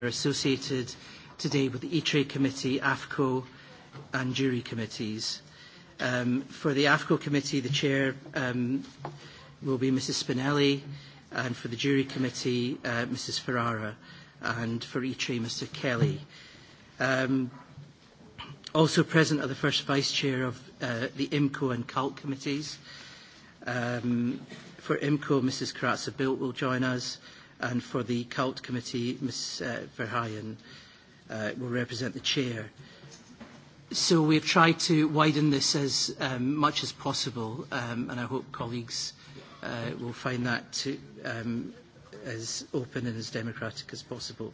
are associated today with the E-Trade Committee, AFCO and Jury Committees. Um, for the AFCO Committee, the Chair um, will be Mrs Spinelli, and for the Jury Committee, uh, Mrs Ferrara, and for E-Trade, Mr Kelly. Um, also present are the First Vice Chair of uh, the IMCO and CULT Committees. Um, for IMCO, Mrs Karatza-Bilt will join us, and for the Cult Committee, Ms uh, Verheyen uh, will represent the chair. So we've tried to widen this as um, much as possible, um, and I hope colleagues uh, will find that to, um, as open and as democratic as possible.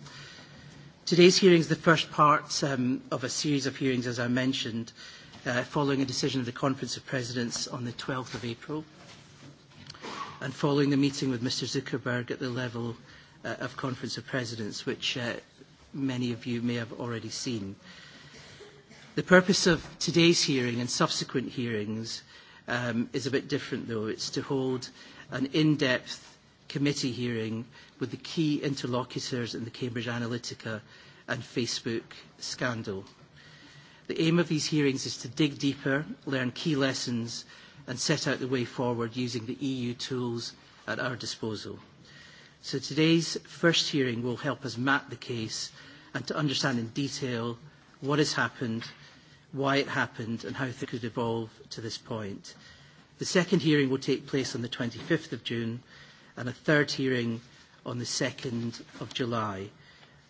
Today's hearing is the first part um, of a series of hearings, as I mentioned, uh, following a decision of the Conference of Presidents on the 12th of April and following the meeting with Mr Zuckerberg at the level uh, of Conference of Presidents, which uh, many of you may have already seen. The purpose of today's hearing and subsequent hearings um, is a bit different, though. It's to hold an in-depth committee hearing with the key interlocutors in the Cambridge Analytica and Facebook scandal. The aim of these hearings is to dig deeper, learn key lessons and set out the way forward using the EU tools at our disposal. So today's first hearing will help us map the case and to understand in detail what has happened, why it happened and how things could evolve to this point. The second hearing will take place on the 25th of June and a third hearing on the 2nd of July.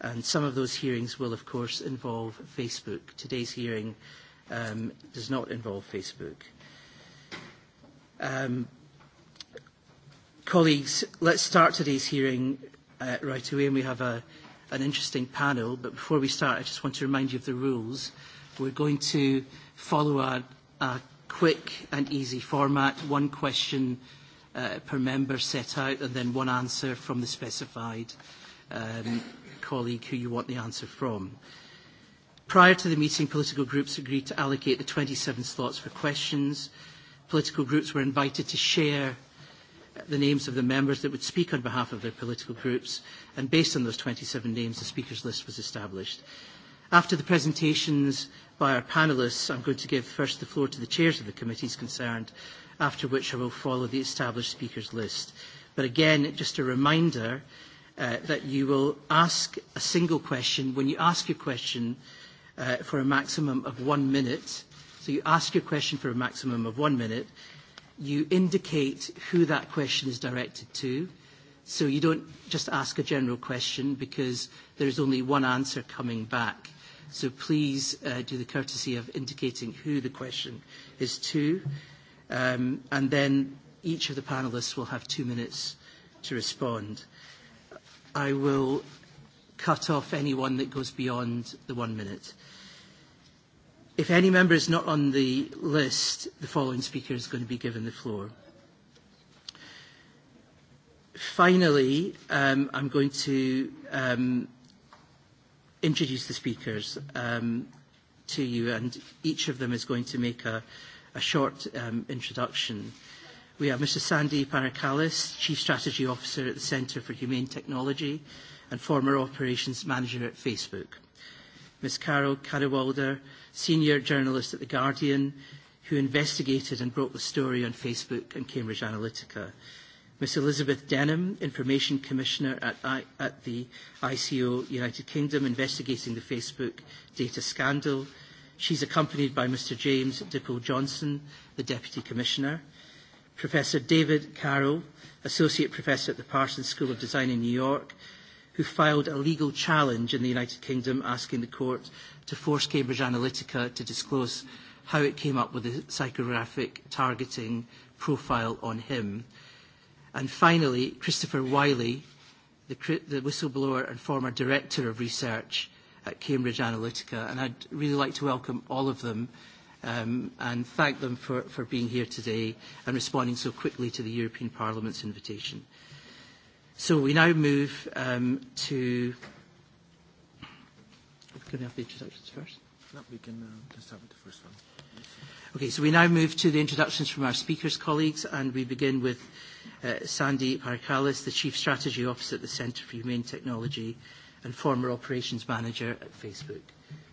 And some of those hearings will, of course, involve Facebook. Today's hearing um, does not involve Facebook. Um, colleagues, let's start today's hearing uh, right away, and we have a, an interesting panel. But before we start, I just want to remind you of the rules. We're going to follow a, a quick and easy format, one question uh, per member set out, and then one answer from the specified um, colleague who you want the answer from. Prior to the meeting, political groups agreed to allocate the 27 slots for questions political groups were invited to share the names of the members that would speak on behalf of their political groups, and based on those 27 names, the speakers list was established. After the presentations by our panellists, I'm going to give first the floor to the chairs of the committees concerned, after which I will follow the established speakers list. But again, just a reminder uh, that you will ask a single question. When you ask your question uh, for a maximum of one minute, So you ask your question for a maximum of one minute. You indicate who that question is directed to. So you don't just ask a general question because there is only one answer coming back. So please uh, do the courtesy of indicating who the question is to. Um, and then each of the panelists will have two minutes to respond. I will cut off anyone that goes beyond the one minute. If any member is not on the list, the following speaker is going to be given the floor. Finally, um, I'm going to um, introduce the speakers um, to you, and each of them is going to make a, a short um, introduction. We have Mr. Sandy Parakalis, Chief Strategy Officer at the Centre for Humane Technology and former Operations Manager at Facebook. Ms. Carol Cadewalder, senior journalist at The Guardian, who investigated and broke the story on Facebook and Cambridge Analytica. Ms Elizabeth Denham, Information Commissioner at, I, at the ICO United Kingdom, investigating the Facebook data scandal. She's accompanied by Mr James Dipple Johnson, the Deputy Commissioner. Professor David Carroll, Associate Professor at the Parsons School of Design in New York, who filed a legal challenge in the United Kingdom asking the court to force Cambridge Analytica to disclose how it came up with the psychographic targeting profile on him. And finally, Christopher Wiley, the, the whistleblower and former director of research at Cambridge Analytica. And I'd really like to welcome all of them um, and thank them for, for being here today and responding so quickly to the European Parliament's invitation. So we now move um, to... Can we have the introductions first? No, we can uh, start with the first one. Okay, so we now move to the introductions from our speakers, colleagues, and we begin with uh, Sandy Parkalis, the Chief Strategy Officer at the Centre for Humane Technology and former Operations Manager at Facebook.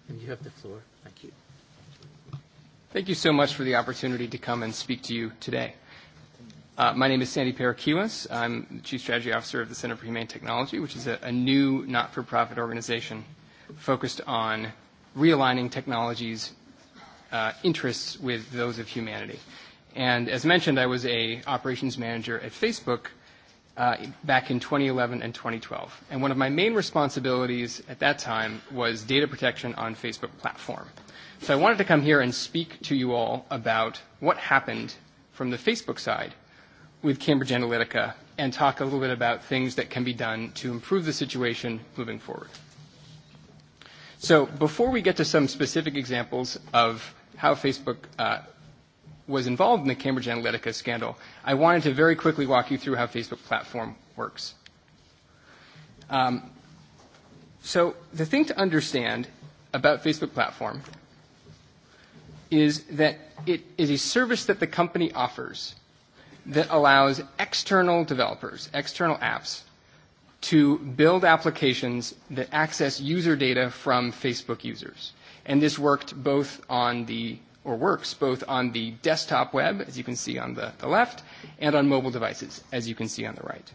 And you have the floor. Thank you. Thank you so much for the opportunity to come and speak to you today. Uh, my name is Sandy Parakiwas. I'm the Chief Strategy Officer of the Center for Humane Technology, which is a, a new not-for-profit organization focused on realigning technology's uh, interests with those of humanity. And as mentioned, I was a operations manager at Facebook uh, back in 2011 and 2012. And one of my main responsibilities at that time was data protection on Facebook platform. So I wanted to come here and speak to you all about what happened from the Facebook side with Cambridge Analytica and talk a little bit about things that can be done to improve the situation moving forward. So before we get to some specific examples of how Facebook uh, was involved in the Cambridge Analytica scandal, I wanted to very quickly walk you through how Facebook platform works. Um, so the thing to understand about Facebook platform is that it is a service that the company offers that allows external developers, external apps, to build applications that access user data from Facebook users. And this worked both on the, or works both on the desktop web, as you can see on the, the left, and on mobile devices, as you can see on the right.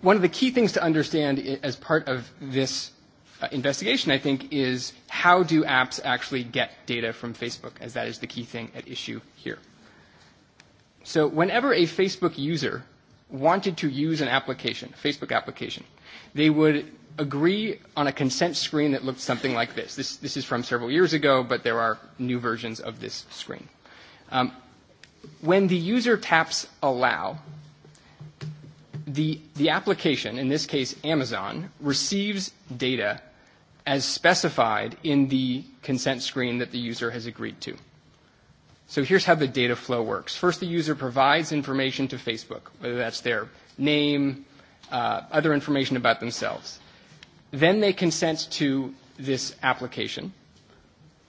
One of the key things to understand as part of this uh, investigation, I think, is how do apps actually get data from Facebook, as that is the key thing at issue here. So whenever a Facebook user wanted to use an application, Facebook application, they would agree on a consent screen that looked something like this. This, this is from several years ago, but there are new versions of this screen. Um, when the user taps allow, the, the application, in this case Amazon, receives data as specified in the consent screen that the user has agreed to. So here's how the data flow works. First, the user provides information to Facebook, whether that's their name, uh, other information about themselves. Then they consent to this application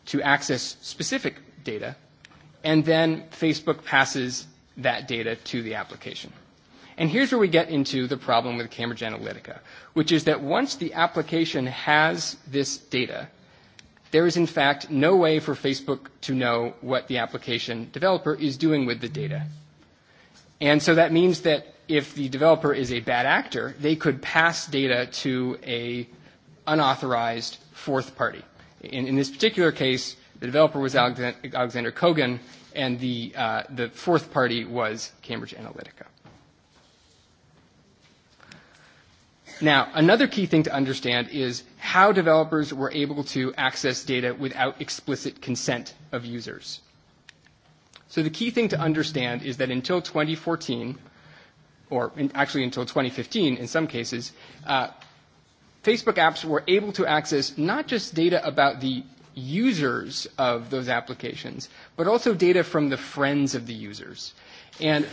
to access specific data, and then Facebook passes that data to the application. And here's where we get into the problem with Cambridge Analytica, which is that once the application has this data, There is, in fact, no way for Facebook to know what the application developer is doing with the data. And so that means that if the developer is a bad actor, they could pass data to a unauthorized fourth party. In, in this particular case, the developer was Alexander Kogan, and the, uh, the fourth party was Cambridge Analytica. Now, another key thing to understand is how developers were able to access data without explicit consent of users. So the key thing to understand is that until 2014, or in, actually until 2015 in some cases, uh, Facebook apps were able to access not just data about the users of those applications, but also data from the friends of the users. And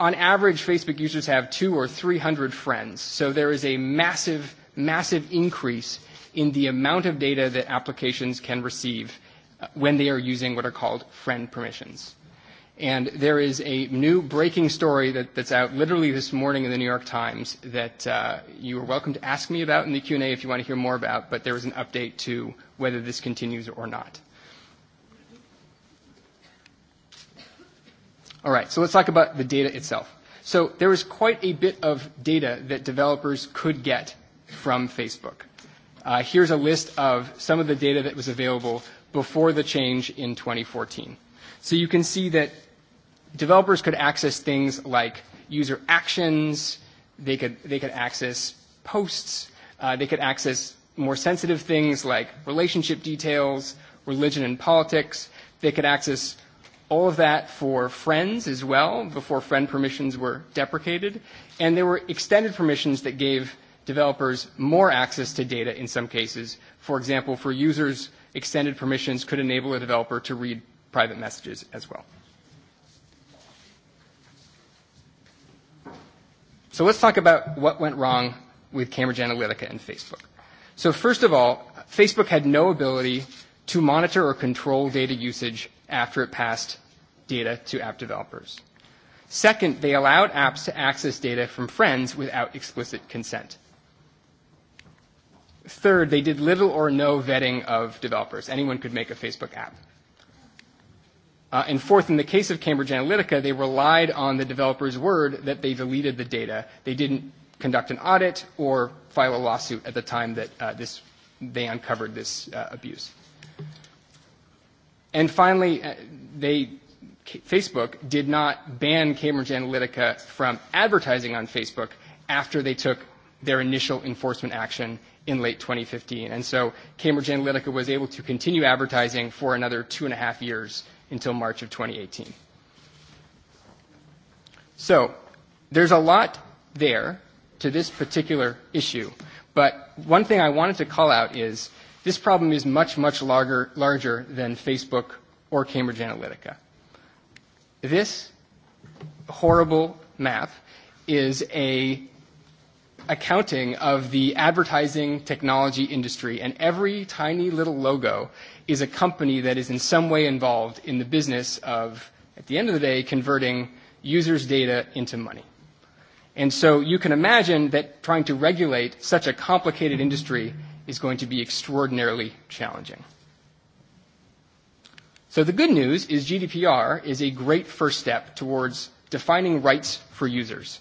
on average, Facebook users have two or 300 friends. So there is a massive, massive increase in the amount of data that applications can receive uh, when they are using what are called friend permissions. And there is a new breaking story that, that's out literally this morning in the New York Times that uh, you are welcome to ask me about in the Q&A if you want to hear more about, but there is an update to whether this continues or not. All right, so let's talk about the data itself. So there was quite a bit of data that developers could get from Facebook. Uh, here's a list of some of the data that was available before the change in 2014. So you can see that developers could access things like user actions, they could, they could access posts, uh, they could access more sensitive things like relationship details, religion and politics, they could access all of that for friends as well, before friend permissions were deprecated. And there were extended permissions that gave developers more access to data in some cases. For example, for users, extended permissions could enable a developer to read private messages as well. So let's talk about what went wrong with Cambridge Analytica and Facebook. So first of all, Facebook had no ability to monitor or control data usage after it passed data to app developers. Second, they allowed apps to access data from friends without explicit consent. Third, they did little or no vetting of developers. Anyone could make a Facebook app. Uh, and fourth, in the case of Cambridge Analytica, they relied on the developer's word that they deleted the data. They didn't conduct an audit or file a lawsuit at the time that uh, this, they uncovered this uh, abuse. And finally, uh, they, Facebook did not ban Cambridge Analytica from advertising on Facebook after they took their initial enforcement action in late 2015. And so Cambridge Analytica was able to continue advertising for another two and a half years until March of 2018. So there's a lot there to this particular issue. But one thing I wanted to call out is This problem is much, much larger, larger than Facebook or Cambridge Analytica. This horrible map is a accounting of the advertising technology industry, and every tiny little logo is a company that is in some way involved in the business of, at the end of the day, converting users' data into money. And so you can imagine that trying to regulate such a complicated industry is going to be extraordinarily challenging. So the good news is GDPR is a great first step towards defining rights for users.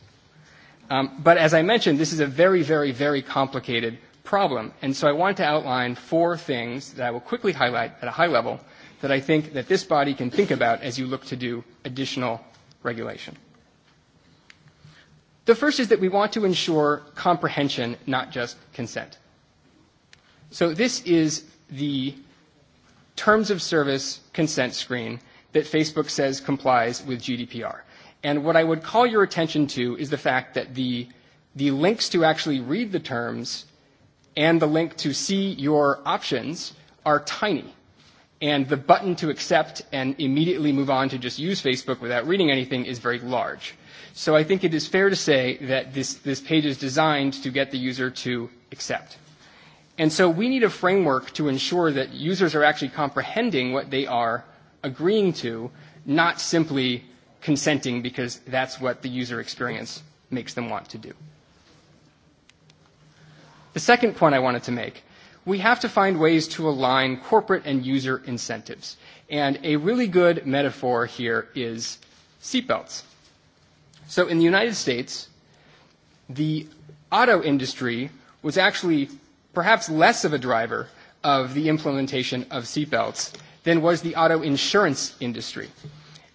Um, but as I mentioned, this is a very, very, very complicated problem. And so I want to outline four things that I will quickly highlight at a high level that I think that this body can think about as you look to do additional regulation. The first is that we want to ensure comprehension, not just consent. So this is the terms of service consent screen that Facebook says complies with GDPR. And what I would call your attention to is the fact that the, the links to actually read the terms and the link to see your options are tiny. And the button to accept and immediately move on to just use Facebook without reading anything is very large. So I think it is fair to say that this, this page is designed to get the user to accept. And so we need a framework to ensure that users are actually comprehending what they are agreeing to, not simply consenting because that's what the user experience makes them want to do. The second point I wanted to make, we have to find ways to align corporate and user incentives. And a really good metaphor here is seatbelts. So in the United States, the auto industry was actually perhaps less of a driver of the implementation of seatbelts than was the auto insurance industry.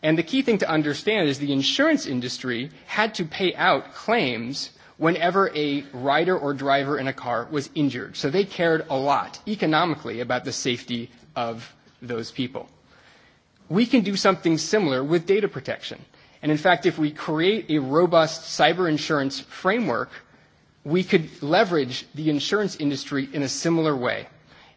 And the key thing to understand is the insurance industry had to pay out claims whenever a rider or driver in a car was injured. So they cared a lot economically about the safety of those people. We can do something similar with data protection. And in fact, if we create a robust cyber insurance framework, we could leverage the insurance industry in a similar way.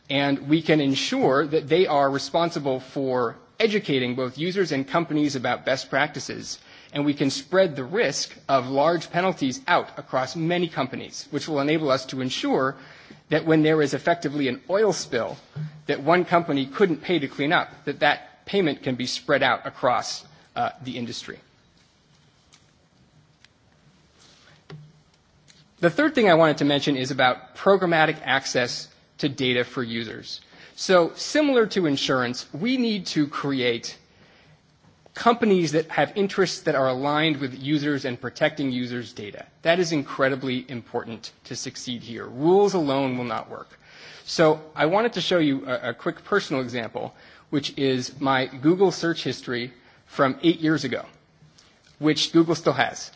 And we can ensure that they are responsible for educating both users and companies about best practices. And we can spread the risk of large penalties out across many companies, which will enable us to ensure that when there is effectively an oil spill that one company couldn't pay to clean up, that that payment can be spread out across uh, the industry. The third thing I wanted to mention is about programmatic access to data for users. So similar to insurance, we need to create companies that have interests that are aligned with users and protecting users' data. That is incredibly important to succeed here. Rules alone will not work. So I wanted to show you a, a quick personal example, which is my Google search history from eight years ago, which Google still has.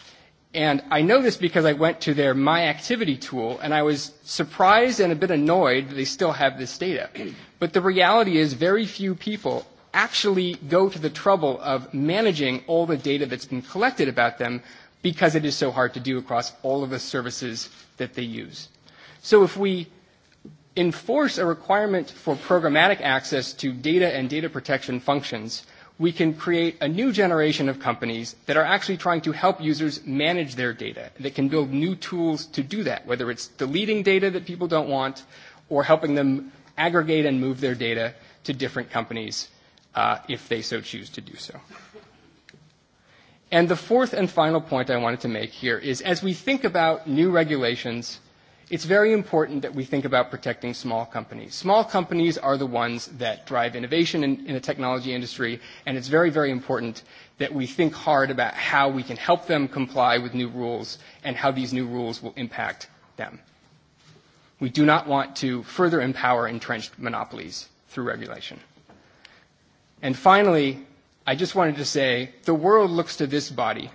And I know this because I went to their My Activity tool and I was surprised and a bit annoyed that they still have this data. But the reality is very few people actually go to the trouble of managing all the data that's been collected about them because it is so hard to do across all of the services that they use. So if we enforce a requirement for programmatic access to data and data protection functions, we can create a new generation of companies that are actually trying to help users manage their data, that can build new tools to do that, whether it's deleting data that people don't want or helping them aggregate and move their data to different companies uh, if they so choose to do so. And the fourth and final point I wanted to make here is as we think about new regulations – it's very important that we think about protecting small companies. Small companies are the ones that drive innovation in, in the technology industry, and it's very, very important that we think hard about how we can help them comply with new rules and how these new rules will impact them. We do not want to further empower entrenched monopolies through regulation. And finally, I just wanted to say the world looks to this body.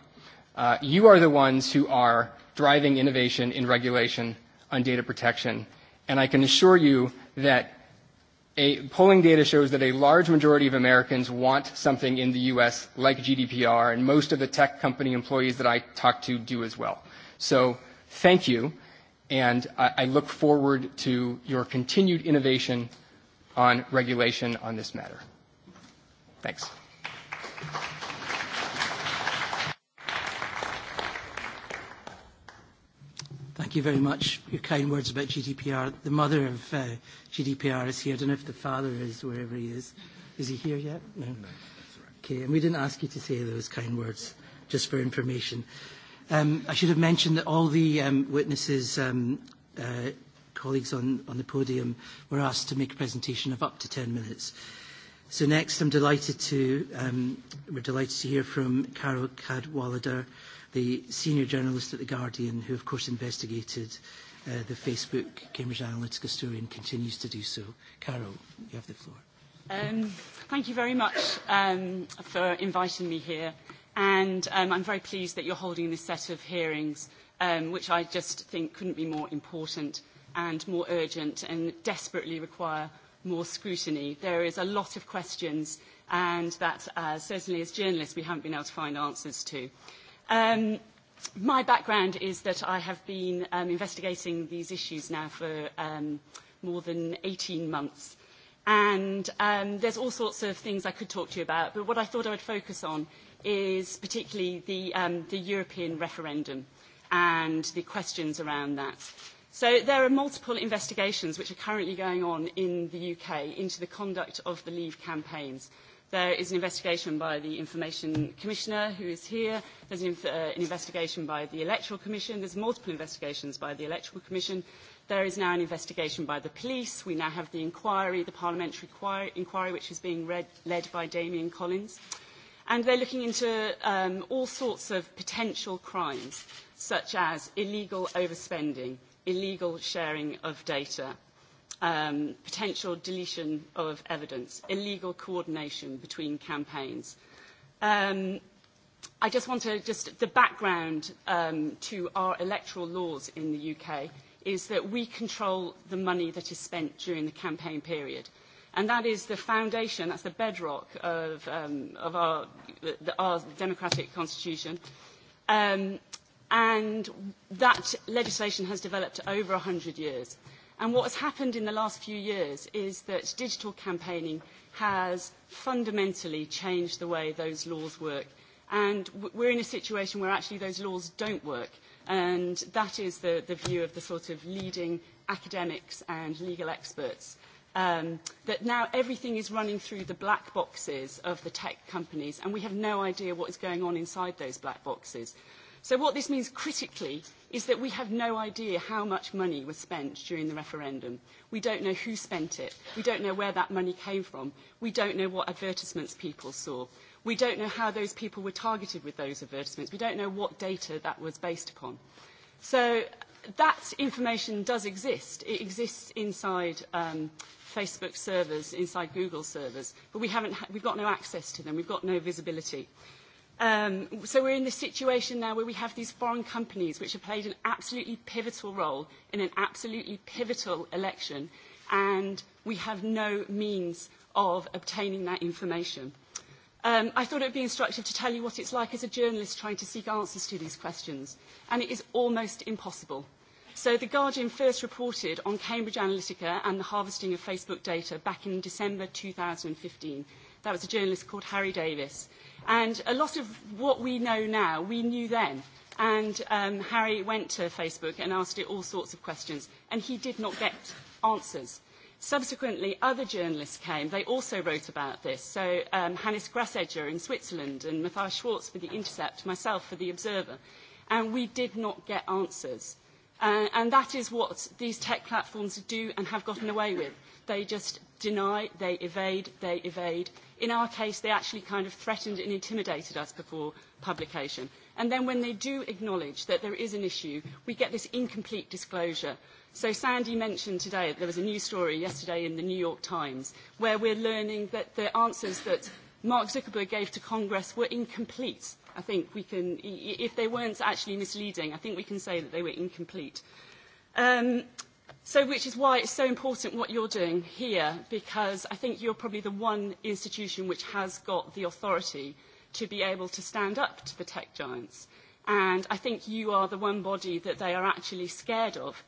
Uh, you are the ones who are driving innovation in regulation on data protection. And I can assure you that a, polling data shows that a large majority of Americans want something in the U.S. like GDPR, and most of the tech company employees that I talk to do as well. So thank you, and I, I look forward to your continued innovation on regulation on this matter. Thanks. Thank you very much your kind words about GDPR. The mother of uh, GDPR is here. I don't know if the father is wherever he is. Is he here yet? No. no that's right. Okay, and we didn't ask you to say those kind words, just for information. Um, I should have mentioned that all the um, witnesses, um, uh, colleagues on, on the podium, were asked to make a presentation of up to 10 minutes. So next, I'm delighted to, um, we're delighted to hear from Carol Cadwallader, the senior journalist at The Guardian, who of course investigated uh, the Facebook Cambridge Analytica story and continues to do so. Carol, you have the floor. Um, thank you very much um, for inviting me here. And um, I'm very pleased that you're holding this set of hearings, um, which I just think couldn't be more important and more urgent and desperately require more scrutiny. There is a lot of questions and that uh, certainly as journalists we haven't been able to find answers to. Um, my background is that I have been um, investigating these issues now for um, more than 18 months. And um, there's all sorts of things I could talk to you about, but what I thought I would focus on is particularly the, um, the European referendum and the questions around that. So there are multiple investigations which are currently going on in the UK into the conduct of the Leave campaigns. There is an investigation by the Information Commissioner, who is here. There's an, uh, an investigation by the Electoral Commission. There's multiple investigations by the Electoral Commission. There is now an investigation by the police. We now have the inquiry, the parliamentary inquiry, inquiry which is being read, led by Damien Collins. And they're looking into um, all sorts of potential crimes, such as illegal overspending, illegal sharing of data, um, potential deletion of evidence, illegal coordination between campaigns. Um, I just want to just the background um, to our electoral laws in the UK is that we control the money that is spent during the campaign period. And that is the foundation, that's the bedrock of, um, of our, the, our democratic constitution. Um, and that legislation has developed over 100 years. And what has happened in the last few years is that digital campaigning has fundamentally changed the way those laws work. And we're in a situation where actually those laws don't work. And that is the, the view of the sort of leading academics and legal experts. Um, that now everything is running through the black boxes of the tech companies, and we have no idea what is going on inside those black boxes. So what this means critically is that we have no idea how much money was spent during the referendum. We don't know who spent it. We don't know where that money came from. We don't know what advertisements people saw. We don't know how those people were targeted with those advertisements. We don't know what data that was based upon. So that information does exist. It exists inside um, Facebook servers, inside Google servers, but we haven't, we've got no access to them. We've got no visibility. Um, so we're in this situation now where we have these foreign companies which have played an absolutely pivotal role in an absolutely pivotal election, and we have no means of obtaining that information. Um, I thought it would be instructive to tell you what it's like as a journalist trying to seek answers to these questions, and it is almost impossible. So The Guardian first reported on Cambridge Analytica and the harvesting of Facebook data back in December 2015. That was a journalist called Harry Davis And a lot of what we know now, we knew then. And um, Harry went to Facebook and asked it all sorts of questions, and he did not get answers. Subsequently, other journalists came. They also wrote about this. So um, Hannes Grassedger in Switzerland and Matthias Schwartz for The Intercept, myself for The Observer. And we did not get answers. Uh, and that is what these tech platforms do and have gotten away with. They just deny, they evade, they evade. In our case, they actually kind of threatened and intimidated us before publication. And then when they do acknowledge that there is an issue, we get this incomplete disclosure. So Sandy mentioned today, that there was a news story yesterday in the New York Times, where we're learning that the answers that Mark Zuckerberg gave to Congress were incomplete. I think we can, if they weren't actually misleading, I think we can say that they were incomplete. Um, So which is why it's so important what you're doing here, because I think you're probably the one institution which has got the authority to be able to stand up to the tech giants. And I think you are the one body that they are actually scared of.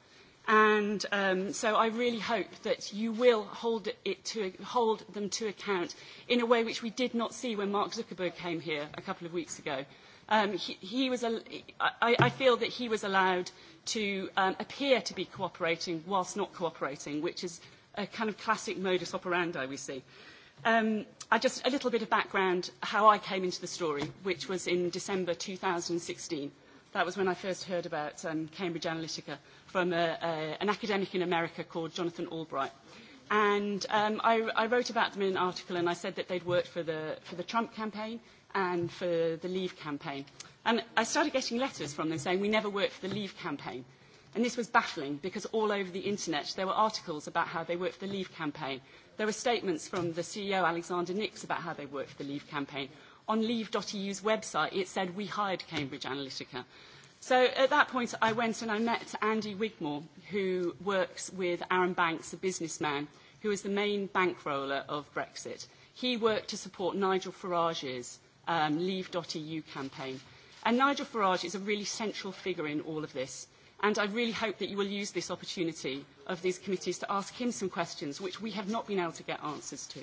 And um, so I really hope that you will hold, it to, hold them to account in a way which we did not see when Mark Zuckerberg came here a couple of weeks ago um, he, he was al I, I feel that he was allowed to um, appear to be cooperating whilst not cooperating, which is a kind of classic modus operandi we see. Um, I just a little bit of background how I came into the story, which was in December 2016. That was when I first heard about um, Cambridge Analytica from a, a, an academic in America called Jonathan Albright. And um, I, I wrote about them in an article and I said that they'd worked for the, for the Trump campaign and for the Leave campaign. And I started getting letters from them saying, we never worked for the Leave campaign. And this was baffling because all over the internet there were articles about how they worked for the Leave campaign. There were statements from the CEO, Alexander Nix, about how they worked for the Leave campaign. On leave.eu's website, it said, we hired Cambridge Analytica. So at that point, I went and I met Andy Wigmore, who works with Aaron Banks, a businessman, who is the main bankroller of Brexit. He worked to support Nigel Farage's um, leave.eu campaign. And Nigel Farage is a really central figure in all of this. And I really hope that you will use this opportunity of these committees to ask him some questions which we have not been able to get answers to.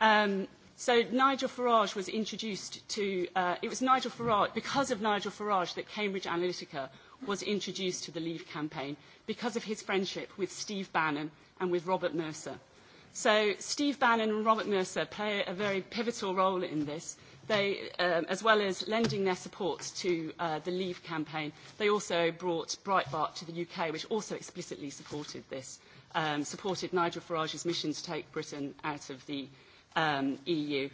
Um, so Nigel Farage was introduced to, uh, it was Nigel Farage, because of Nigel Farage that Cambridge Analytica was introduced to the Leave campaign because of his friendship with Steve Bannon and with Robert Mercer. So Steve Bannon and Robert Mercer play a very pivotal role in this They, um, as well as lending their support to uh, the Leave campaign, they also brought Breitbart to the UK, which also explicitly supported this, um, supported Nigel Farage's mission to take Britain out of the um, EU.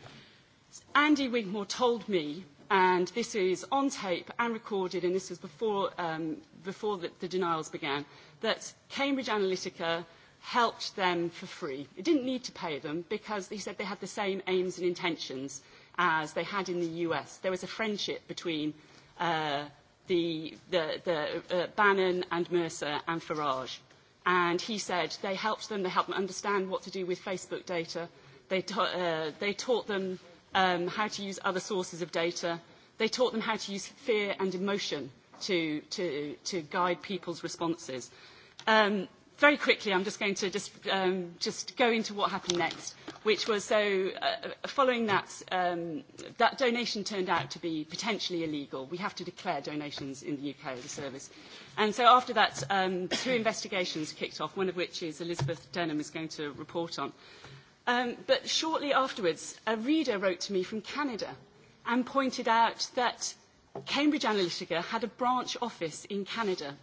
Andy Wigmore told me, and this is on tape and recorded, and this was before, um, before the, the denials began, that Cambridge Analytica helped them for free. It didn't need to pay them because he said they had the same aims and intentions as they had in the US. There was a friendship between uh, the, the, the uh, Bannon and Mercer and Farage. And he said they helped them, they helped them understand what to do with Facebook data. They, ta uh, they taught them um, how to use other sources of data. They taught them how to use fear and emotion to, to, to guide people's responses. Um, very quickly, I'm just going to just, um, just go into what happened next, which was so uh, following that, um, that donation turned out to be potentially illegal. We have to declare donations in the UK, a service. And so after that, um, two investigations kicked off, one of which is Elizabeth Denham is going to report on. Um, but shortly afterwards, a reader wrote to me from Canada and pointed out that Cambridge Analytica had a branch office in Canada,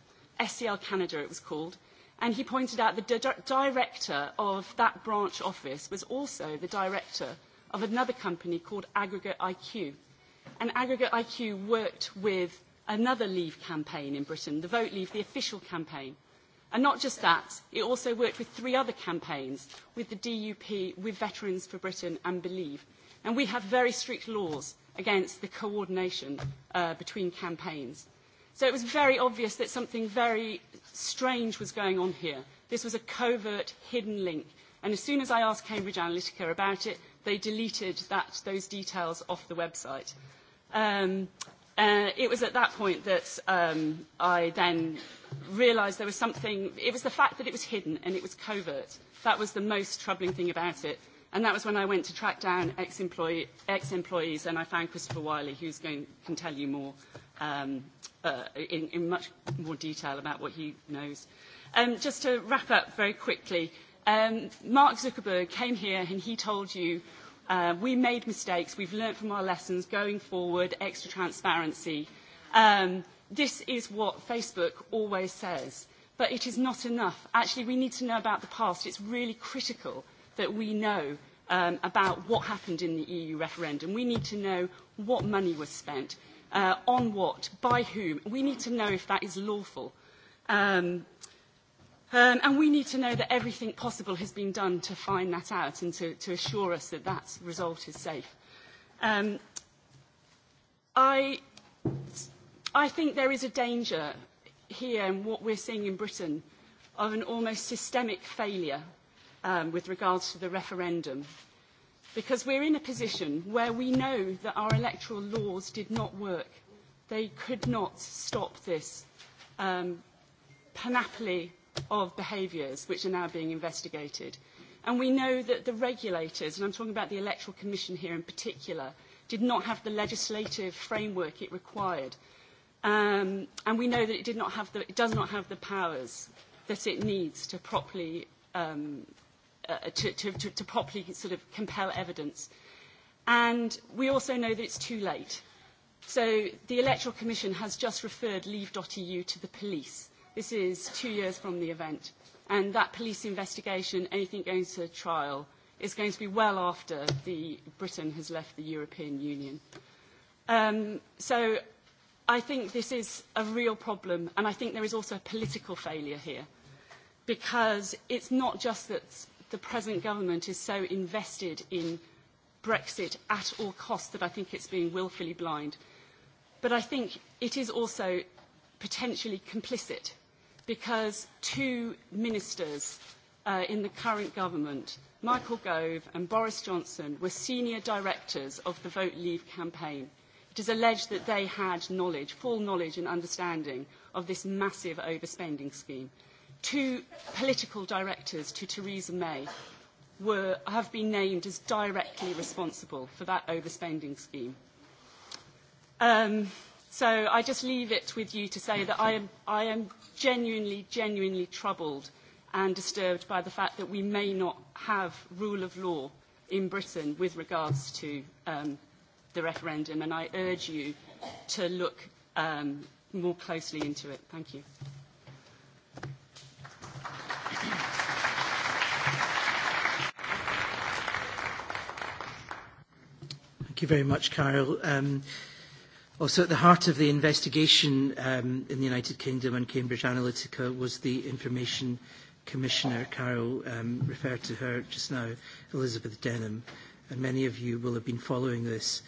SCL e Canada it was called, And he pointed out the di director of that branch office was also the director of another company called Aggregate IQ. And Aggregate IQ worked with another Leave campaign in Britain, the Vote Leave, the official campaign. And not just that, it also worked with three other campaigns, with the DUP, with Veterans for Britain and Believe. And we have very strict laws against the coordination uh, between campaigns. So it was very obvious that something very strange was going on here. This was a covert, hidden link. And as soon as I asked Cambridge Analytica about it, they deleted that, those details off the website. Um, uh, it was at that point that um, I then realised there was something, it was the fact that it was hidden and it was covert. That was the most troubling thing about it. And that was when I went to track down ex-employees ex, and I found Christopher Wiley, who going, can tell you more um, uh, in, in much more detail about what he knows. Um, just to wrap up very quickly, um, Mark Zuckerberg came here and he told you uh, we made mistakes, we've learned from our lessons going forward, extra transparency. Um, this is what Facebook always says, but it is not enough. Actually, we need to know about the past. It's really critical that we know um, about what happened in the EU referendum. We need to know what money was spent uh, on what, by whom. We need to know if that is lawful. Um, um, and we need to know that everything possible has been done to find that out and to, to assure us that that result is safe. Um, I, I think there is a danger here in what we're seeing in Britain of an almost systemic failure um, with regards to the referendum because we're in a position where we know that our electoral laws did not work. They could not stop this um, panoply of behaviours which are now being investigated. And we know that the regulators, and I'm talking about the Electoral Commission here in particular, did not have the legislative framework it required. Um, and we know that it, did not have the, it does not have the powers that it needs to properly um, uh, to, to, to, to properly sort of compel evidence. And we also know that it's too late. So the Electoral Commission has just referred leave.eu to the police. This is two years from the event. And that police investigation, anything going to trial, is going to be well after the Britain has left the European Union. Um, so I think this is a real problem, and I think there is also a political failure here, because it's not just that the present government is so invested in Brexit at all costs that I think it's being willfully blind. But I think it is also potentially complicit because two ministers uh, in the current government, Michael Gove and Boris Johnson, were senior directors of the Vote Leave campaign. It is alleged that they had knowledge, full knowledge and understanding of this massive overspending scheme two political directors to Theresa May were, have been named as directly responsible for that overspending scheme. Um, so I just leave it with you to say that I am, I am genuinely, genuinely troubled and disturbed by the fact that we may not have rule of law in Britain with regards to um, the referendum, and I urge you to look um, more closely into it. Thank you. Thank you very much, Carol. Um, also at the heart of the investigation um, in the United Kingdom and Cambridge Analytica was the information commissioner, Carol um, referred to her just now, Elizabeth Denham, and many of you will have been following this.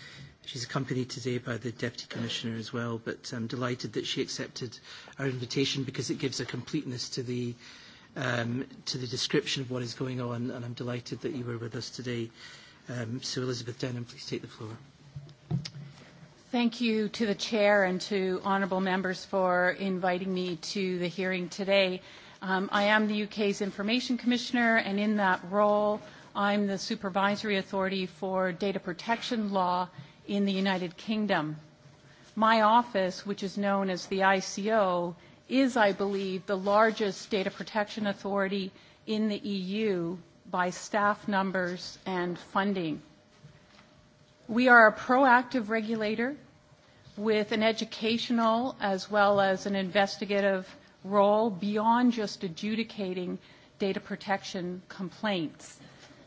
She's accompanied today by the Deputy Commissioner as well, but I'm delighted that she accepted our invitation because it gives a completeness to the, um, to the description of what is going on, and I'm delighted that you were with us today. Um, so Elizabeth Denham, please take the floor. Thank you to the Chair and to honourable members for inviting me to the hearing today. Um, I am the UK's Information Commissioner, and in that role, I'm the supervisory authority for data protection law in the United Kingdom. My office, which is known as the ICO, is, I believe, the largest data protection authority in the EU by staff numbers and funding. We are a proactive regulator with an educational as well as an investigative role beyond just adjudicating data protection complaints.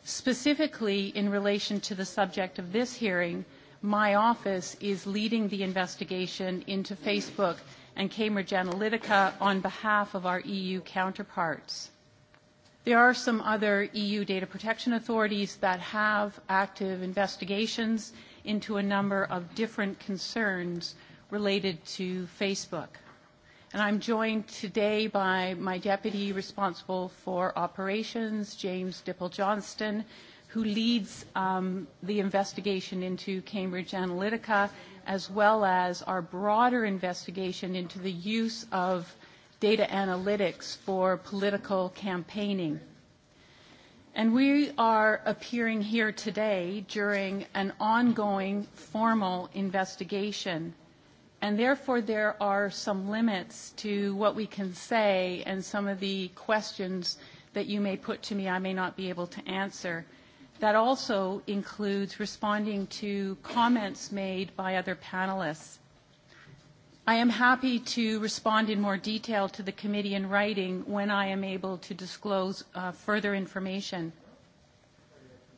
Specifically, in relation to the subject of this hearing, my office is leading the investigation into Facebook and Cambridge Analytica on behalf of our EU counterparts. There are some other EU data protection authorities that have active investigations into a number of different concerns related to Facebook. And I'm joined today by my deputy responsible for operations, James Dipple Johnston, who leads um, the investigation into Cambridge Analytica, as well as our broader investigation into the use of data analytics for political campaigning. And we are appearing here today during an ongoing formal investigation. And therefore, there are some limits to what we can say and some of the questions that you may put to me I may not be able to answer. That also includes responding to comments made by other panelists. I am happy to respond in more detail to the committee in writing when I am able to disclose uh, further information.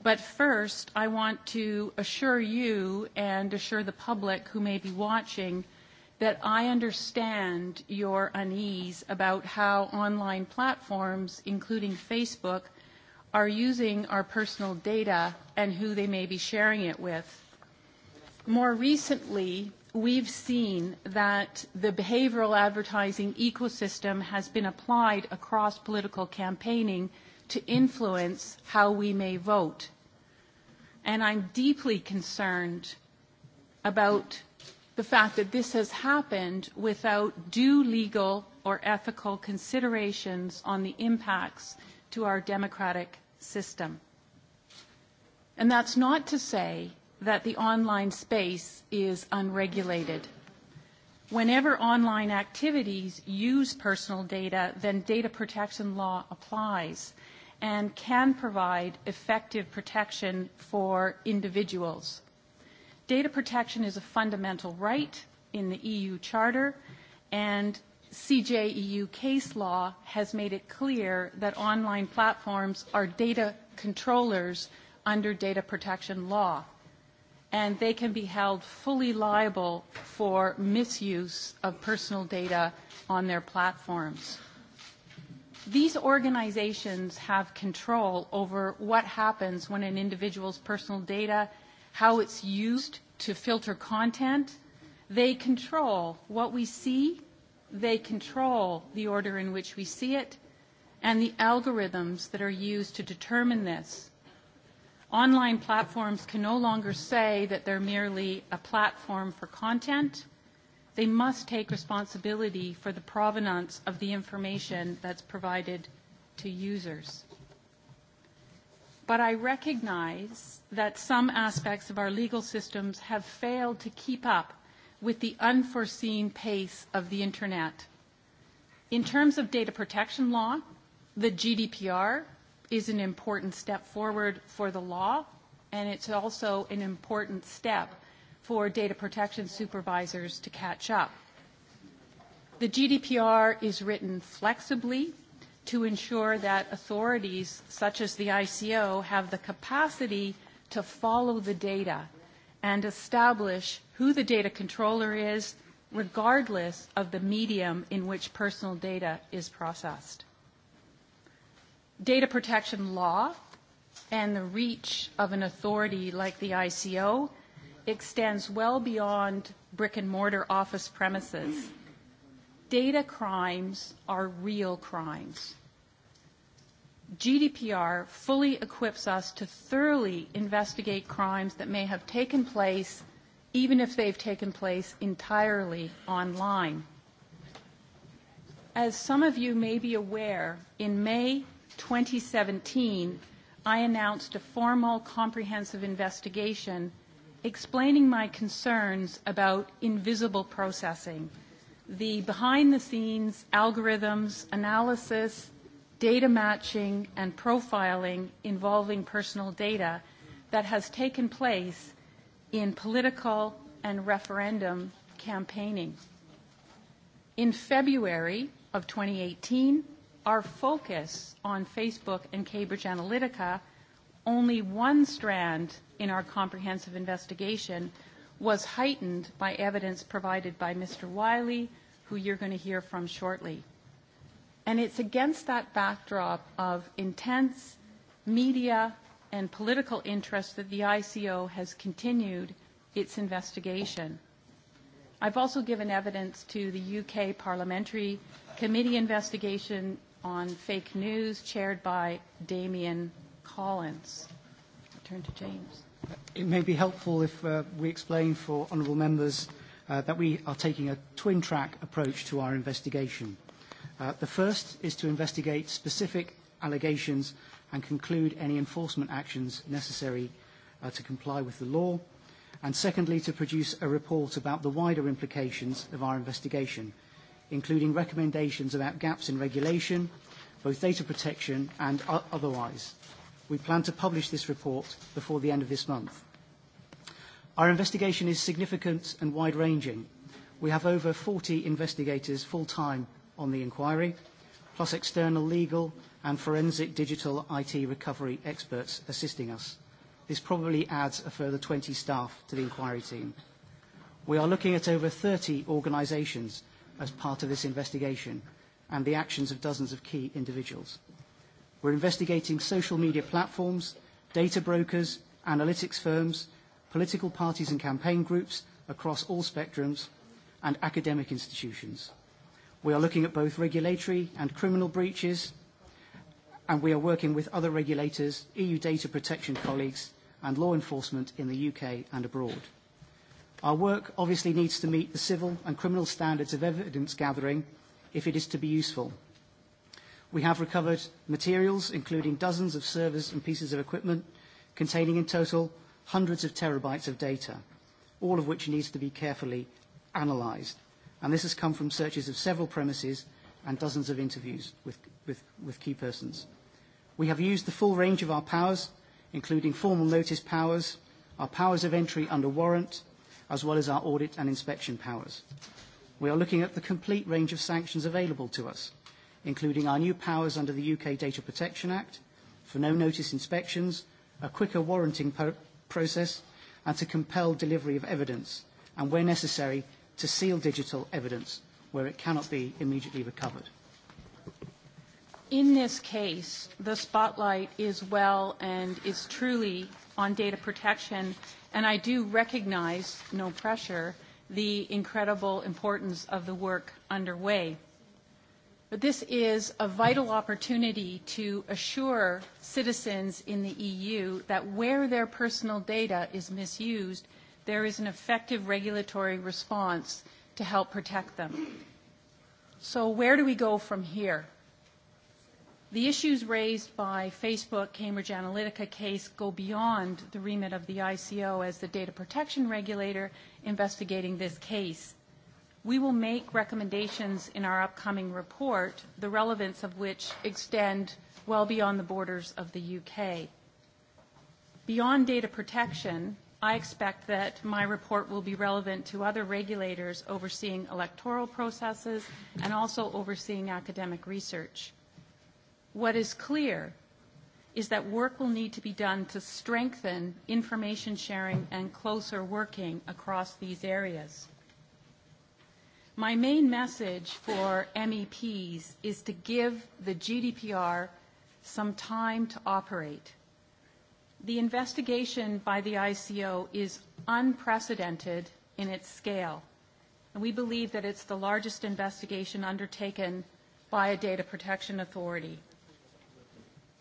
But first, I want to assure you and assure the public who may be watching that I understand your unease about how online platforms, including Facebook, are using our personal data and who they may be sharing it with. More recently, we've seen that the behavioral advertising ecosystem has been applied across political campaigning to influence how we may vote. And I'm deeply concerned about the fact that this has happened without due legal or ethical considerations on the impacts to our democratic system. And that's not to say that the online space is unregulated. Whenever online activities use personal data, then data protection law applies and can provide effective protection for individuals. Data protection is a fundamental right in the EU Charter, and CJEU case law has made it clear that online platforms are data controllers under data protection law and they can be held fully liable for misuse of personal data on their platforms. These organizations have control over what happens when an individual's personal data, how it's used to filter content. They control what we see, they control the order in which we see it, and the algorithms that are used to determine this online platforms can no longer say that they're merely a platform for content. They must take responsibility for the provenance of the information that's provided to users. But I recognize that some aspects of our legal systems have failed to keep up with the unforeseen pace of the Internet. In terms of data protection law, the GDPR is an important step forward for the law, and it's also an important step for data protection supervisors to catch up. The GDPR is written flexibly to ensure that authorities such as the ICO have the capacity to follow the data and establish who the data controller is regardless of the medium in which personal data is processed data protection law and the reach of an authority like the ICO extends well beyond brick and mortar office premises. Data crimes are real crimes. GDPR fully equips us to thoroughly investigate crimes that may have taken place, even if they've taken place entirely online. As some of you may be aware, in May 2017, I announced a formal comprehensive investigation explaining my concerns about invisible processing, the behind-the-scenes algorithms, analysis, data matching, and profiling involving personal data that has taken place in political and referendum campaigning. In February of 2018, our focus on Facebook and Cambridge Analytica, only one strand in our comprehensive investigation was heightened by evidence provided by Mr. Wiley, who you're going to hear from shortly. And it's against that backdrop of intense media and political interest that the ICO has continued its investigation. I've also given evidence to the UK Parliamentary Committee investigation on fake news, chaired by Damien Collins. I'll turn to James. It may be helpful if uh, we explain for honourable members uh, that we are taking a twin track approach to our investigation. Uh, the first is to investigate specific allegations and conclude any enforcement actions necessary uh, to comply with the law, and secondly, to produce a report about the wider implications of our investigation – including recommendations about gaps in regulation, both data protection and otherwise. We plan to publish this report before the end of this month. Our investigation is significant and wide-ranging. We have over 40 investigators full-time on the inquiry, plus external legal and forensic digital IT recovery experts assisting us. This probably adds a further 20 staff to the inquiry team. We are looking at over 30 organisations as part of this investigation and the actions of dozens of key individuals. We're investigating social media platforms, data brokers, analytics firms, political parties and campaign groups across all spectrums, and academic institutions. We are looking at both regulatory and criminal breaches, and we are working with other regulators, EU data protection colleagues, and law enforcement in the UK and abroad. Our work obviously needs to meet the civil and criminal standards of evidence gathering if it is to be useful. We have recovered materials, including dozens of servers and pieces of equipment, containing in total hundreds of terabytes of data, all of which needs to be carefully analysed. And this has come from searches of several premises and dozens of interviews with, with, with key persons. We have used the full range of our powers, including formal notice powers, our powers of entry under warrant, as well as our audit and inspection powers. We are looking at the complete range of sanctions available to us, including our new powers under the UK Data Protection Act, for no-notice inspections, a quicker warranting process, and to compel delivery of evidence, and where necessary, to seal digital evidence where it cannot be immediately recovered. In this case, the spotlight is well and is truly on data protection, and I do recognize, no pressure, the incredible importance of the work underway. But this is a vital opportunity to assure citizens in the EU that where their personal data is misused, there is an effective regulatory response to help protect them. So where do we go from here? The issues raised by Facebook Cambridge Analytica case go beyond the remit of the ICO as the data protection regulator investigating this case. We will make recommendations in our upcoming report, the relevance of which extend well beyond the borders of the UK. Beyond data protection, I expect that my report will be relevant to other regulators overseeing electoral processes and also overseeing academic research. What is clear is that work will need to be done to strengthen information sharing and closer working across these areas. My main message for MEPs is to give the GDPR some time to operate. The investigation by the ICO is unprecedented in its scale, and we believe that it's the largest investigation undertaken by a data protection authority.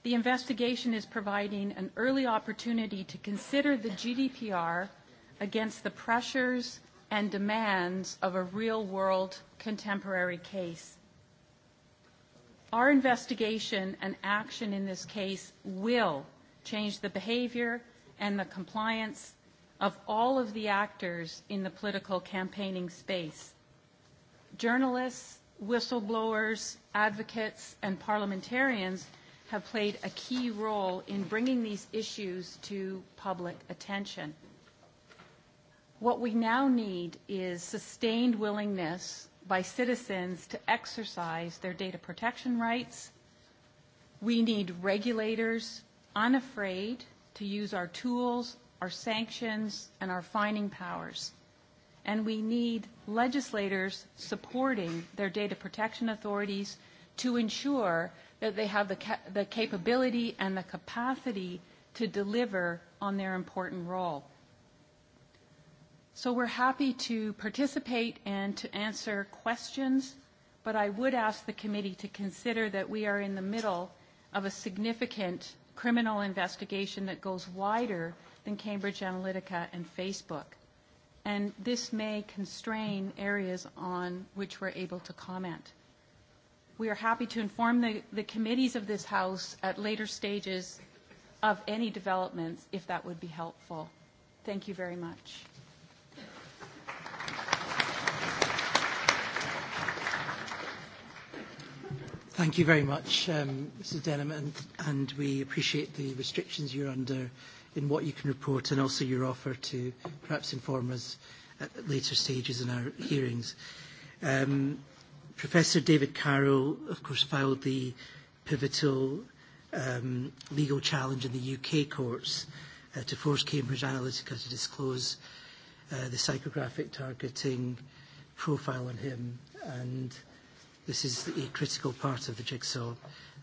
The investigation is providing an early opportunity to consider the GDPR against the pressures and demands of a real-world contemporary case. Our investigation and action in this case will change the behavior and the compliance of all of the actors in the political campaigning space. Journalists, whistleblowers, advocates, and parliamentarians – have played a key role in bringing these issues to public attention. What we now need is sustained willingness by citizens to exercise their data protection rights. We need regulators unafraid to use our tools, our sanctions, and our fining powers. And we need legislators supporting their data protection authorities to ensure that they have the, capability and the capacity to deliver on their important role. So we're happy to participate and to answer questions, but I would ask the committee to consider that we are in the middle of a significant criminal investigation that goes wider than Cambridge Analytica and Facebook. And this may constrain areas on which we're able to comment. We are happy to inform the, the committees of this House at later stages of any developments if that would be helpful. Thank you very much. Thank you very much, um, Mrs. Denham, and, and we appreciate the restrictions you're under in what you can report and also your offer to perhaps inform us at later stages in our hearings. Um, Professor David Carroll, of course, filed the pivotal um, legal challenge in the UK courts uh, to force Cambridge Analytica to disclose uh, the psychographic targeting profile on him. And this is a critical part of the jigsaw.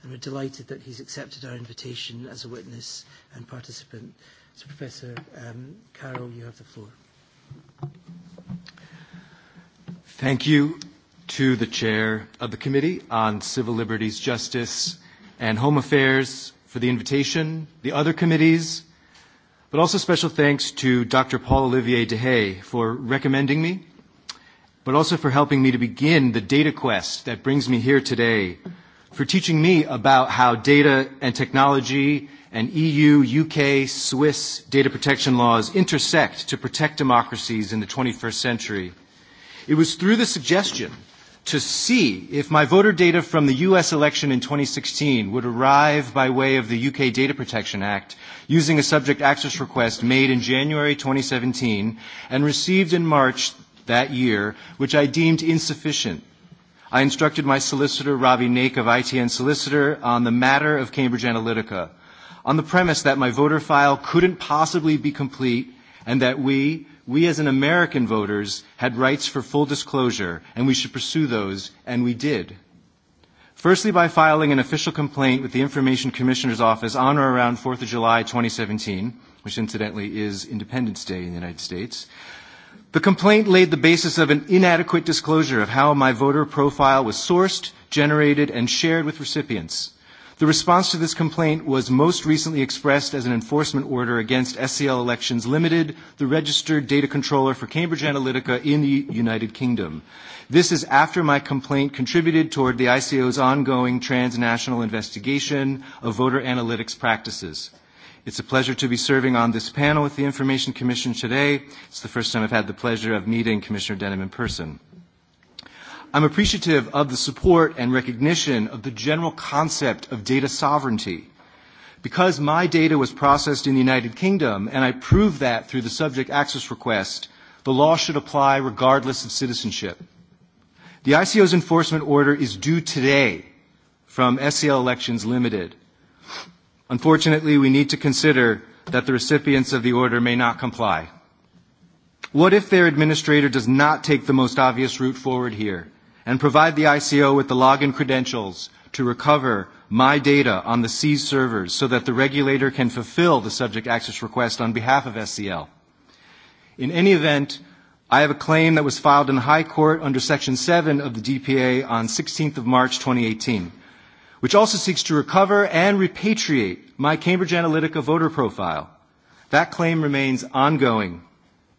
And we're delighted that he's accepted our invitation as a witness and participant. So, Professor um, Carroll, you have the floor. Thank you to the Chair of the Committee on Civil Liberties, Justice, and Home Affairs for the invitation, the other committees, but also special thanks to Dr. Paul Olivier Dehaye for recommending me, but also for helping me to begin the data quest that brings me here today, for teaching me about how data and technology and EU, UK, Swiss data protection laws intersect to protect democracies in the 21st century. It was through the suggestion to see if my voter data from the U.S. election in 2016 would arrive by way of the U.K. Data Protection Act using a subject access request made in January 2017 and received in March that year, which I deemed insufficient. I instructed my solicitor, Robbie Naik of ITN Solicitor, on the matter of Cambridge Analytica, on the premise that my voter file couldn't possibly be complete and that we, we as an American voters had rights for full disclosure, and we should pursue those, and we did. Firstly, by filing an official complaint with the Information Commissioner's Office on or around 4th of July 2017, which incidentally is Independence Day in the United States, The complaint laid the basis of an inadequate disclosure of how my voter profile was sourced, generated, and shared with recipients. The response to this complaint was most recently expressed as an enforcement order against SCL Elections Limited, the registered data controller for Cambridge Analytica in the United Kingdom. This is after my complaint contributed toward the ICO's ongoing transnational investigation of voter analytics practices. It's a pleasure to be serving on this panel with the Information Commission today. It's the first time I've had the pleasure of meeting Commissioner Denham in person. I'm appreciative of the support and recognition of the general concept of data sovereignty. Because my data was processed in the United Kingdom, and I proved that through the subject access request, the law should apply regardless of citizenship. The ICO's enforcement order is due today from SEL Elections Limited. Unfortunately, we need to consider that the recipients of the order may not comply. What if their administrator does not take the most obvious route forward here? and provide the ICO with the login credentials to recover my data on the C's servers so that the regulator can fulfill the subject access request on behalf of SCL. In any event, I have a claim that was filed in High Court under Section 7 of the DPA on 16th of March 2018, which also seeks to recover and repatriate my Cambridge Analytica voter profile. That claim remains ongoing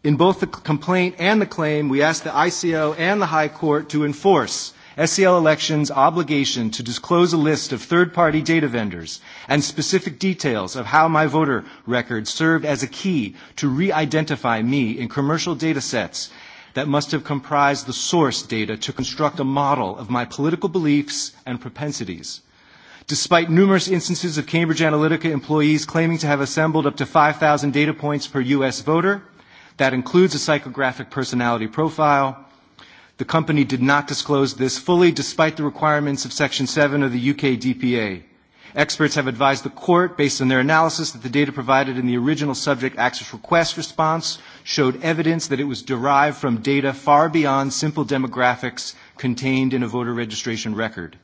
In both the complaint and the claim, we asked the ICO and the High Court to enforce SEL Elections' obligation to disclose a list of third-party data vendors and specific details of how my voter record served as a key to re-identify me in commercial data sets that must have comprised the source data to construct a model of my political beliefs and propensities. Despite numerous instances of Cambridge Analytica employees claiming to have assembled up to 5,000 data points per U.S. voter, That includes a psychographic personality profile. The company did not disclose this fully despite the requirements of Section 7 of the UK DPA. Experts have advised the court, based on their analysis, that the data provided in the original subject access request response showed evidence that it was derived from data far beyond simple demographics contained in a voter registration record.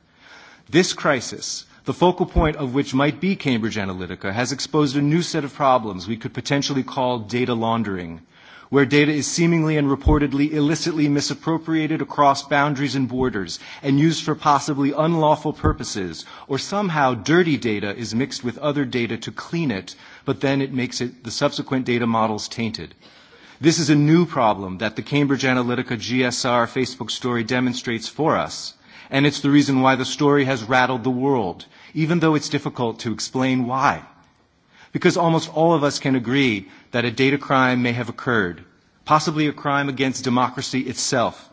This crisis, the focal point of which might be Cambridge Analytica, has exposed a new set of problems we could potentially call data laundering, where data is seemingly and reportedly illicitly misappropriated across boundaries and borders and used for possibly unlawful purposes, or somehow dirty data is mixed with other data to clean it, but then it makes it the subsequent data models tainted. This is a new problem that the Cambridge Analytica GSR Facebook story demonstrates for us, and it's the reason why the story has rattled the world, even though it's difficult to explain why. Because almost all of us can agree that a data crime may have occurred, possibly a crime against democracy itself.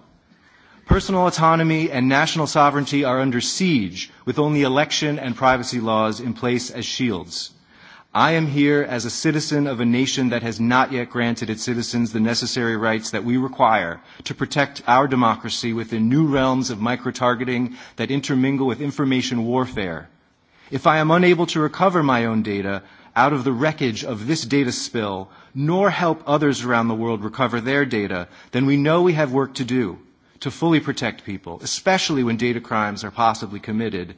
Personal autonomy and national sovereignty are under siege with only election and privacy laws in place as shields. I am here as a citizen of a nation that has not yet granted its citizens the necessary rights that we require to protect our democracy within new realms of micro-targeting that intermingle with information warfare. If I am unable to recover my own data, out of the wreckage of this data spill, nor help others around the world recover their data, then we know we have work to do to fully protect people, especially when data crimes are possibly committed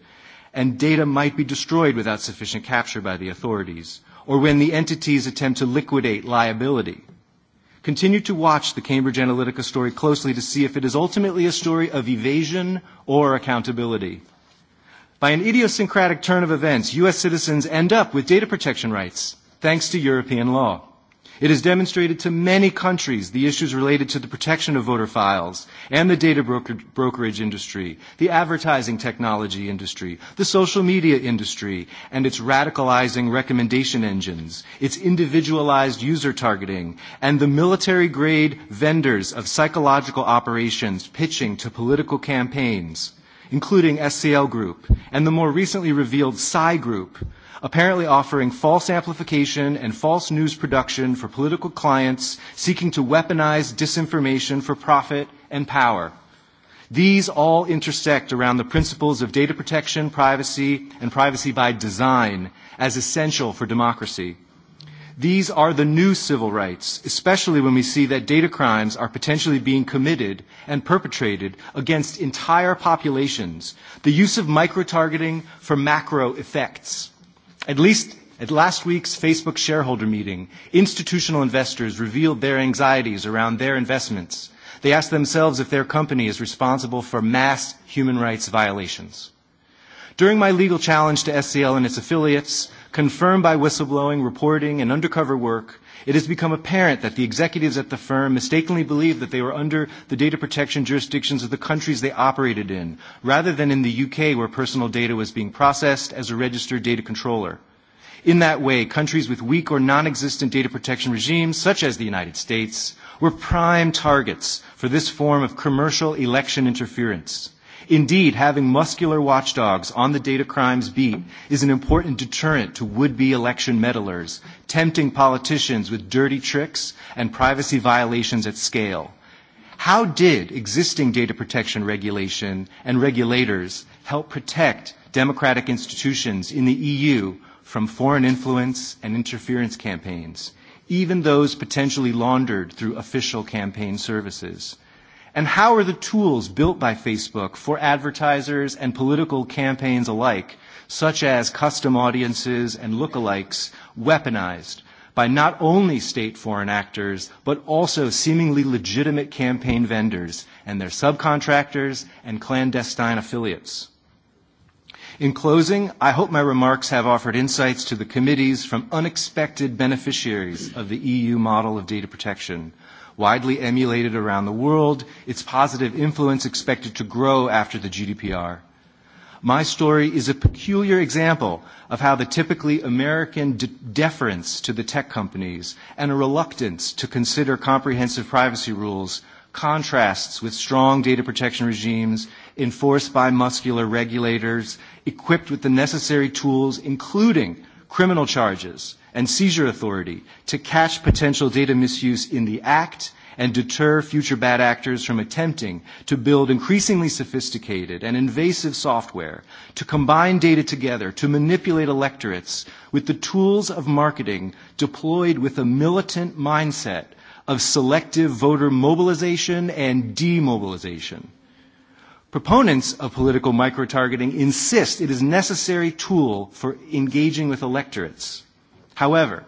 and data might be destroyed without sufficient capture by the authorities, or when the entities attempt to liquidate liability. Continue to watch the Cambridge Analytica story closely to see if it is ultimately a story of evasion or accountability. By an idiosyncratic turn of events, U.S. citizens end up with data protection rights, thanks to European law. It has demonstrated to many countries the issues related to the protection of voter files and the data broker brokerage industry, the advertising technology industry, the social media industry, and its radicalizing recommendation engines, its individualized user targeting, and the military grade vendors of psychological operations pitching to political campaigns including SCL Group and the more recently revealed Psy Group, apparently offering false amplification and false news production for political clients seeking to weaponize disinformation for profit and power. These all intersect around the principles of data protection, privacy, and privacy by design as essential for democracy. These are the new civil rights, especially when we see that data crimes are potentially being committed and perpetrated against entire populations, the use of micro-targeting for macro effects. At least at last week's Facebook shareholder meeting, institutional investors revealed their anxieties around their investments. They asked themselves if their company is responsible for mass human rights violations. During my legal challenge to SCL and its affiliates, confirmed by whistleblowing, reporting, and undercover work, it has become apparent that the executives at the firm mistakenly believed that they were under the data protection jurisdictions of the countries they operated in, rather than in the UK where personal data was being processed as a registered data controller. In that way, countries with weak or non-existent data protection regimes, such as the United States, were prime targets for this form of commercial election interference. Indeed, having muscular watchdogs on the data crimes beat is an important deterrent to would-be election meddlers, tempting politicians with dirty tricks and privacy violations at scale. How did existing data protection regulation and regulators help protect democratic institutions in the EU from foreign influence and interference campaigns, even those potentially laundered through official campaign services? And how are the tools built by Facebook for advertisers and political campaigns alike, such as custom audiences and lookalikes, weaponized by not only state foreign actors, but also seemingly legitimate campaign vendors and their subcontractors and clandestine affiliates? In closing, I hope my remarks have offered insights to the committees from unexpected beneficiaries of the EU model of data protection – widely emulated around the world, its positive influence expected to grow after the GDPR. My story is a peculiar example of how the typically American de deference to the tech companies and a reluctance to consider comprehensive privacy rules contrasts with strong data protection regimes enforced by muscular regulators equipped with the necessary tools, including criminal charges, and seizure authority to catch potential data misuse in the act and deter future bad actors from attempting to build increasingly sophisticated and invasive software to combine data together to manipulate electorates with the tools of marketing deployed with a militant mindset of selective voter mobilization and demobilization. Proponents of political microtargeting insist it is a necessary tool for engaging with electorates. However,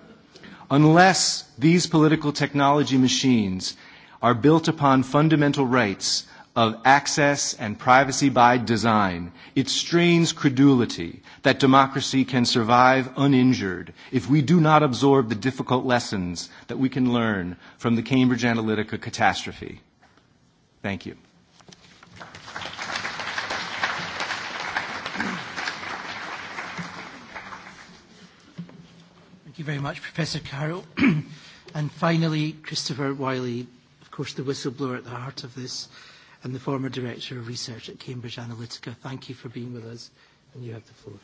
unless these political technology machines are built upon fundamental rights of access and privacy by design, it strains credulity that democracy can survive uninjured if we do not absorb the difficult lessons that we can learn from the Cambridge Analytica catastrophe. Thank you. you very much, Professor Carroll. and finally, Christopher Wiley, of course, the whistleblower at the heart of this and the former Director of Research at Cambridge Analytica. Thank you for being with us, and you have the floor.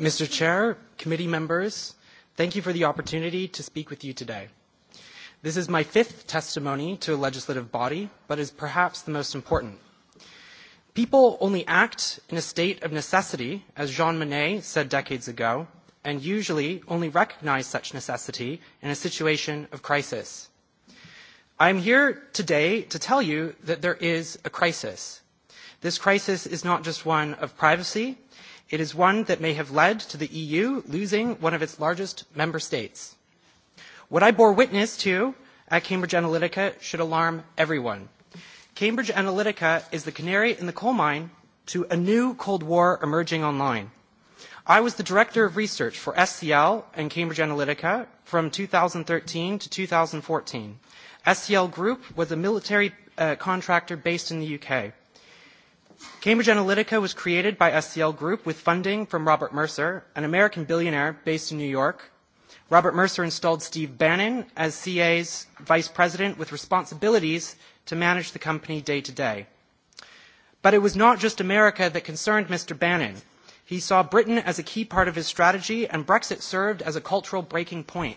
Mr. Chair, committee members, thank you for the opportunity to speak with you today. This is my fifth testimony to a legislative body, but is perhaps the most important. People only act in a state of necessity, as Jean Monnet said decades ago, and usually only recognize such necessity in a situation of crisis. I am here today to tell you that there is a crisis. This crisis is not just one of privacy, it is one that may have led to the EU losing one of its largest member states. What I bore witness to at Cambridge Analytica should alarm everyone. Cambridge Analytica is the canary in the coal mine to a new Cold War emerging online. I was the director of research for SCL and Cambridge Analytica from 2013 to 2014. SCL Group was a military uh, contractor based in the UK. Cambridge Analytica was created by SCL Group with funding from Robert Mercer, an American billionaire based in New York. Robert Mercer installed Steve Bannon as CA's vice president with responsibilities to manage the company day to day. But it was not just America that concerned Mr. Bannon. He saw Britain as a key part of his strategy, and Brexit served as a cultural breaking point.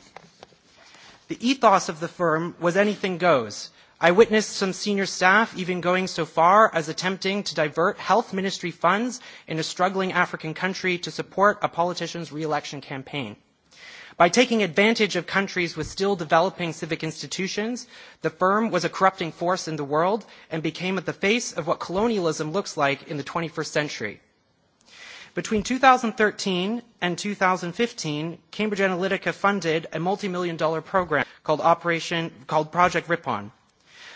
The ethos of the firm was anything goes. I witnessed some senior staff even going so far as attempting to divert health ministry funds in a struggling African country to support a politician's re-election campaign. By taking advantage of countries with still developing civic institutions, the firm was a corrupting force in the world and became at the face of what colonialism looks like in the 21st century. Between 2013 and 2015, Cambridge Analytica funded a multi-million dollar program called, Operation, called Project Ripon.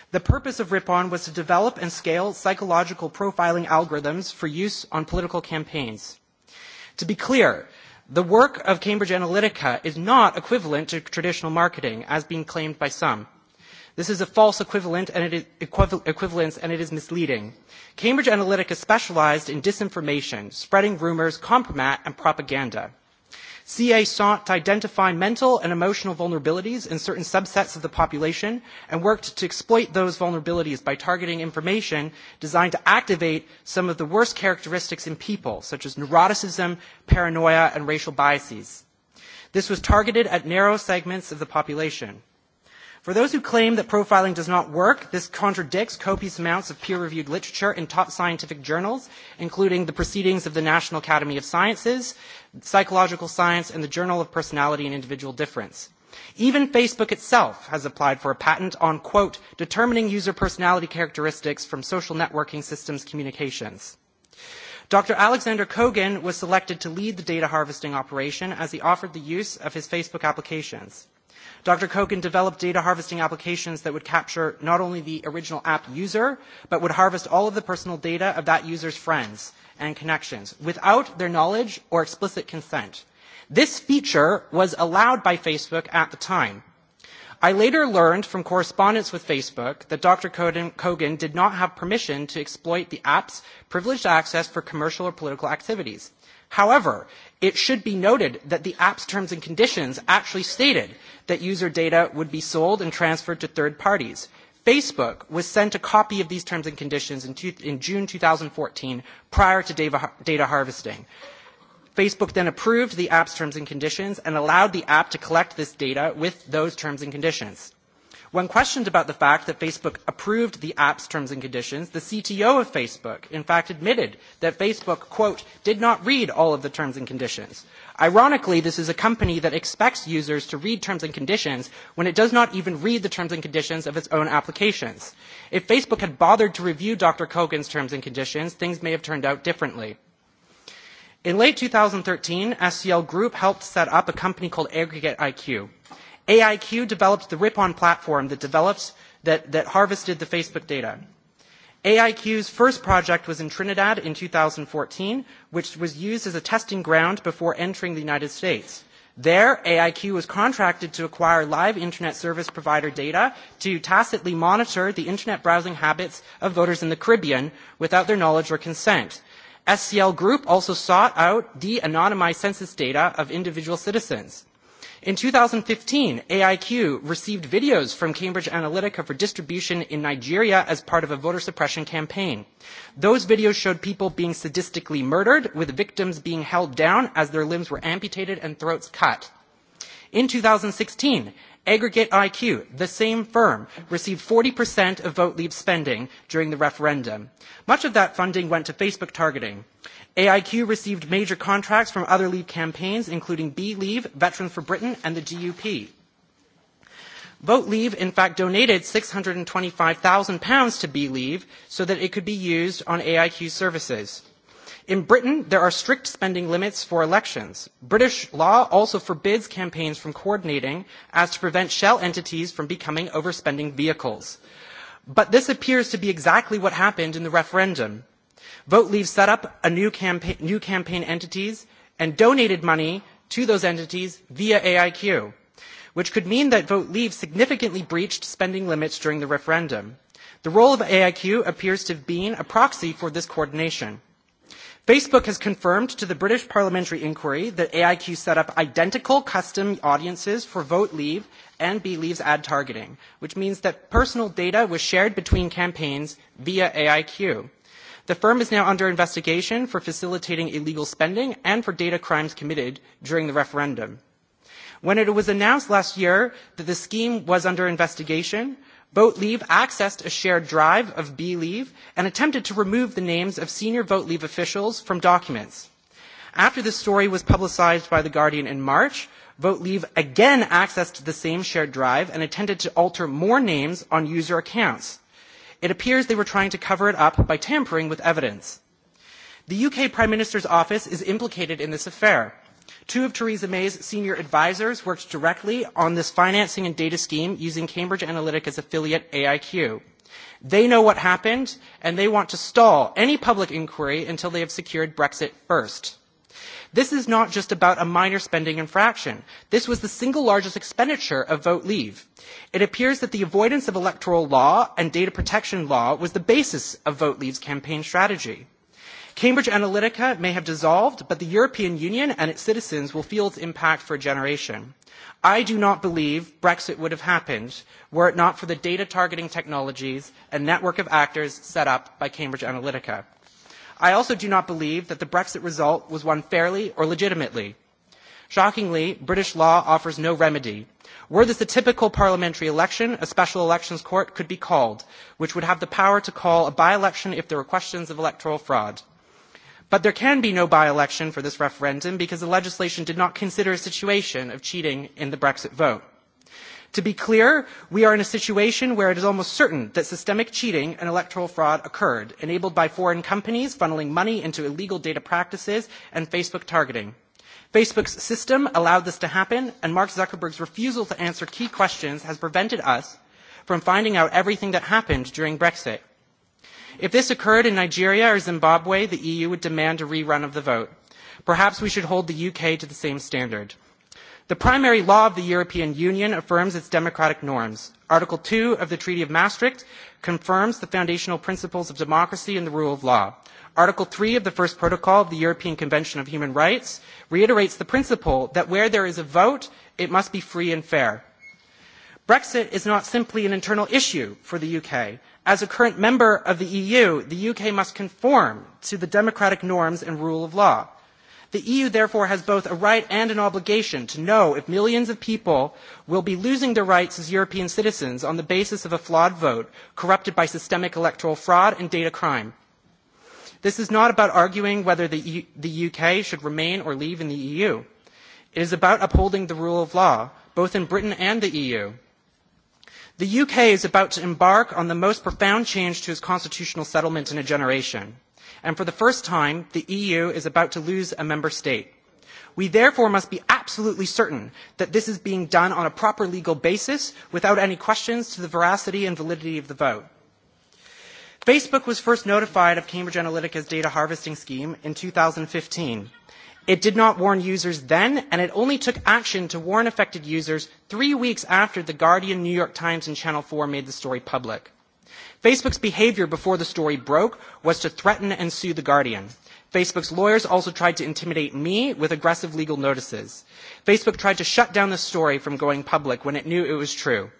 The purpose of Ripon was to develop and scale psychological profiling algorithms for use on political campaigns. To be clear, The work of Cambridge Analytica is not equivalent to traditional marketing, as being claimed by some. This is a false equivalent and it is equival equivalence and it is misleading. Cambridge Analytica specialized in disinformation, spreading rumors, compromat, and propaganda. CA sought to identify mental and emotional vulnerabilities in certain subsets of the population and worked to exploit those vulnerabilities by targeting information designed to activate some of the worst characteristics in people, such as neuroticism, paranoia, and racial biases. This was targeted at narrow segments of the population. For those who claim that profiling does not work, this contradicts copious amounts of peer-reviewed literature in top scientific journals, including the Proceedings of the National Academy of Sciences, Psychological Science, and the Journal of Personality and Individual Difference. Even Facebook itself has applied for a patent on, quote, determining user personality characteristics from social networking systems communications. Dr. Alexander Kogan was selected to lead the data harvesting operation as he offered the use of his Facebook applications. Dr. Kogan developed data harvesting applications that would capture not only the original app user, but would harvest all of the personal data of that user's friends and connections without their knowledge or explicit consent. This feature was allowed by Facebook at the time. I later learned from correspondence with Facebook that Dr. Kogan did not have permission to exploit the app's privileged access for commercial or political activities. However, It should be noted that the app's terms and conditions actually stated that user data would be sold and transferred to third parties. Facebook was sent a copy of these terms and conditions in, two, in June 2014 prior to data, data harvesting. Facebook then approved the app's terms and conditions and allowed the app to collect this data with those terms and conditions. When questioned about the fact that Facebook approved the app's terms and conditions, the CTO of Facebook, in fact, admitted that Facebook, quote, did not read all of the terms and conditions. Ironically, this is a company that expects users to read terms and conditions when it does not even read the terms and conditions of its own applications. If Facebook had bothered to review Dr. Kogan's terms and conditions, things may have turned out differently. In late 2013, SCL Group helped set up a company called Aggregate IQ. AIQ developed the Ripon platform that develops that, that harvested the Facebook data. AIQ's first project was in Trinidad in 2014, which was used as a testing ground before entering the United States. There, AIQ was contracted to acquire live internet service provider data to tacitly monitor the internet browsing habits of voters in the Caribbean without their knowledge or consent. SCL Group also sought out de-anonymized census data of individual citizens. In 2015, AIQ received videos from Cambridge Analytica for distribution in Nigeria as part of a voter suppression campaign. Those videos showed people being sadistically murdered, with victims being held down as their limbs were amputated and throats cut. In 2016, Aggregate IQ, the same firm, received 40% of vote leave spending during the referendum. Much of that funding went to Facebook targeting. AIQ received major contracts from other leave campaigns, including B Leave, Veterans for Britain, and the GUP. Vote Leave, in fact, donated £625,000 to B Leave so that it could be used on AIQ services. In Britain, there are strict spending limits for elections. British law also forbids campaigns from coordinating as to prevent shell entities from becoming overspending vehicles. But this appears to be exactly what happened in the referendum. Vote Leave set up a new, campa new campaign entities and donated money to those entities via AIQ, which could mean that Vote Leave significantly breached spending limits during the referendum. The role of AIQ appears to have been a proxy for this coordination. Facebook has confirmed to the British parliamentary inquiry that AIQ set up identical custom audiences for vote leave and B leaves ad targeting, which means that personal data was shared between campaigns via AIQ. The firm is now under investigation for facilitating illegal spending and for data crimes committed during the referendum. When it was announced last year that the scheme was under investigation, Vote Leave accessed a shared drive of B Leave and attempted to remove the names of senior Vote Leave officials from documents. After this story was publicized by The Guardian in March, Vote Leave again accessed the same shared drive and attempted to alter more names on user accounts. It appears they were trying to cover it up by tampering with evidence. The UK Prime Minister's office is implicated in this affair. Two of Theresa May's senior advisors worked directly on this financing and data scheme using Cambridge Analytica's affiliate AIQ. They know what happened, and they want to stall any public inquiry until they have secured Brexit first. This is not just about a minor spending infraction. This was the single largest expenditure of Vote Leave. It appears that the avoidance of electoral law and data protection law was the basis of Vote Leave's campaign strategy. Cambridge Analytica may have dissolved, but the European Union and its citizens will feel its impact for a generation. I do not believe Brexit would have happened were it not for the data targeting technologies and network of actors set up by Cambridge Analytica. I also do not believe that the Brexit result was won fairly or legitimately. Shockingly, British law offers no remedy. Were this a typical parliamentary election, a special elections court could be called, which would have the power to call a by-election if there were questions of electoral fraud. But there can be no by-election for this referendum because the legislation did not consider a situation of cheating in the Brexit vote. To be clear, we are in a situation where it is almost certain that systemic cheating and electoral fraud occurred, enabled by foreign companies funneling money into illegal data practices and Facebook targeting. Facebook's system allowed this to happen, and Mark Zuckerberg's refusal to answer key questions has prevented us from finding out everything that happened during Brexit If this occurred in Nigeria or Zimbabwe, the EU would demand a rerun of the vote. Perhaps we should hold the UK to the same standard. The primary law of the European Union affirms its democratic norms. Article 2 of the Treaty of Maastricht confirms the foundational principles of democracy and the rule of law. Article 3 of the First Protocol of the European Convention of Human Rights reiterates the principle that where there is a vote, it must be free and fair. Brexit is not simply an internal issue for the UK. As a current member of the EU, the UK must conform to the democratic norms and rule of law. The EU therefore has both a right and an obligation to know if millions of people will be losing their rights as European citizens on the basis of a flawed vote corrupted by systemic electoral fraud and data crime. This is not about arguing whether the, EU, the UK should remain or leave in the EU. It is about upholding the rule of law, both in Britain and the EU. The UK is about to embark on the most profound change to its constitutional settlement in a generation. And for the first time, the EU is about to lose a member state. We therefore must be absolutely certain that this is being done on a proper legal basis without any questions to the veracity and validity of the vote. Facebook was first notified of Cambridge Analytica's data harvesting scheme in 2015 It did not warn users then, and it only took action to warn affected users three weeks after The Guardian, New York Times, and Channel 4 made the story public. Facebook's behavior before the story broke was to threaten and sue The Guardian. Facebook's lawyers also tried to intimidate me with aggressive legal notices. Facebook tried to shut down the story from going public when it knew it was true.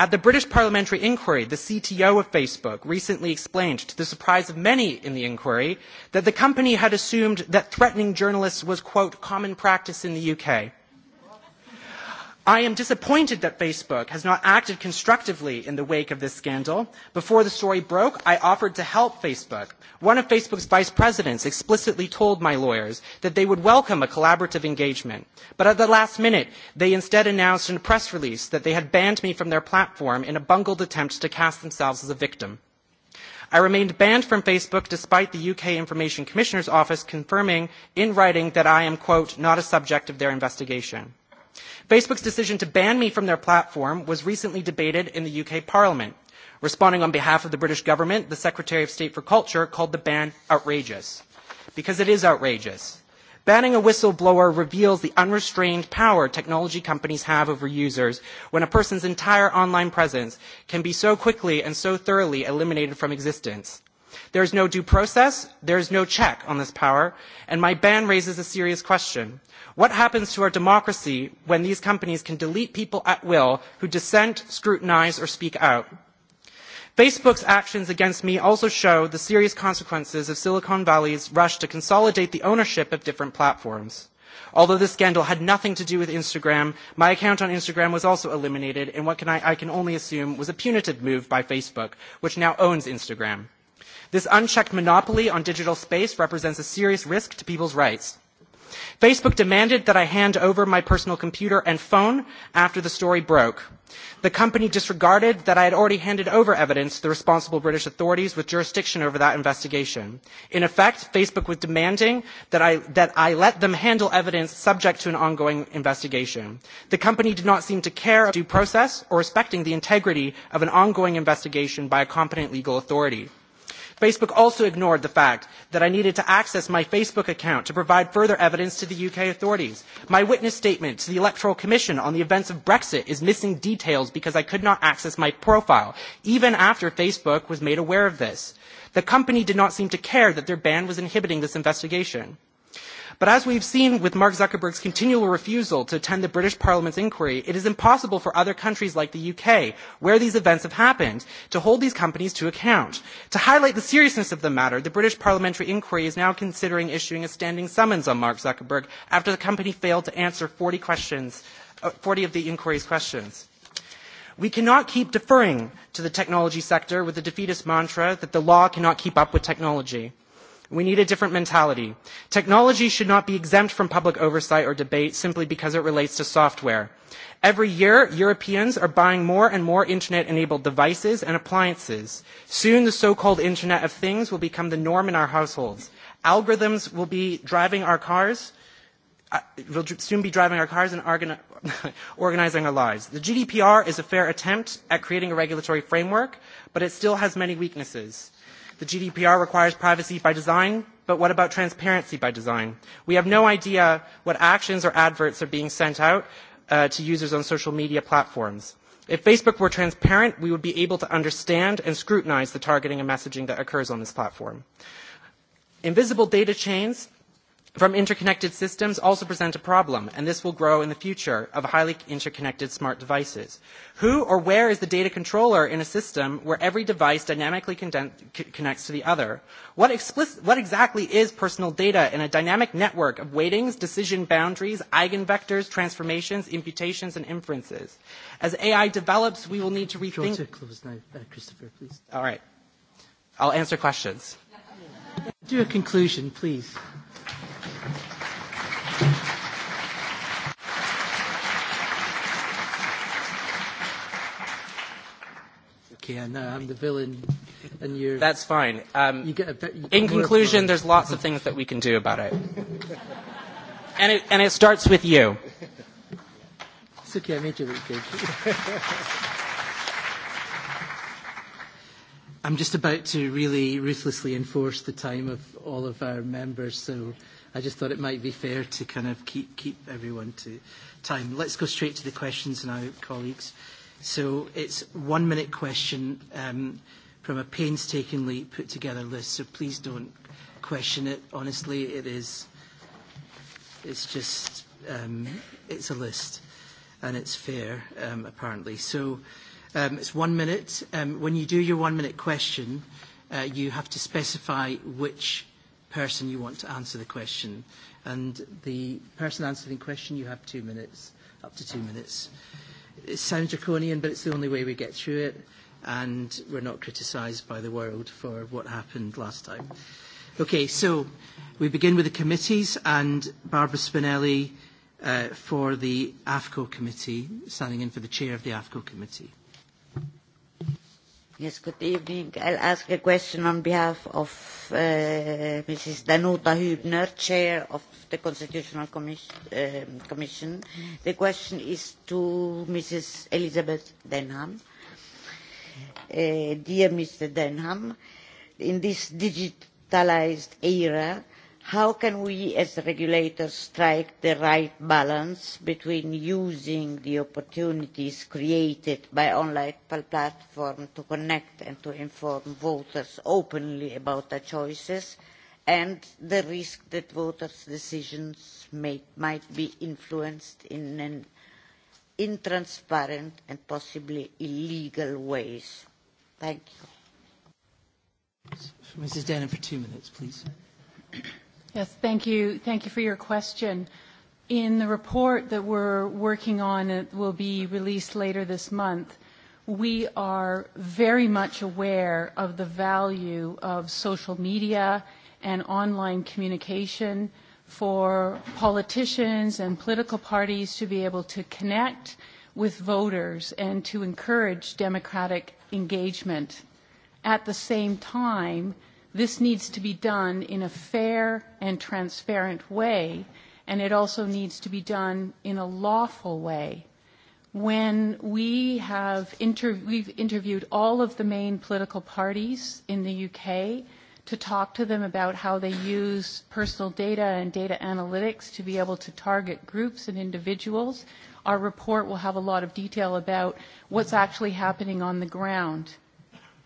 At the British parliamentary inquiry, the CTO of Facebook recently explained, to the surprise of many in the inquiry, that the company had assumed that threatening journalists was, quote, common practice in the UK. I am disappointed that Facebook has not acted constructively in the wake of this scandal. Before the story broke, I offered to help Facebook. One of Facebook's vice presidents explicitly told my lawyers that they would welcome a collaborative engagement. But at the last minute, they instead announced in a press release that they had banned me from their platform in a bungled attempt to cast themselves as a victim. I remained banned from Facebook despite the UK Information Commissioner's Office confirming in writing that I am, quote, not a subject of their investigation. Facebook's decision to ban me from their platform was recently debated in the UK Parliament. Responding on behalf of the British government, the Secretary of State for Culture called the ban outrageous. Because it is outrageous. Banning a whistleblower reveals the unrestrained power technology companies have over users when a person's entire online presence can be so quickly and so thoroughly eliminated from existence. There is no due process, there is no check on this power, and my ban raises a serious question. What happens to our democracy when these companies can delete people at will who dissent, scrutinize, or speak out? Facebook's actions against me also show the serious consequences of Silicon Valley's rush to consolidate the ownership of different platforms. Although this scandal had nothing to do with Instagram, my account on Instagram was also eliminated in what can I, I can only assume was a punitive move by Facebook, which now owns Instagram. This unchecked monopoly on digital space represents a serious risk to people's rights. Facebook demanded that I hand over my personal computer and phone after the story broke. The company disregarded that I had already handed over evidence to the responsible British authorities with jurisdiction over that investigation. In effect, Facebook was demanding that I, that I let them handle evidence subject to an ongoing investigation. The company did not seem to care about due process or respecting the integrity of an ongoing investigation by a competent legal authority. Facebook also ignored the fact that I needed to access my Facebook account to provide further evidence to the UK authorities. My witness statement to the Electoral Commission on the events of Brexit is missing details because I could not access my profile, even after Facebook was made aware of this. The company did not seem to care that their ban was inhibiting this investigation. But as we've seen with Mark Zuckerberg's continual refusal to attend the British Parliament's inquiry, it is impossible for other countries like the UK, where these events have happened, to hold these companies to account. To highlight the seriousness of the matter, the British parliamentary inquiry is now considering issuing a standing summons on Mark Zuckerberg after the company failed to answer 40 questions, uh, 40 of the inquiry's questions. We cannot keep deferring to the technology sector with the defeatist mantra that the law cannot keep up with technology. We need a different mentality. Technology should not be exempt from public oversight or debate simply because it relates to software. Every year, Europeans are buying more and more internet-enabled devices and appliances. Soon, the so-called Internet of Things will become the norm in our households. Algorithms will be driving our cars, uh, will soon be driving our cars and organizing our lives. The GDPR is a fair attempt at creating a regulatory framework, but it still has many weaknesses. The GDPR requires privacy by design, but what about transparency by design? We have no idea what actions or adverts are being sent out uh, to users on social media platforms. If Facebook were transparent, we would be able to understand and scrutinize the targeting and messaging that occurs on this platform. Invisible data chains from interconnected systems also present a problem, and this will grow in the future of highly interconnected smart devices. Who or where is the data controller in a system where every device dynamically connects to the other? What, explicit, what exactly is personal data in a dynamic network of weightings, decision boundaries, eigenvectors, transformations, imputations, and inferences? As AI develops, we will need to rethink... To close now, uh, Christopher, please. All right. I'll answer questions. Do a conclusion, please. okay, I know, I'm the villain, and you're... That's fine. Um, you get a bit, you in conclusion, there's lots of things that we can do about it. and it. And it starts with you. It's okay, I made you look good. I'm just about to really ruthlessly enforce the time of all of our members, so I just thought it might be fair to kind of keep, keep everyone to time. Let's go straight to the questions now, colleagues. So it's one minute question um, from a painstakingly put together list, so please don't question it. Honestly, it is, it's just, um, it's a list and it's fair, um, apparently. So um, it's one minute. Um, when you do your one minute question, uh, you have to specify which person you want to answer the question. And the person answering the question, you have two minutes, up to two minutes. It sounds draconian, but it's the only way we get through it, and we're not criticised by the world for what happened last time. Okay, so we begin with the committees, and Barbara Spinelli uh, for the AFCO committee, standing in for the chair of the AFCO committee. Yes, good evening. I'll ask a question on behalf of uh, Mrs. Danuta Hübner, Chair of the Constitutional Commission, uh, um, Commission. The question is to Mrs. Elizabeth Denham. Uh, dear Mr. Denham, in this digitalized era, how can we as regulators strike the right balance between using the opportunities created by online platforms to connect and to inform voters openly about their choices and the risk that voters' decisions may, might be influenced in an intransparent and possibly illegal ways. Thank you. Mrs. for two minutes, please. Yes, thank you. Thank you for your question. In the report that we're working on, it will be released later this month, we are very much aware of the value of social media and online communication for politicians and political parties to be able to connect with voters and to encourage democratic engagement. At the same time, This needs to be done in a fair and transparent way, and it also needs to be done in a lawful way. When we have inter- we've interviewed all of the main political parties in the UK to talk to them about how they use personal data and data analytics to be able to target groups and individuals. Our report will have a lot of detail about what's actually happening on the ground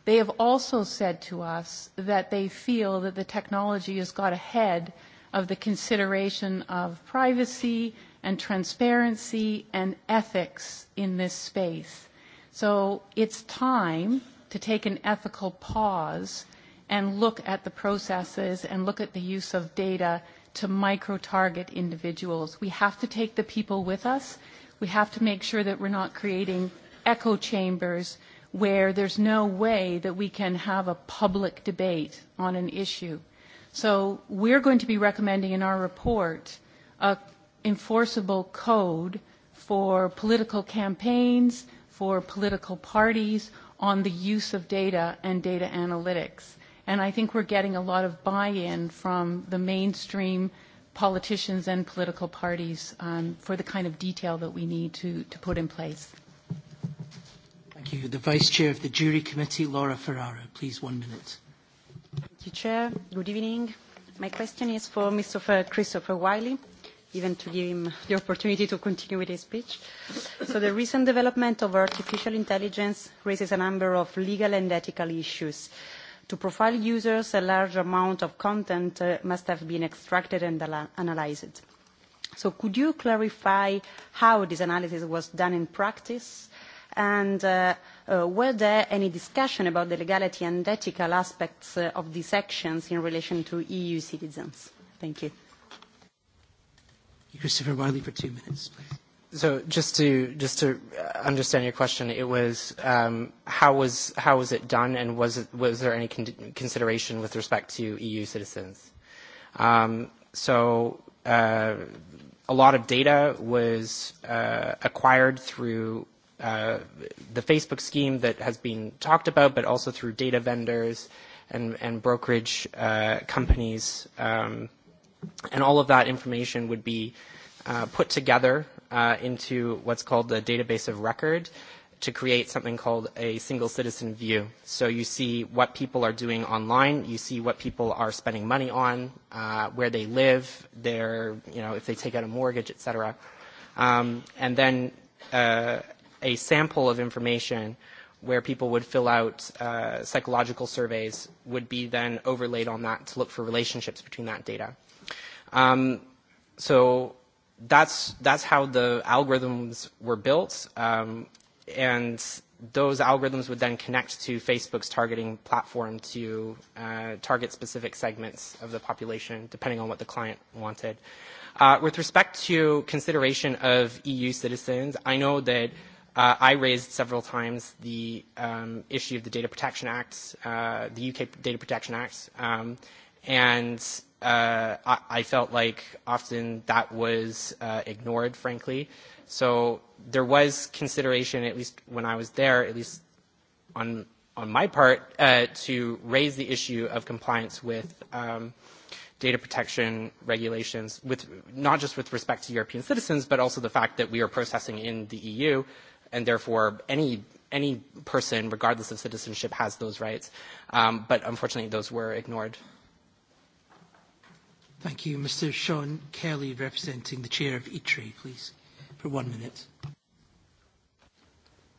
They have also said to us that they feel that the technology has got ahead of the consideration of privacy and transparency and ethics in this space. So it's time to take an ethical pause and look at the processes and look at the use of data to micro-target individuals. We have to take the people with us. We have to make sure that we're not creating echo chambers where there's no way that we can have a public debate on an issue. So we're going to be recommending in our report a enforceable code for political campaigns, for political parties on the use of data and data analytics. And I think we're getting a lot of buy-in from the mainstream politicians and political parties um, for the kind of detail that we need to, to put in place. Thank you. The Vice Chair of the Jury Committee, Laura Ferrara, please, one minute. Thank you, Chair. Good evening. My question is for Mr. Christopher Wiley, even to give him the opportunity to continue with his speech. So the recent development of artificial intelligence raises a number of legal and ethical issues. To profile users, a large amount of content uh, must have been extracted and analyzed. So could you clarify how this analysis was done in practice and uh, uh, were there any discussion about the legality and ethical aspects uh, of these actions in relation to EU citizens? Thank you. Christopher Wiley for two minutes, please. So just to just to uh, understand your question, it was um, how was how was it done, and was it, was there any con consideration with respect to EU citizens? Um, so uh, a lot of data was uh, acquired through uh, the Facebook scheme that has been talked about, but also through data vendors and, and brokerage uh, companies. Um, and all of that information would be uh, put together uh, into what's called the database of record to create something called a single citizen view. So you see what people are doing online, you see what people are spending money on, uh, where they live, their, you know, if they take out a mortgage, et cetera. Um, and then uh, a sample of information where people would fill out uh, psychological surveys would be then overlaid on that to look for relationships between that data. Um, so that's, that's how the algorithms were built, um, and those algorithms would then connect to Facebook's targeting platform to uh, target specific segments of the population, depending on what the client wanted. Uh, with respect to consideration of EU citizens, I know that Uh, I raised several times the um, issue of the Data Protection Act, uh, the UK Data Protection Act, um, and uh, I, I felt like often that was uh, ignored, frankly. So there was consideration, at least when I was there, at least on on my part, uh, to raise the issue of compliance with um, data protection regulations, with not just with respect to European citizens, but also the fact that we are processing in the EU and therefore any any person, regardless of citizenship, has those rights. Um, but unfortunately, those were ignored. Thank you. Mr. Sean Kelly, representing the chair of ITRE, please, for one minute.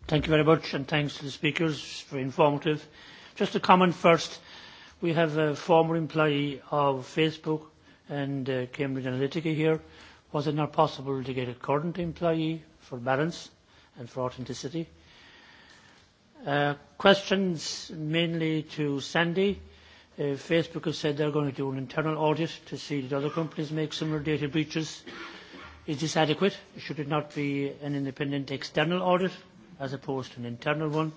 Thank you very much, and thanks to the speakers for informative. Just a comment first. We have a former employee of Facebook and uh, Cambridge Analytica here. Was it not possible to get a current employee for balance? and for authenticity. Uh, questions mainly to Sandy. Uh, Facebook has said they're going to do an internal audit to see that other companies make similar data breaches. Is this adequate? Should it not be an independent external audit as opposed to an internal one?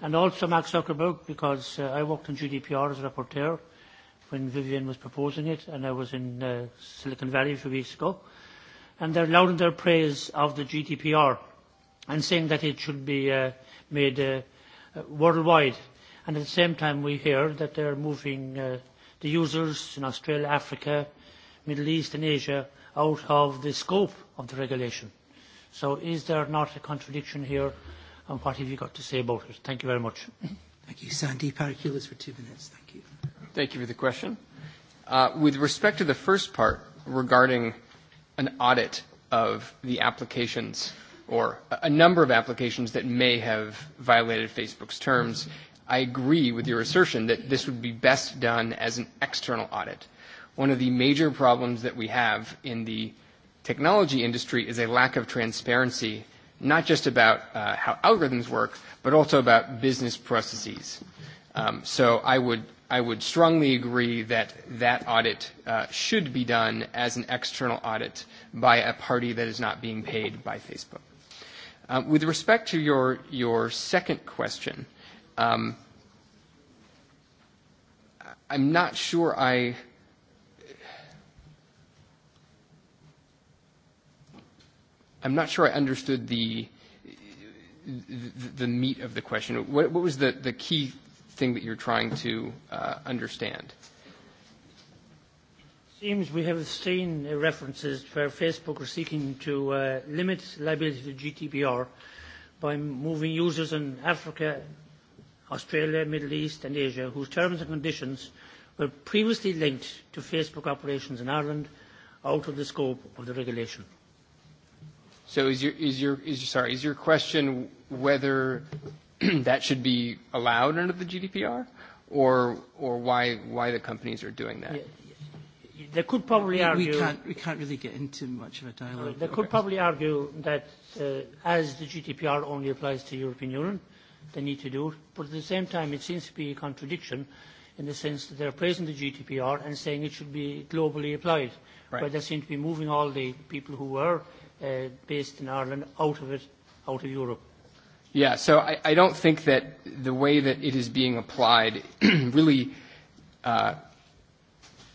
And also Mark Zuckerberg, because uh, I worked on GDPR as a rapporteur when Vivian was proposing it, and I was in uh, Silicon Valley a few weeks ago. And they're loud in their praise of the GDPR and saying that it should be uh, made uh, worldwide. And at the same time, we hear that they're moving uh, the users in Australia, Africa, Middle East and Asia out of the scope of the regulation. So is there not a contradiction here? And what have you got to say about it? Thank you very much. Thank you. Sandy Paraculis for two minutes. Thank you. Thank you for the question. Uh, with respect to the first part regarding an audit of the applications or a number of applications that may have violated Facebook's terms, I agree with your assertion that this would be best done as an external audit. One of the major problems that we have in the technology industry is a lack of transparency, not just about uh, how algorithms work, but also about business processes. Um, so I would, I would strongly agree that that audit uh, should be done as an external audit by a party that is not being paid by Facebook. Um, with respect to your, your second question, um, I'm not sure I. I'm not sure I understood the the, the meat of the question. What, what was the, the key thing that you're trying to uh, understand? seems we have seen uh, references where Facebook are seeking to uh, limit liability to GDPR by moving users in Africa, Australia, Middle East and Asia whose terms and conditions were previously linked to Facebook operations in Ireland out of the scope of the regulation. So is your, is your, is your, sorry, is your question whether that should be allowed under the GDPR or, or why, why the companies are doing that? They could probably argue... We can't, we can't really get into much of a dialogue. They could probably argue that uh, as the GDPR only applies to the European Union, they need to do it. But at the same time, it seems to be a contradiction in the sense that they're praising the GDPR and saying it should be globally applied. Right. But they seem to be moving all the people who were uh, based in Ireland out of it, out of Europe. Yeah, so I, I don't think that the way that it is being applied really uh,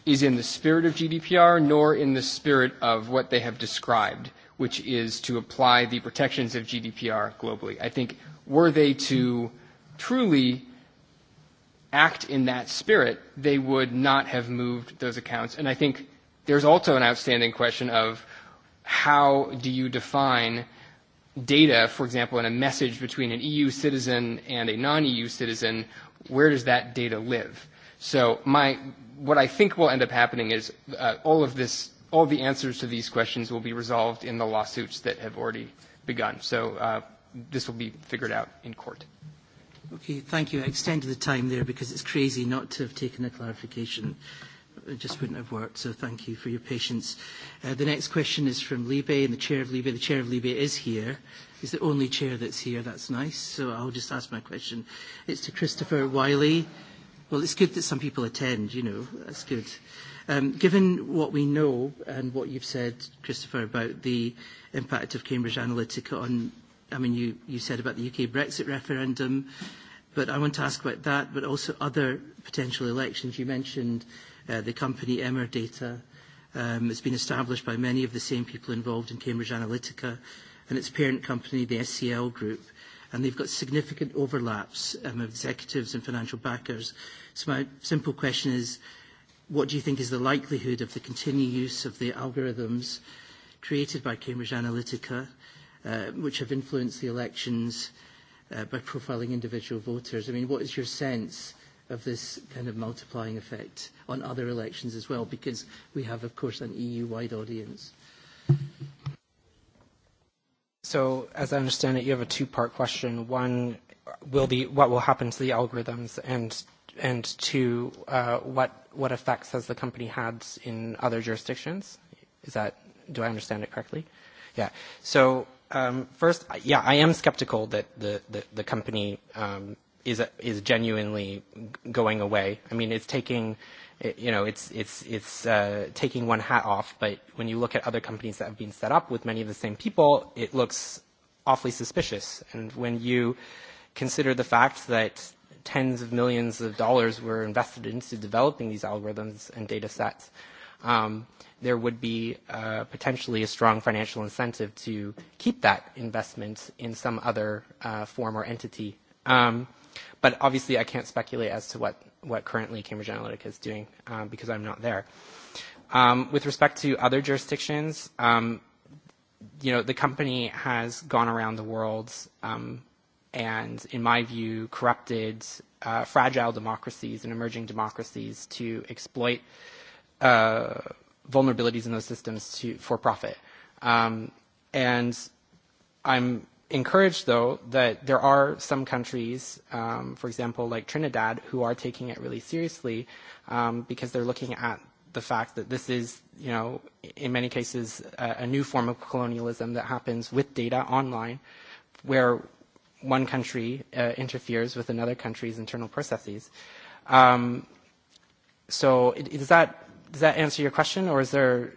is in the spirit of GDPR nor in the spirit of what they have described, which is to apply the protections of GDPR globally. I think were they to truly act in that spirit, they would not have moved those accounts. And I think there's also an outstanding question of how do you define data, for example, in a message between an EU citizen and a non-EU citizen, where does that data live? So my, what I think will end up happening is uh, all of this, all the answers to these questions will be resolved in the lawsuits that have already begun. So uh, this will be figured out in court. Okay, thank you. I extended the time there because it's crazy not to have taken a clarification. It just wouldn't have worked, so thank you for your patience. Uh, the next question is from Libe and the chair of Libe. The chair of Libe is here. He's the only chair that's here. That's nice. So I'll just ask my question. It's to Christopher Wiley Well, it's good that some people attend, you know, that's good. Um, given what we know and what you've said, Christopher, about the impact of Cambridge Analytica on, I mean, you, you said about the UK Brexit referendum, but I want to ask about that, but also other potential elections. You mentioned uh, the company Emmer Data. Um, it's been established by many of the same people involved in Cambridge Analytica and its parent company, the SCL Group and they've got significant overlaps um, of executives and financial backers. So my simple question is, what do you think is the likelihood of the continued use of the algorithms created by Cambridge Analytica, uh, which have influenced the elections uh, by profiling individual voters? I mean, what is your sense of this kind of multiplying effect on other elections as well? Because we have, of course, an EU-wide audience. Mm -hmm. So, as I understand it, you have a two-part question. One, will the, what will happen to the algorithms, and, and two, uh, what, what effects has the company had in other jurisdictions? Is that, do I understand it correctly? Yeah. So, um, first, yeah, I am skeptical that the, the, the company um, is, is genuinely going away. I mean, it's taking you know, it's, it's, it's uh, taking one hat off, but when you look at other companies that have been set up with many of the same people, it looks awfully suspicious. And when you consider the fact that tens of millions of dollars were invested into developing these algorithms and data sets, um, there would be uh, potentially a strong financial incentive to keep that investment in some other uh, form or entity. Um, but obviously, I can't speculate as to what what currently Cambridge Analytica is doing um, because I'm not there. Um, with respect to other jurisdictions, um, you know, the company has gone around the world um, and, in my view, corrupted uh, fragile democracies and emerging democracies to exploit uh, vulnerabilities in those systems to, for profit. Um, and I'm encouraged, though, that there are some countries, um, for example, like Trinidad, who are taking it really seriously um, because they're looking at the fact that this is, you know, in many cases, a, a new form of colonialism that happens with data online, where one country uh, interferes with another country's internal processes. Um, so, it, it, does that does that answer your question, or is there?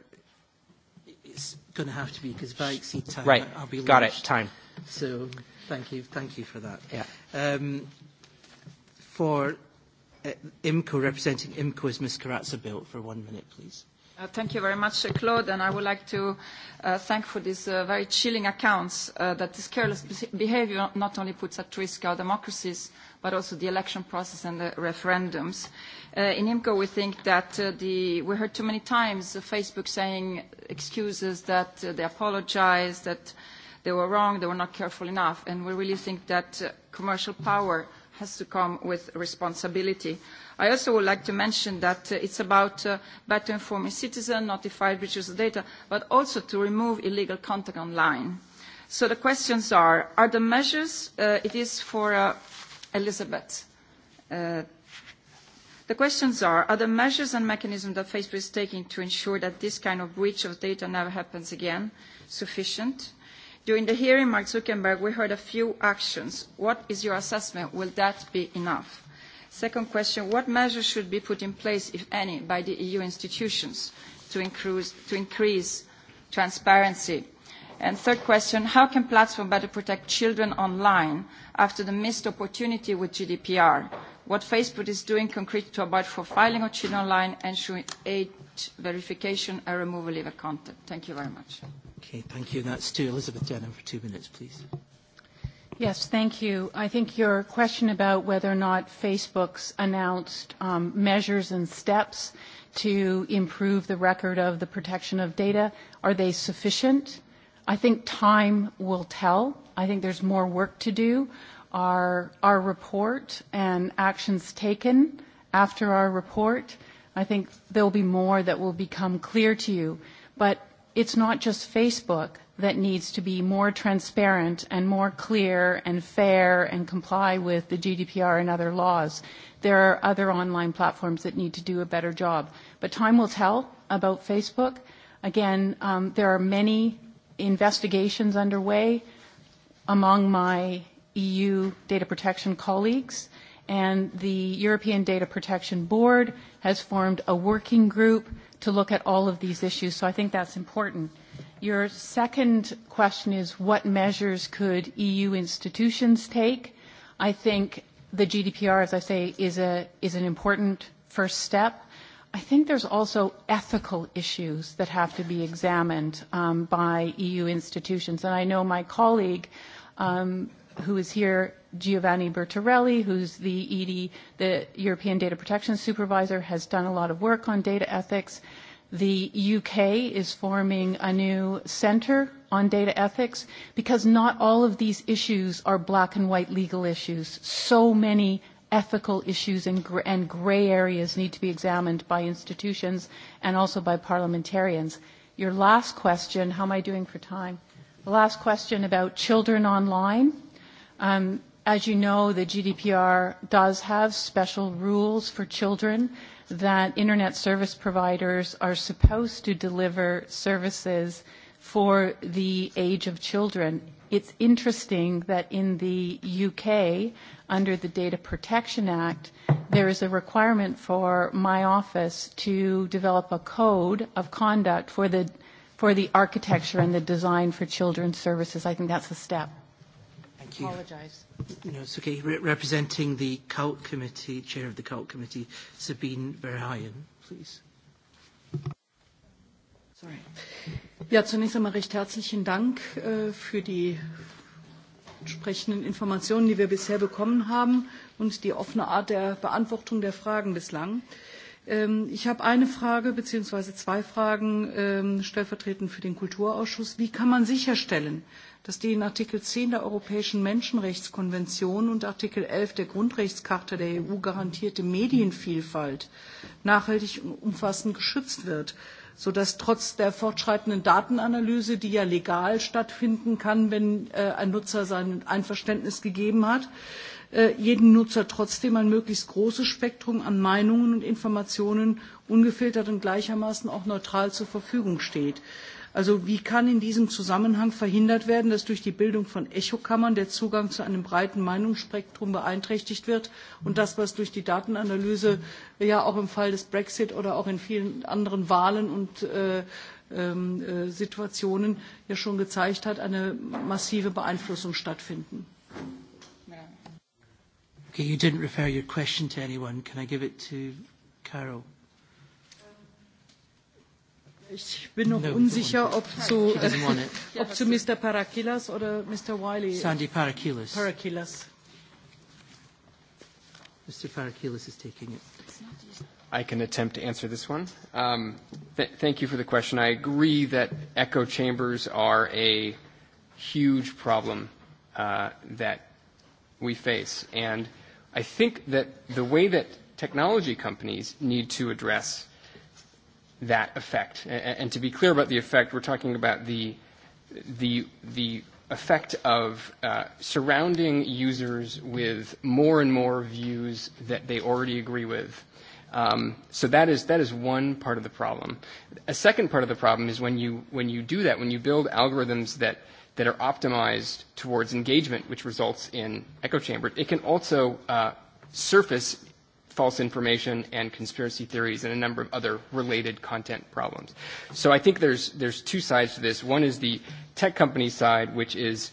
It's going to have to be because if I exceed time, right. I'll be. Got launched. it. Time. So thank you, thank you for that. Yeah. Um, for uh, IMCO, representing IMCO, is Ms. Karatza built for one minute, please. Uh, thank you very much, uh, Claude, and I would like to uh, thank for these uh, very chilling accounts uh, that this careless behavior not only puts at risk our democracies, but also the election process and the referendums. Uh, in IMCO, we think that uh, the, we heard too many times uh, Facebook saying excuses that uh, they apologize, that they were wrong, they were not careful enough, and we really think that uh, commercial power has to come with responsibility. I also would like to mention that uh, it's about uh, better informing citizens, notify breaches of data, but also to remove illegal content online. So the questions are, are the measures, uh, it is for uh, Elizabeth, uh, The questions are, are the measures and mechanisms that Facebook is taking to ensure that this kind of breach of data never happens again sufficient? During the hearing, Mark Zuckerberg, we heard a few actions. What is your assessment? Will that be enough? Second question, what measures should be put in place, if any, by the EU institutions to increase, to increase transparency? And third question, how can platforms better protect children online after the missed opportunity with GDPR? What Facebook is doing concrete to avoid profiling of children online, ensuring age verification and removal of content? Thank you very much. Okay, thank you. And that's to Elizabeth Denham for two minutes, please. Yes, thank you. I think your question about whether or not Facebook's announced um, measures and steps to improve the record of the protection of data, are they sufficient? I think time will tell. I think there's more work to do. Our, our report and actions taken after our report, I think there'll be more that will become clear to you. But it's not just Facebook that needs to be more transparent and more clear and fair and comply with the GDPR and other laws. There are other online platforms that need to do a better job. But time will tell about Facebook. Again, um, there are many investigations underway among my EU data protection colleagues, and the European Data Protection Board has formed a working group to look at all of these issues, so I think that's important. Your second question is what measures could EU institutions take? I think the GDPR, as I say, is, a, is an important first step. I think there's also ethical issues that have to be examined um, by EU institutions. And I know my colleague um, who is here, Giovanni Bertarelli, who's the ED, the European Data Protection Supervisor, has done a lot of work on data ethics. The UK is forming a new center on data ethics because not all of these issues are black and white legal issues. So many ethical issues and, gr and gray areas need to be examined by institutions and also by parliamentarians. Your last question, how am I doing for time? The last question about children online. Um, as you know, the GDPR does have special rules for children that internet service providers are supposed to deliver services for the age of children. It's interesting that in the UK, under the Data Protection Act, there is a requirement for my office to develop a code of conduct for the, for the architecture and the design for children's services. I think that's a step. Thank you. apologize. No, it's okay. Re representing the CULT Committee, Chair of the CULT Committee, Sabine Verheyen, please. Sorry. Ja, zunächst einmal recht herzlichen Dank äh, für die entsprechenden Informationen, die wir bisher bekommen haben und die offene Art der Beantwortung der Fragen bislang. Ähm, ich habe eine Frage bzw. zwei Fragen ähm, stellvertretend für den Kulturausschuss. Wie kann man sicherstellen, dass die in Artikel 10 der Europäischen Menschenrechtskonvention und Artikel 11 der Grundrechtscharta der EU garantierte Medienvielfalt nachhaltig und umfassend geschützt wird, sodass trotz der fortschreitenden Datenanalyse, die ja legal stattfinden kann, wenn äh, ein Nutzer sein Einverständnis gegeben hat, äh, jeden Nutzer trotzdem ein möglichst großes Spektrum an Meinungen und Informationen ungefiltert und gleichermaßen auch neutral zur Verfügung steht. Also wie kann in diesem Zusammenhang verhindert werden, dass durch die Bildung von Echokammern der Zugang zu einem breiten Meinungsspektrum beeinträchtigt wird und das, was durch die Datenanalyse ja auch im Fall des Brexit oder auch in vielen anderen Wahlen und äh, ähm, äh Situationen ja schon gezeigt hat, eine massive Beeinflussung stattfinden. Okay, you didn't refer your question to anyone. Can I give it to Carol? Ich bin noch no, unsicher, ob zu, äh, ob zu Mr. Parakilas oder Mr. Wiley. Sandy Parakilas. Parakilas. Mr. Parakilas is taking it. I can attempt to answer this one. Um, th thank you for the question. I agree that echo chambers are a huge problem uh, that we face. And I think that the way that technology companies need to address that effect. And to be clear about the effect, we're talking about the, the, the effect of uh, surrounding users with more and more views that they already agree with. Um, so that is, that is one part of the problem. A second part of the problem is when you, when you do that, when you build algorithms that, that are optimized towards engagement, which results in echo chamber, it can also uh, surface false information, and conspiracy theories, and a number of other related content problems. So I think there's, there's two sides to this. One is the tech company side, which is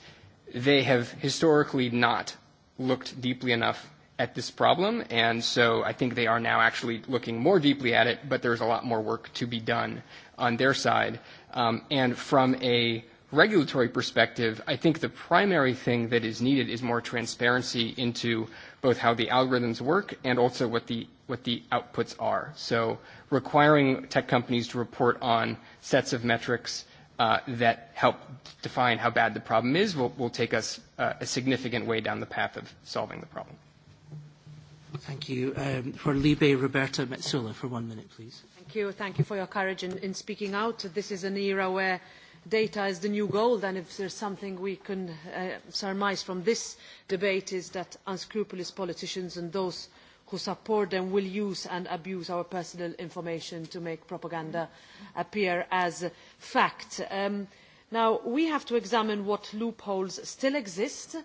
they have historically not looked deeply enough at this problem, and so I think they are now actually looking more deeply at it, but there's a lot more work to be done on their side. Um, and from a regulatory perspective, I think the primary thing that is needed is more transparency into both how the algorithms work and also what the, what the outputs are. So requiring tech companies to report on sets of metrics uh, that help define how bad the problem is will, will take us uh, a significant way down the path of solving the problem. Thank you. Um, for Libe, Roberta Metzola, for one minute, please. Thank you. Thank you for your courage in, in speaking out. This is an era where data is the new gold and if there is something we can uh, surmise from this debate is that unscrupulous politicians and those who support them will use and abuse our personal information to make propaganda appear as fact. Um, now, we have to examine what loopholes still exist.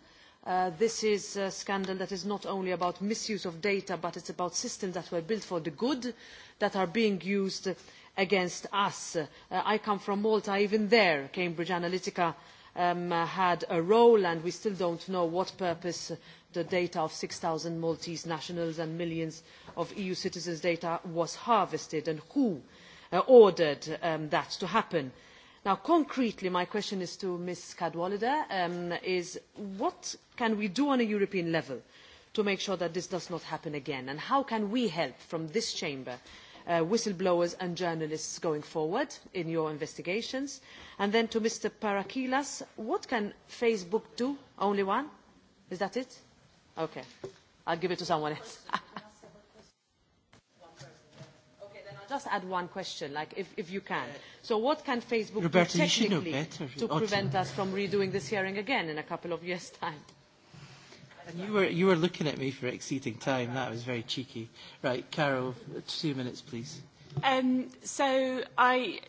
Uh, this is a scandal that is not only about misuse of data, but it is about systems that were built for the good that are being used against us. Uh, I come from Malta, even there Cambridge Analytica um, had a role and we still don't know what purpose the data of 6,000 Maltese nationals and millions of EU citizens' data was harvested and who uh, ordered um, that to happen. Now, concretely, my question is to Ms. Cadwallader, um, is what can we do on a European level to make sure that this does not happen again? And how can we help from this chamber uh, whistleblowers and journalists going forward in your investigations? And then to Mr. Parakilas, what can Facebook do? Only one? Is that it? Okay. I'll give it to someone else. just add one question, like if, if you can. So what can Facebook Roberta, do technically to prevent us from redoing this hearing again in a couple of years' time? And you were, you were looking at me for exceeding time. That was very cheeky. Right, Carol, two minutes, please. Um, so I,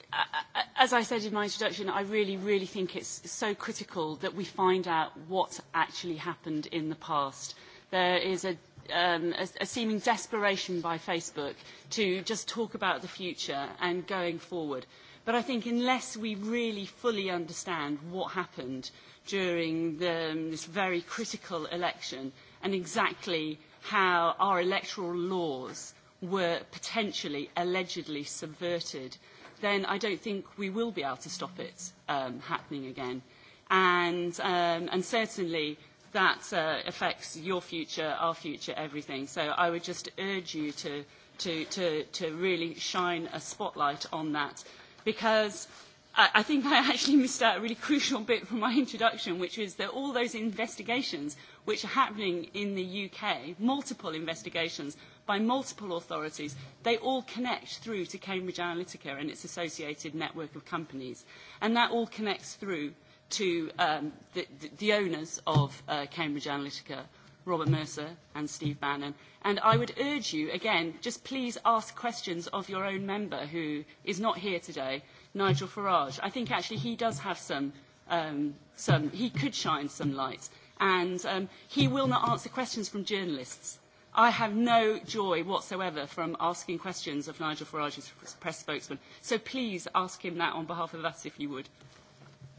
as I said in my introduction, I really, really think it's so critical that we find out what actually happened in the past. There is a, um, a, a seeming desperation by Facebook to just talk about the future and going forward. But I think unless we really fully understand what happened, during the, um, this very critical election and exactly how our electoral laws were potentially, allegedly subverted, then I don't think we will be able to stop it um, happening again. And, um, and certainly that uh, affects your future, our future, everything. So I would just urge you to, to, to, to really shine a spotlight on that because I, think I actually missed out a really crucial bit from my introduction, which is that all those investigations which are happening in the UK, multiple investigations by multiple authorities, they all connect through to Cambridge Analytica and its associated network of companies. And that all connects through to um, the, the, the owners of uh, Cambridge Analytica, Robert Mercer and Steve Bannon. And I would urge you, again, just please ask questions of your own member who is not here today Nigel Farage. I think actually he does have some, um, some he could shine some light. And um, he will not answer questions from journalists. I have no joy whatsoever from asking questions of Nigel Farage's press spokesman. So please ask him that on behalf of us, if you would.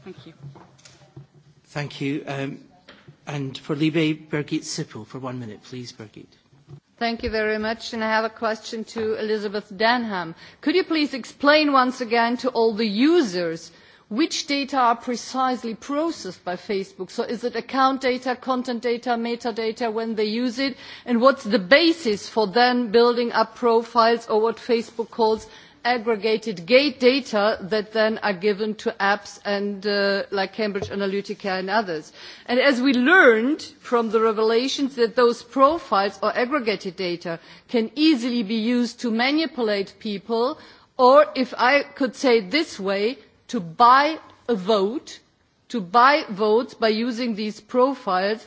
Thank you. Thank you. Um, and for Libe, Birgit Sippel, for one minute, please, Birgit. Thank you very much. And I have a question to Elizabeth Denham. Could you please explain once again to all the users which data are precisely processed by Facebook? So is it account data, content data, metadata when they use it? And what's the basis for them building up profiles or what Facebook calls aggregated gate data that then are given to apps and uh, like Cambridge Analytica and others. And as we learned from the revelations that those profiles or aggregated data can easily be used to manipulate people or if I could say it this way, to buy a vote, to buy votes by using these profiles,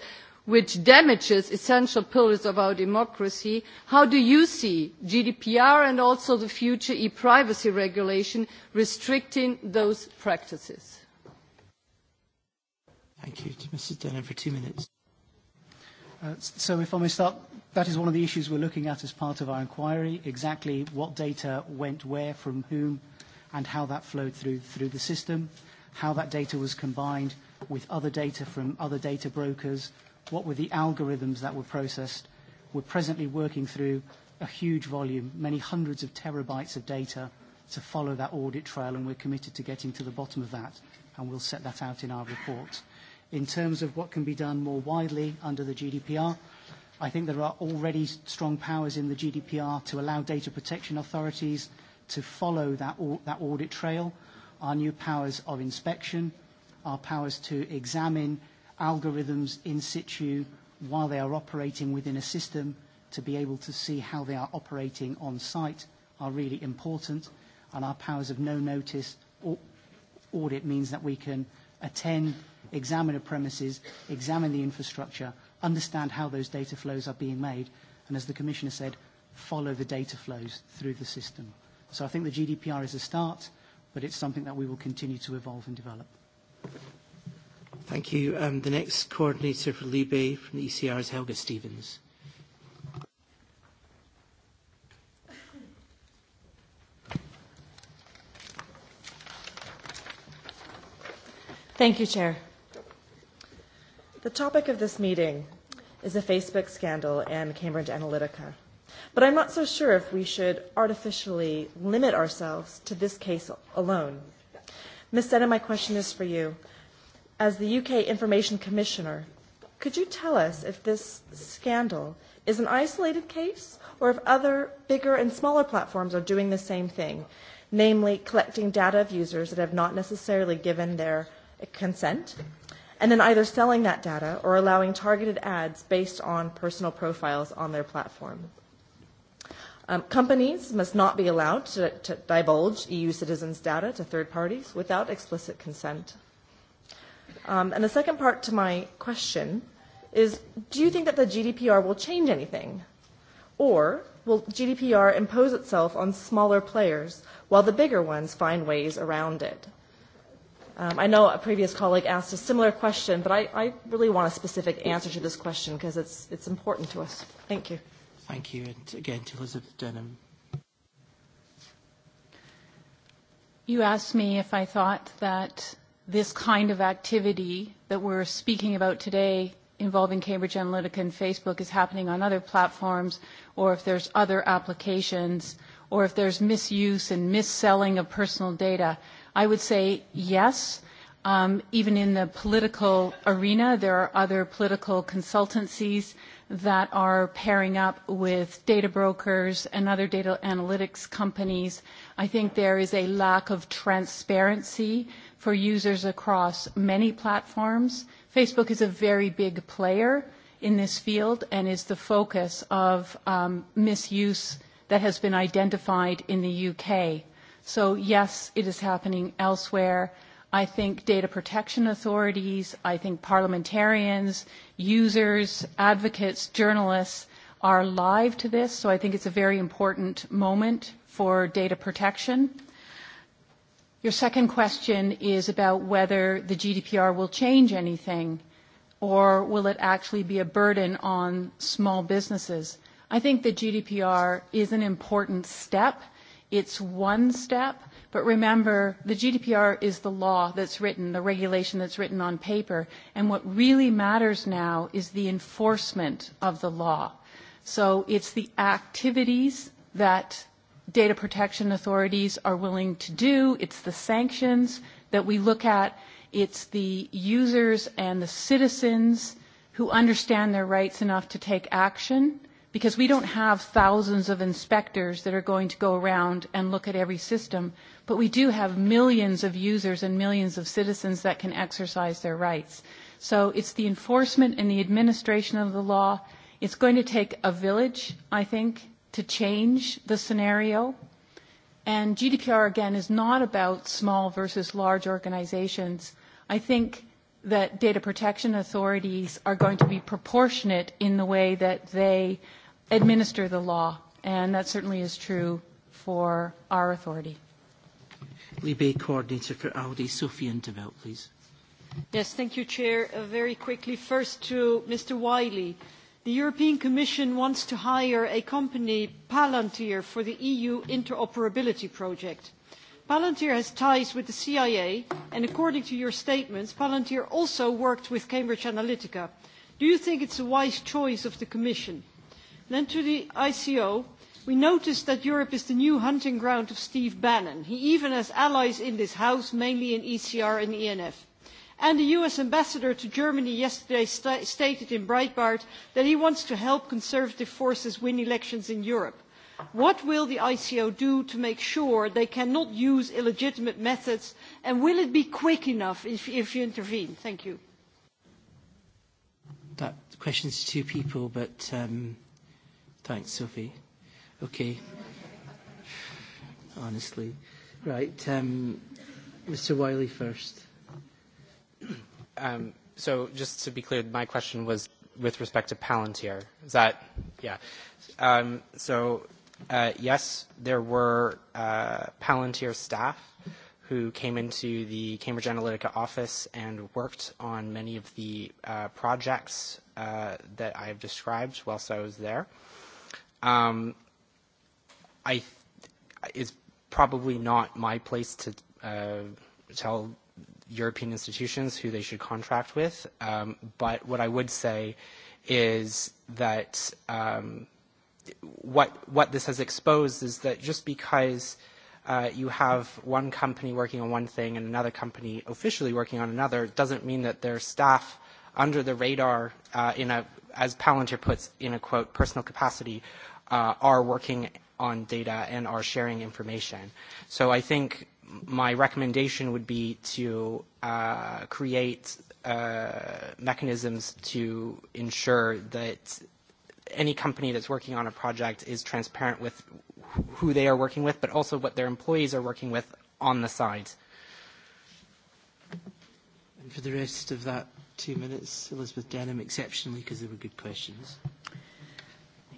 which damages essential pillars of our democracy, how do you see GDPR and also the future e-privacy regulation restricting those practices? Thank you. for two minutes. Uh, so if I may start, that is one of the issues we're looking at as part of our inquiry, exactly what data went where, from whom, and how that flowed through, through the system, how that data was combined with other data from other data brokers, what were the algorithms that were processed. We're presently working through a huge volume, many hundreds of terabytes of data to follow that audit trail, and we're committed to getting to the bottom of that, and we'll set that out in our report. In terms of what can be done more widely under the GDPR, I think there are already strong powers in the GDPR to allow data protection authorities to follow that, audit trail. Our new powers of inspection, our powers to examine algorithms in situ while they are operating within a system to be able to see how they are operating on site are really important and our powers of no notice or audit means that we can attend, examine the premises, examine the infrastructure, understand how those data flows are being made and as the Commissioner said, follow the data flows through the system. So I think the GDPR is a start, but it's something that we will continue to evolve and develop. Thank you. Um, the next coordinator for Libe from the ECR is Helga Stevens. Thank you, Chair. The topic of this meeting is a Facebook scandal and Cambridge Analytica. But I'm not so sure if we should artificially limit ourselves to this case alone. Ms. Senna, my question is for you as the UK Information Commissioner, could you tell us if this scandal is an isolated case or if other bigger and smaller platforms are doing the same thing, namely collecting data of users that have not necessarily given their consent, and then either selling that data or allowing targeted ads based on personal profiles on their platform? Um, companies must not be allowed to, to divulge EU citizens' data to third parties without explicit consent. Um, and the second part to my question is, do you think that the GDPR will change anything? Or will GDPR impose itself on smaller players while the bigger ones find ways around it? Um, I know a previous colleague asked a similar question, but I, I really want a specific answer to this question because it's, it's important to us. Thank you. Thank you. And again, to Elizabeth Denham. You asked me if I thought that this kind of activity that we're speaking about today involving Cambridge Analytica and Facebook is happening on other platforms, or if there's other applications, or if there's misuse and selling of personal data. I would say yes. Um, even in the political arena, there are other political consultancies that are pairing up with data brokers and other data analytics companies. I think there is a lack of transparency for users across many platforms. Facebook is a very big player in this field and is the focus of um, misuse that has been identified in the UK. So yes, it is happening elsewhere. I think data protection authorities, I think parliamentarians, users, advocates, journalists are live to this. So I think it's a very important moment for data protection. Your second question is about whether the GDPR will change anything or will it actually be a burden on small businesses. I think the GDPR is an important step. It's one step, but remember the GDPR is the law that's written, the regulation that's written on paper, and what really matters now is the enforcement of the law. So it's the activities that data protection authorities are willing to do. It's the sanctions that we look at. It's the users and the citizens who understand their rights enough to take action because we don't have thousands of inspectors that are going to go around and look at every system, but we do have millions of users and millions of citizens that can exercise their rights. So it's the enforcement and the administration of the law. It's going to take a village, I think, to change the scenario. And GDPR, again, is not about small versus large organizations. I think that data protection authorities are going to be proportionate in the way that they administer the law. And that certainly is true for our authority. Libe Coordinator for Audi, Sophie Intervelt, please. Yes, thank you, Chair. Uh, very quickly, first to Mr. Wiley. The European Commission wants to hire a company, Palantir, for the EU interoperability project. Palantir has ties with the CIA, and according to your statements, Palantir also worked with Cambridge Analytica. Do you think it is a wise choice of the Commission? Then to the ICO, we noticed that Europe is the new hunting ground of Steve Bannon. He even has allies in this House, mainly in ECR and ENF and the US ambassador to Germany yesterday st stated in Breitbart that he wants to help conservative forces win elections in Europe. What will the ICO do to make sure they cannot use illegitimate methods and will it be quick enough if, if you intervene? Thank you. That question's to two people, but um, thanks, Sophie. Okay. Honestly. Right. Um, Mr. Wiley first. Um, so just to be clear, my question was with respect to Palantir. Is that, yeah. Um, so uh, yes, there were uh, Palantir staff who came into the Cambridge Analytica office and worked on many of the uh, projects uh, that I have described whilst I was there. Um, I th it's probably not my place to uh, tell European institutions who they should contract with. Um, but what I would say is that um, what, what this has exposed is that just because uh, you have one company working on one thing and another company officially working on another doesn't mean that their staff under the radar uh, in a, as Palantir puts, in a quote, personal capacity uh, are working on data and are sharing information. So I think my recommendation would be to uh, create uh, mechanisms to ensure that any company that's working on a project is transparent with who they are working with, but also what their employees are working with on the side. And for the rest of that two minutes, Elizabeth Denham, exceptionally, because they were good questions.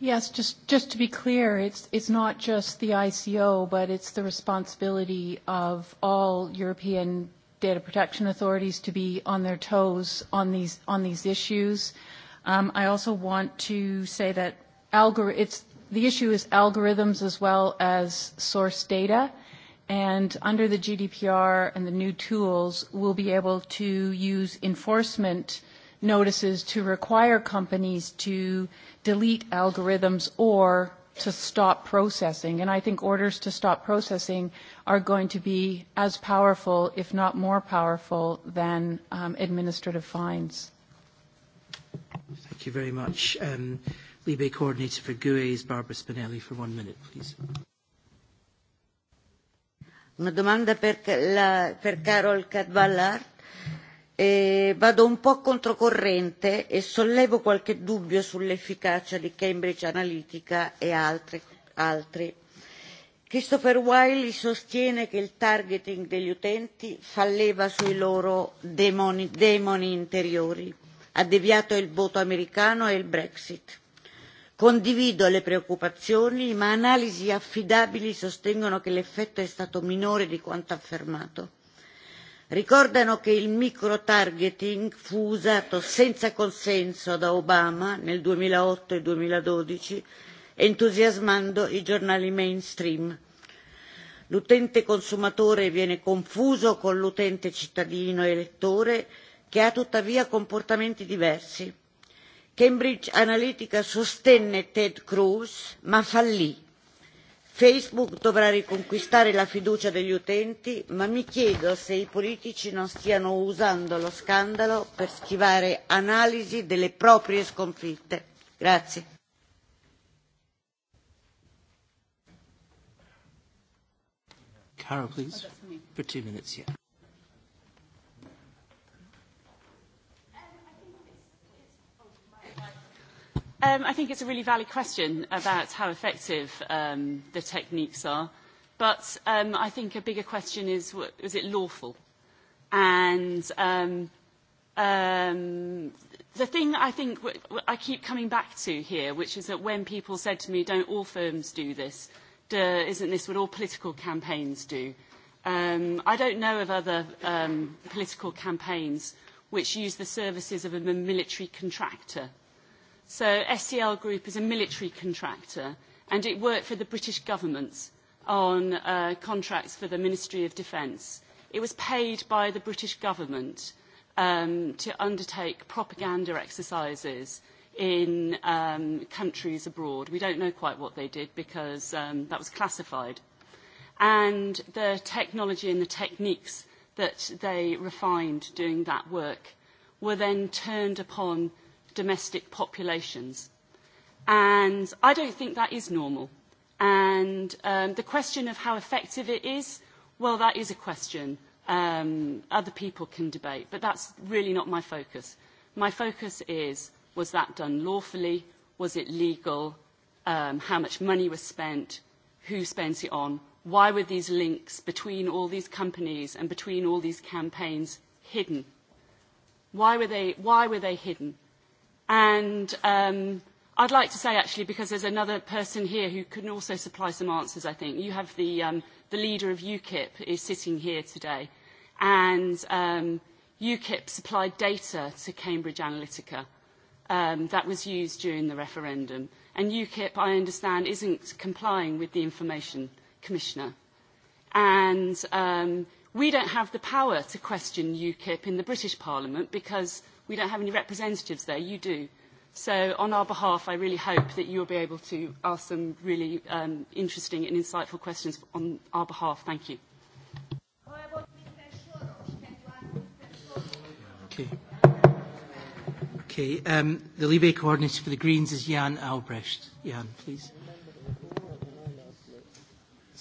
Yes, just, just to be clear, it's, it's not just the ICO, but it's the responsibility of all European data protection authorities to be on their toes on these, on these issues. Um, I also want to say that it's, the issue is algorithms as well as source data. And under the GDPR and the new tools, we'll be able to use enforcement notices to require companies to – delete algorithms or to stop processing. And I think orders to stop processing are going to be as powerful, if not more powerful, than um, administrative fines. Thank you very much. Um, Libe Coordinator for GUE is Barbara Spinelli for one minute, please. Una domanda per, la, per Carol Cadvallart. Eh, vado un po' controcorrente e sollevo qualche dubbio sull'efficacia di Cambridge Analytica e altri. altri. Christopher Wiley sostiene che il targeting degli utenti fa leva sui loro demoni, demoni interiori. Ha deviato il voto americano e il Brexit. Condivido le preoccupazioni, ma analisi affidabili sostengono che l'effetto è stato minore di quanto affermato ricordano che il microtargeting fu usato senza consenso da Obama nel 2008 e 2012, entusiasmando i giornali mainstream. L'utente consumatore viene confuso con l'utente cittadino elettore, che ha tuttavia comportamenti diversi. Cambridge Analytica sostenne Ted Cruz, ma fallì Facebook dovrà riconquistare la fiducia degli utenti, ma mi chiedo se i politici non stiano usando lo scandalo per schivare analisi delle proprie sconfitte. Grazie. Carol, please, for two minutes, yeah. Um, I think it's a really valid question about how effective um, the techniques are. But um, I think a bigger question is, was it lawful? And um, um, the thing I think w w I keep coming back to here, which is that when people said to me, don't all firms do this? Duh, isn't this what all political campaigns do? Um, I don't know of other um, political campaigns which use the services of a military contractor So SCL e Group is a military contractor and it worked for the British government on uh, contracts for the Ministry of Defence. It was paid by the British government um, to undertake propaganda exercises in um, countries abroad. We don't know quite what they did because um, that was classified. And the technology and the techniques that they refined doing that work were then turned upon domestic populations. And I don't think that is normal. And um, the question of how effective it is, well, that is a question um, other people can debate, but that's really not my focus. My focus is, was that done lawfully? Was it legal? Um, how much money was spent? Who spent it on? Why were these links between all these companies and between all these campaigns hidden? Why were they, why were they hidden? And um, I'd like to say, actually, because there's another person here who can also supply some answers, I think. You have the, um, the leader of UKIP is sitting here today. And um, UKIP supplied data to Cambridge Analytica um, that was used during the referendum. And UKIP, I understand, isn't complying with the Information Commissioner. And um, we don't have the power to question UKIP in the British Parliament because We don't have any representatives there. You do. So on our behalf, I really hope that you will be able to ask some really um, interesting and insightful questions on our behalf. Thank you. Okay. Okay. Um, the Libe coordinator for the Greens is Jan Albrecht. Jan, please.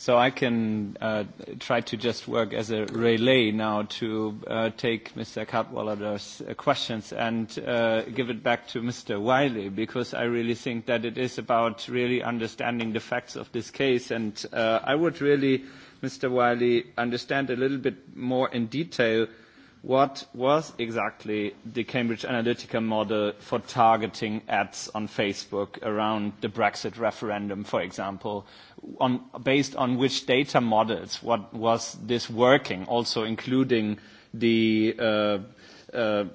So I can uh, try to just work as a relay now to uh, take Mr. Cadwallader's uh, questions and uh, give it back to Mr. Wiley because I really think that it is about really understanding the facts of this case and uh, I would really, Mr. Wiley, understand a little bit more in detail what was exactly the Cambridge Analytica model for targeting ads on Facebook around the Brexit referendum, for example, on, based on which data models, what was this working, also including the, uh, uh,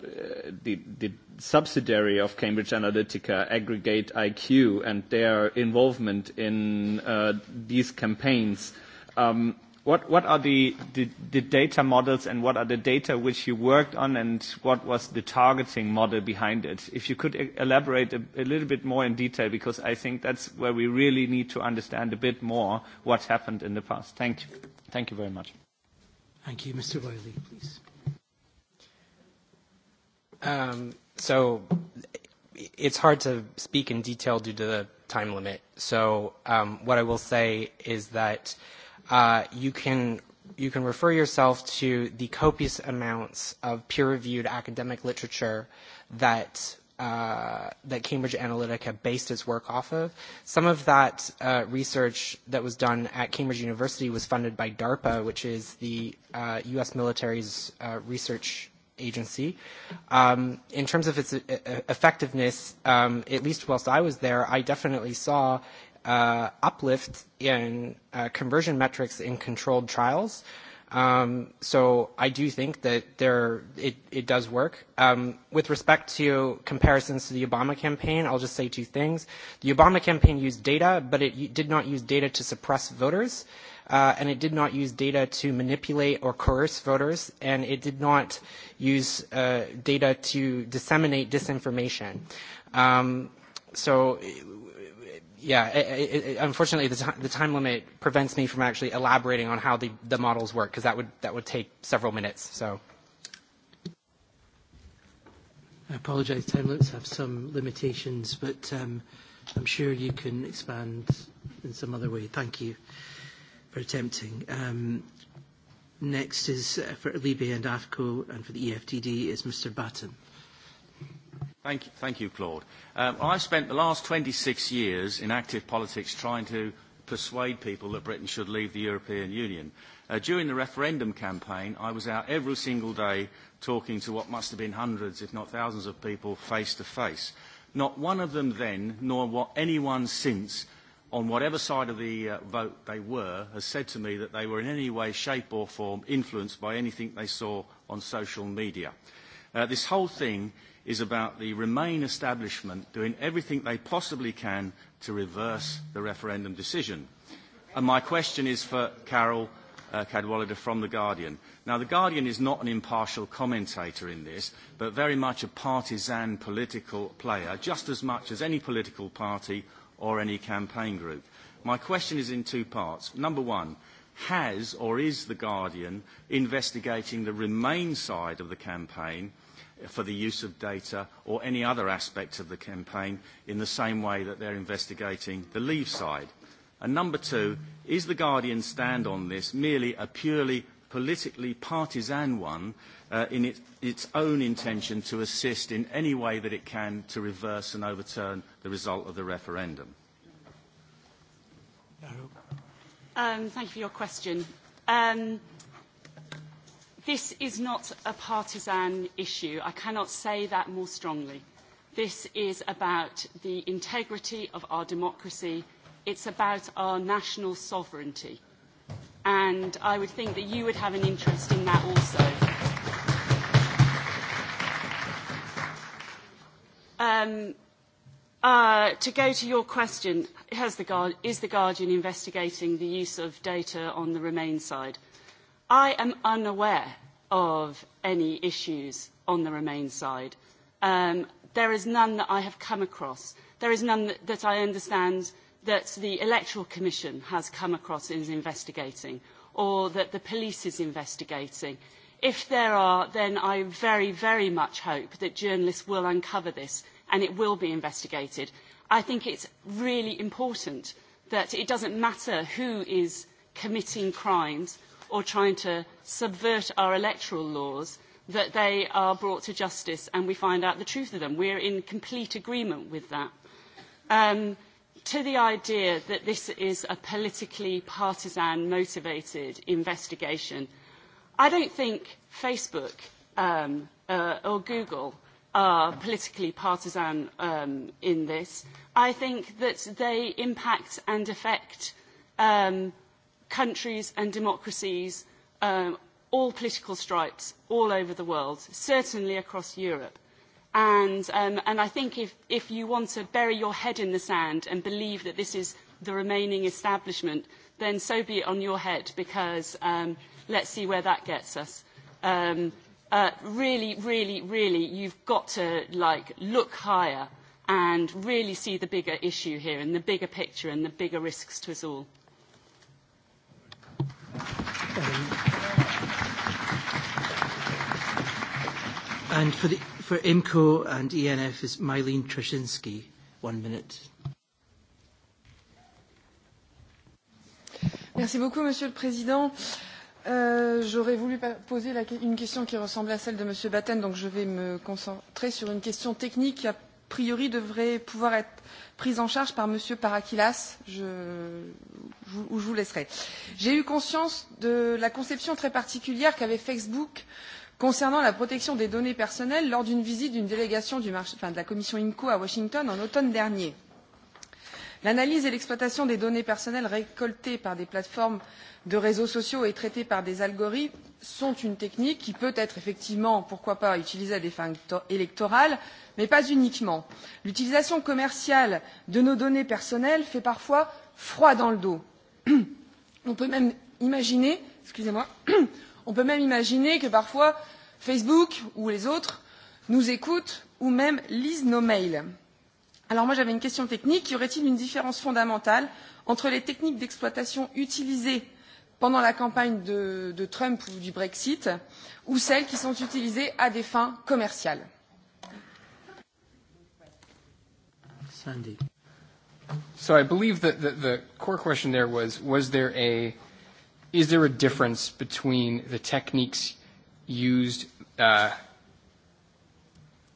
the, the subsidiary of Cambridge Analytica, Aggregate IQ, and their involvement in uh, these campaigns. Um, what, what are the, the, the data models and what are the data which you worked on and what was the targeting model behind it? If you could e-, elaborate a, a little bit more in detail because I think that's where we really need to understand a bit more what happened in the past. Thank you. Thank you very much. Thank you. Mr. Wiley, please. Um, so it's hard to speak in detail due to the time limit. So um, what I will say is that uh, you can you can refer yourself to the copious amounts of peer-reviewed academic literature that uh, that Cambridge Analytica based its work off of. Some of that uh, research that was done at Cambridge University was funded by DARPA, which is the uh, U.S. military's uh, research agency. Um, in terms of its uh, effectiveness, um, at least whilst I was there, I definitely saw uh, uplift in uh, conversion metrics in controlled trials. Um, so I do think that there it, it does work. Um, with respect to comparisons to the Obama campaign, I'll just say two things. The Obama campaign used data, but it did not use data to suppress voters, uh, and it did not use data to manipulate or coerce voters, and it did not use uh, data to disseminate disinformation. Um, so yeah, it, it, unfortunately, the, the time limit prevents me from actually elaborating on how the, the models work because that would, that would take several minutes. So. I apologize, time limits have some limitations, but um, I'm sure you can expand in some other way. Thank you for attempting. Um, next is uh, for Libe and AFCO and for the EFTD is Mr. Batten. Thank you, thank you Claude. Um, I've spent the last 26 years in active politics trying to persuade people that Britain should leave the European Union. Uh, during the referendum campaign, I was out every single day talking to what must have been hundreds, if not thousands of people face to face. Not one of them then, nor what anyone since, on whatever side of the uh, vote they were, has said to me that they were in any way, shape or form influenced by anything they saw on social media. Uh, this whole thing is about the Remain establishment doing everything they possibly can to reverse the referendum decision. And my question is for Carol uh, Cadwallader from The Guardian. Now, The Guardian is not an impartial commentator in this, but very much a partisan political player, just as much as any political party or any campaign group. My question is in two parts. Number one, has or is The Guardian investigating the Remain side of the campaign – for the use of data or any other aspect of the campaign in the same way that they're investigating the leave side. And number two, is the Guardian stand on this merely a purely politically partisan one uh, in it, its own intention to assist in any way that it can to reverse and overturn the result of the referendum? Um, thank you for your question. Um, This is not a partisan issue. I cannot say that more strongly. This is about the integrity of our democracy. It's about our national sovereignty. And I would think that you would have an interest in that also. Um, uh, to go to your question, has the guard, is the Guardian investigating the use of data on the Remain side? I am unaware of any issues on the Remain side. Um, there is none that I have come across. There is none that, that I understand that the Electoral Commission has come across and is investigating, or that the police is investigating. If there are, then I very, very much hope that journalists will uncover this and it will be investigated. I think it's really important that it doesn't matter who is committing crimes or trying to subvert our electoral laws that they are brought to justice and we find out the truth of them. We're in complete agreement with that. Um, to the idea that this is a politically partisan motivated investigation, I don't think Facebook um, uh, or Google are politically partisan um, in this. I think that they impact and affect um, countries and democracies, um, all political stripes, all over the world, certainly across Europe. And, um, and I think if, if you want to bury your head in the sand and believe that this is the remaining establishment, then so be it on your head, because um, let's see where that gets us. Um, uh, really, really, really, you've got to like look higher and really see the bigger issue here and the bigger picture and the bigger risks to us all and for, the, for IMCO and ENF is Mylene Trashinsky. One minute. Merci beaucoup, Monsieur le Président. Euh, J'aurais voulu poser la, une question qui ressemble à celle de Monsieur Batten, donc je vais me concentrer sur une question technique qui a priori, devrait pouvoir être prise en charge par monsieur Parakilas, je, je, où je vous laisserai. J'ai eu conscience de la conception très particulière qu'avait Facebook concernant la protection des données personnelles lors d'une visite d'une délégation du marché, enfin, de la commission IMCO à Washington en automne dernier. L'analyse et l'exploitation des données personnelles récoltées par des plateformes de réseaux sociaux et traitées par des algorithmes sont une technique qui peut être effectivement, pourquoi pas, utilisée à des fins électorales, mais pas uniquement. L'utilisation commerciale de nos données personnelles fait parfois froid dans le dos. On peut même imaginer, excusez-moi, on peut même imaginer que parfois Facebook ou les autres nous écoutent ou même lisent nos mails. Alors moi j'avais une question technique. Y aurait-il une différence fondamentale entre les techniques d'exploitation utilisées pendant la campagne de, de Trump ou du Brexit ou celles qui sont utilisées à des fins commerciales Sandy. So I believe that the, the core question there was, was there a, is there a difference between the techniques used uh,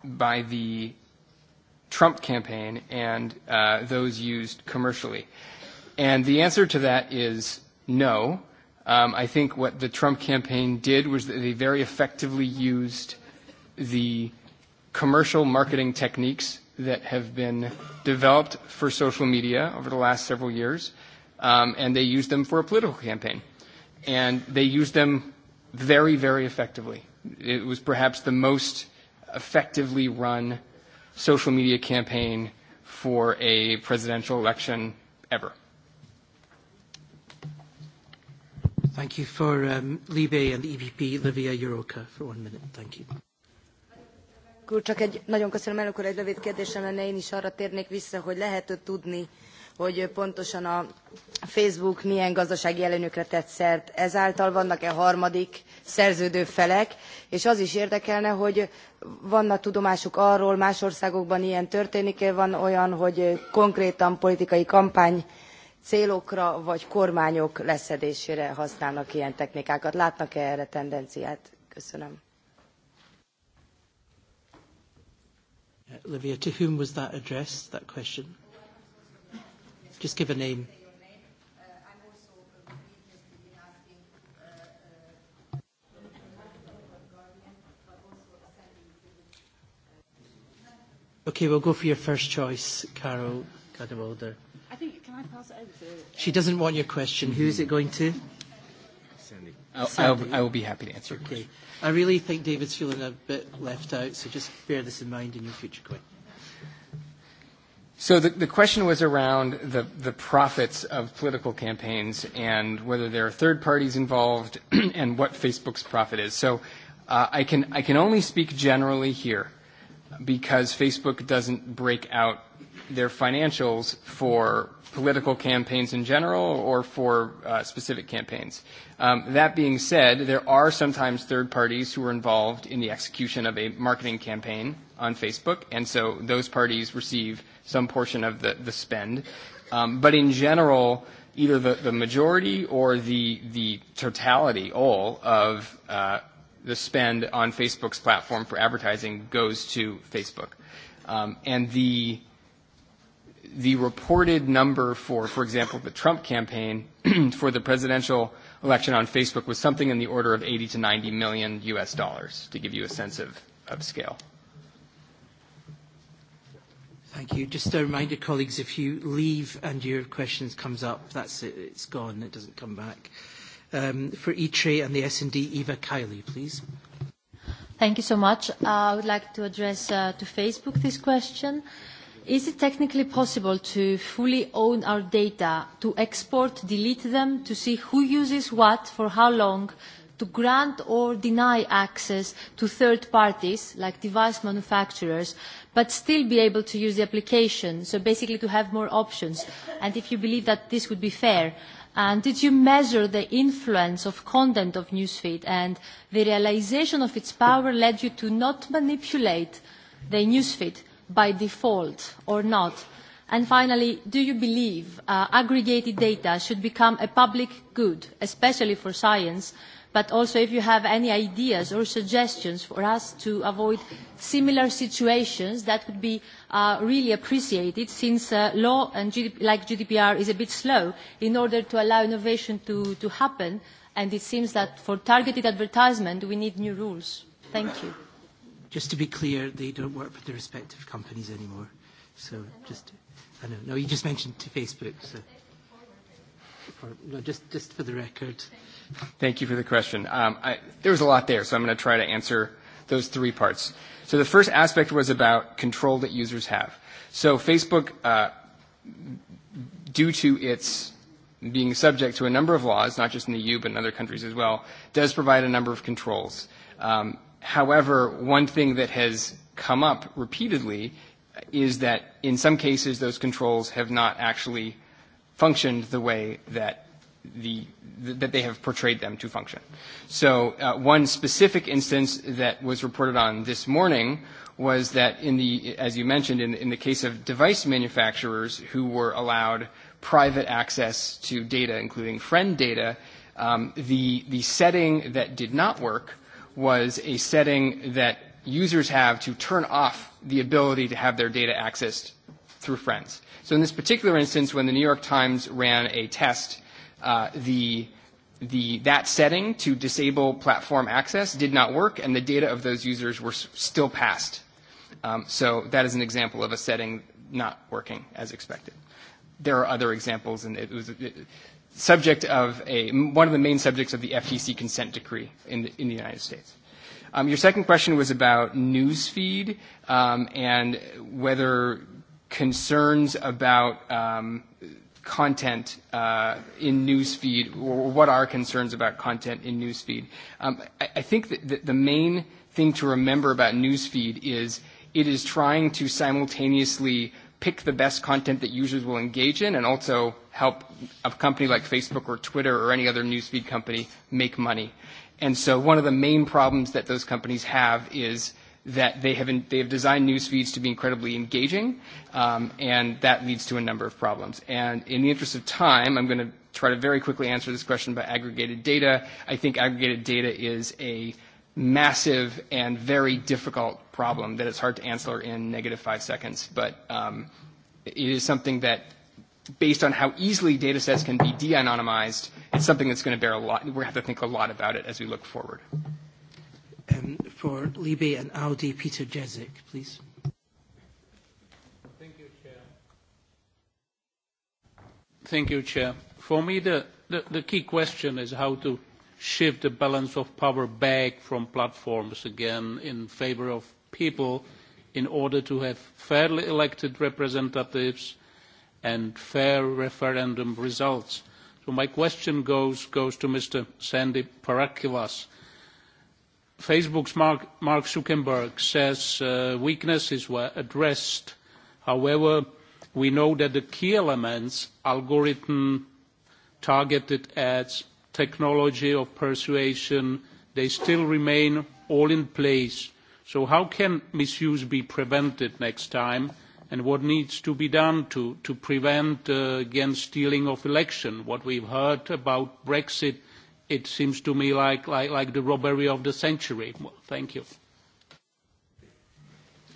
by the Trump campaign and uh, those used commercially? And the answer to that is no. Um, I think what the Trump campaign did was that they very effectively used the commercial marketing techniques that have been developed for social media over the last several years, um, and they used them for a political campaign. And they used them very, very effectively. It was perhaps the most effectively run social media campaign for a presidential election ever. Thank you for um, Libé and the EPP, Livia Euroka, for one minute. Thank you. Csak egy, nagyon köszönöm, elnök úr, egy rövid kérdésem lenne, én is arra térnék vissza, hogy lehet tudni, hogy pontosan a Facebook milyen gazdasági előnyökre tett szert, ezáltal vannak-e harmadik szerződő felek, és az is érdekelne, hogy vannak tudomásuk arról, más országokban ilyen történik-e, van olyan, hogy konkrétan politikai kampány célokra vagy kormányok leszedésére használnak ilyen technikákat. Látnak-e erre tendenciát? Köszönöm. to whom was that addressed, that question? Just give a name. Okay, we'll go for your first choice, Carol Cadwalder. I think, can I pass it over to... She doesn't want your question. Mm -hmm. Who is it going to? Sandy. I'll, Sandy. I'll, I will be happy to answer. Okay. I really think David's feeling a bit left out, so just bear this in mind in your future questions. So the, the question was around the, the profits of political campaigns and whether there are third parties involved and what Facebook's profit is. So uh, I, can, I can only speak generally here because Facebook doesn't break out their financials for political campaigns in general or for uh, specific campaigns. Um, that being said, there are sometimes third parties who are involved in the execution of a marketing campaign on Facebook, and so those parties receive some portion of the, the spend. Um, but in general, either the, the majority or the, the totality, all of uh, the spend on Facebook's platform for advertising goes to Facebook. Um, and the the reported number for, for example, the Trump campaign for the presidential election on Facebook was something in the order of 80 to 90 million US dollars, to give you a sense of, of scale. Thank you. Just a reminder, colleagues, if you leave and your questions comes up, that's it, it's gone, it doesn't come back. Um, for e and the S&D, Eva Kiley, please. Thank you so much. Uh, I would like to address uh, to Facebook this question. Uh, Is it technically possible to fully own our data, to export, delete them, to see who uses what, for how long, to grant or deny access to third parties, like device manufacturers, but still be able to use the application, so basically to have more options, and if you believe that this would be fair. And did you measure the influence of content of newsfeed and the realization of its power led you to not manipulate the newsfeed? by default or not? And finally, do you believe uh, aggregated data should become a public good, especially for science, but also if you have any ideas or suggestions for us to avoid similar situations, that would be uh, really appreciated since uh, law and GDP, like GDPR is a bit slow in order to allow innovation to, to happen, and it seems that for targeted advertisement we need new rules. Thank you just to be clear, they don't work for the respective companies anymore. So just, I know, no, you just mentioned to Facebook, so. Or, no, just, just for the record. Thank you for the question. Um, I, there was a lot there, so I'm going to try to answer those three parts. So the first aspect was about control that users have. So Facebook, uh, due to its being subject to a number of laws, not just in the EU but in other countries as well, does provide a number of controls. Um, However, one thing that has come up repeatedly is that in some cases those controls have not actually functioned the way that the that they have portrayed them to function. So uh, one specific instance that was reported on this morning was that in the as you mentioned in, in the case of device manufacturers who were allowed private access to data including friend data um, the the setting that did not work was a setting that users have to turn off the ability to have their data accessed through friends. So in this particular instance, when the New York Times ran a test, uh, the, the, that setting to disable platform access did not work, and the data of those users were s still passed. Um, so that is an example of a setting not working as expected. There are other examples, and it was, it, subject of a, one of the main subjects of the FTC e consent decree in the, in the United States. Um, your second question was about newsfeed um, and whether concerns about um, content uh, in newsfeed or what are concerns about content in newsfeed. Um, I, I think that the, the main thing to remember about newsfeed is it is trying to simultaneously – pick the best content that users will engage in and also help a company like Facebook or Twitter or any other newsfeed company make money. And so one of the main problems that those companies have is that they have, in, they have designed news feeds to be incredibly engaging, um, and that leads to a number of problems. And in the interest of time, I'm going to try to very quickly answer this question about aggregated data. I think aggregated data is a massive and very difficult problem that it's hard to answer in negative five seconds. But um, it is something that, based on how easily data sets can be de-anonymized, it's something that's going to bear a lot. We're going to have to think a lot about it as we look forward. Um, for Libby and Audi, Peter Jezik, please. Thank you, Chair. Thank you, Chair. For me, the, the, the key question is how to shift the balance of power back from platforms again in favor of people in order to have fairly elected representatives and fair referendum results. So my question goes, goes to Mr. Sandy Parakilas. Facebook's Mark, Mark Zuckerberg says uh, weaknesses were addressed. However, we know that the key elements, algorithm, targeted ads, technology of persuasion, they still remain all in place So how can misuse be prevented next time? And what needs to be done to, to prevent uh, against stealing of election? What we've heard about Brexit, it seems to me like, like, like the robbery of the century. Well, thank you.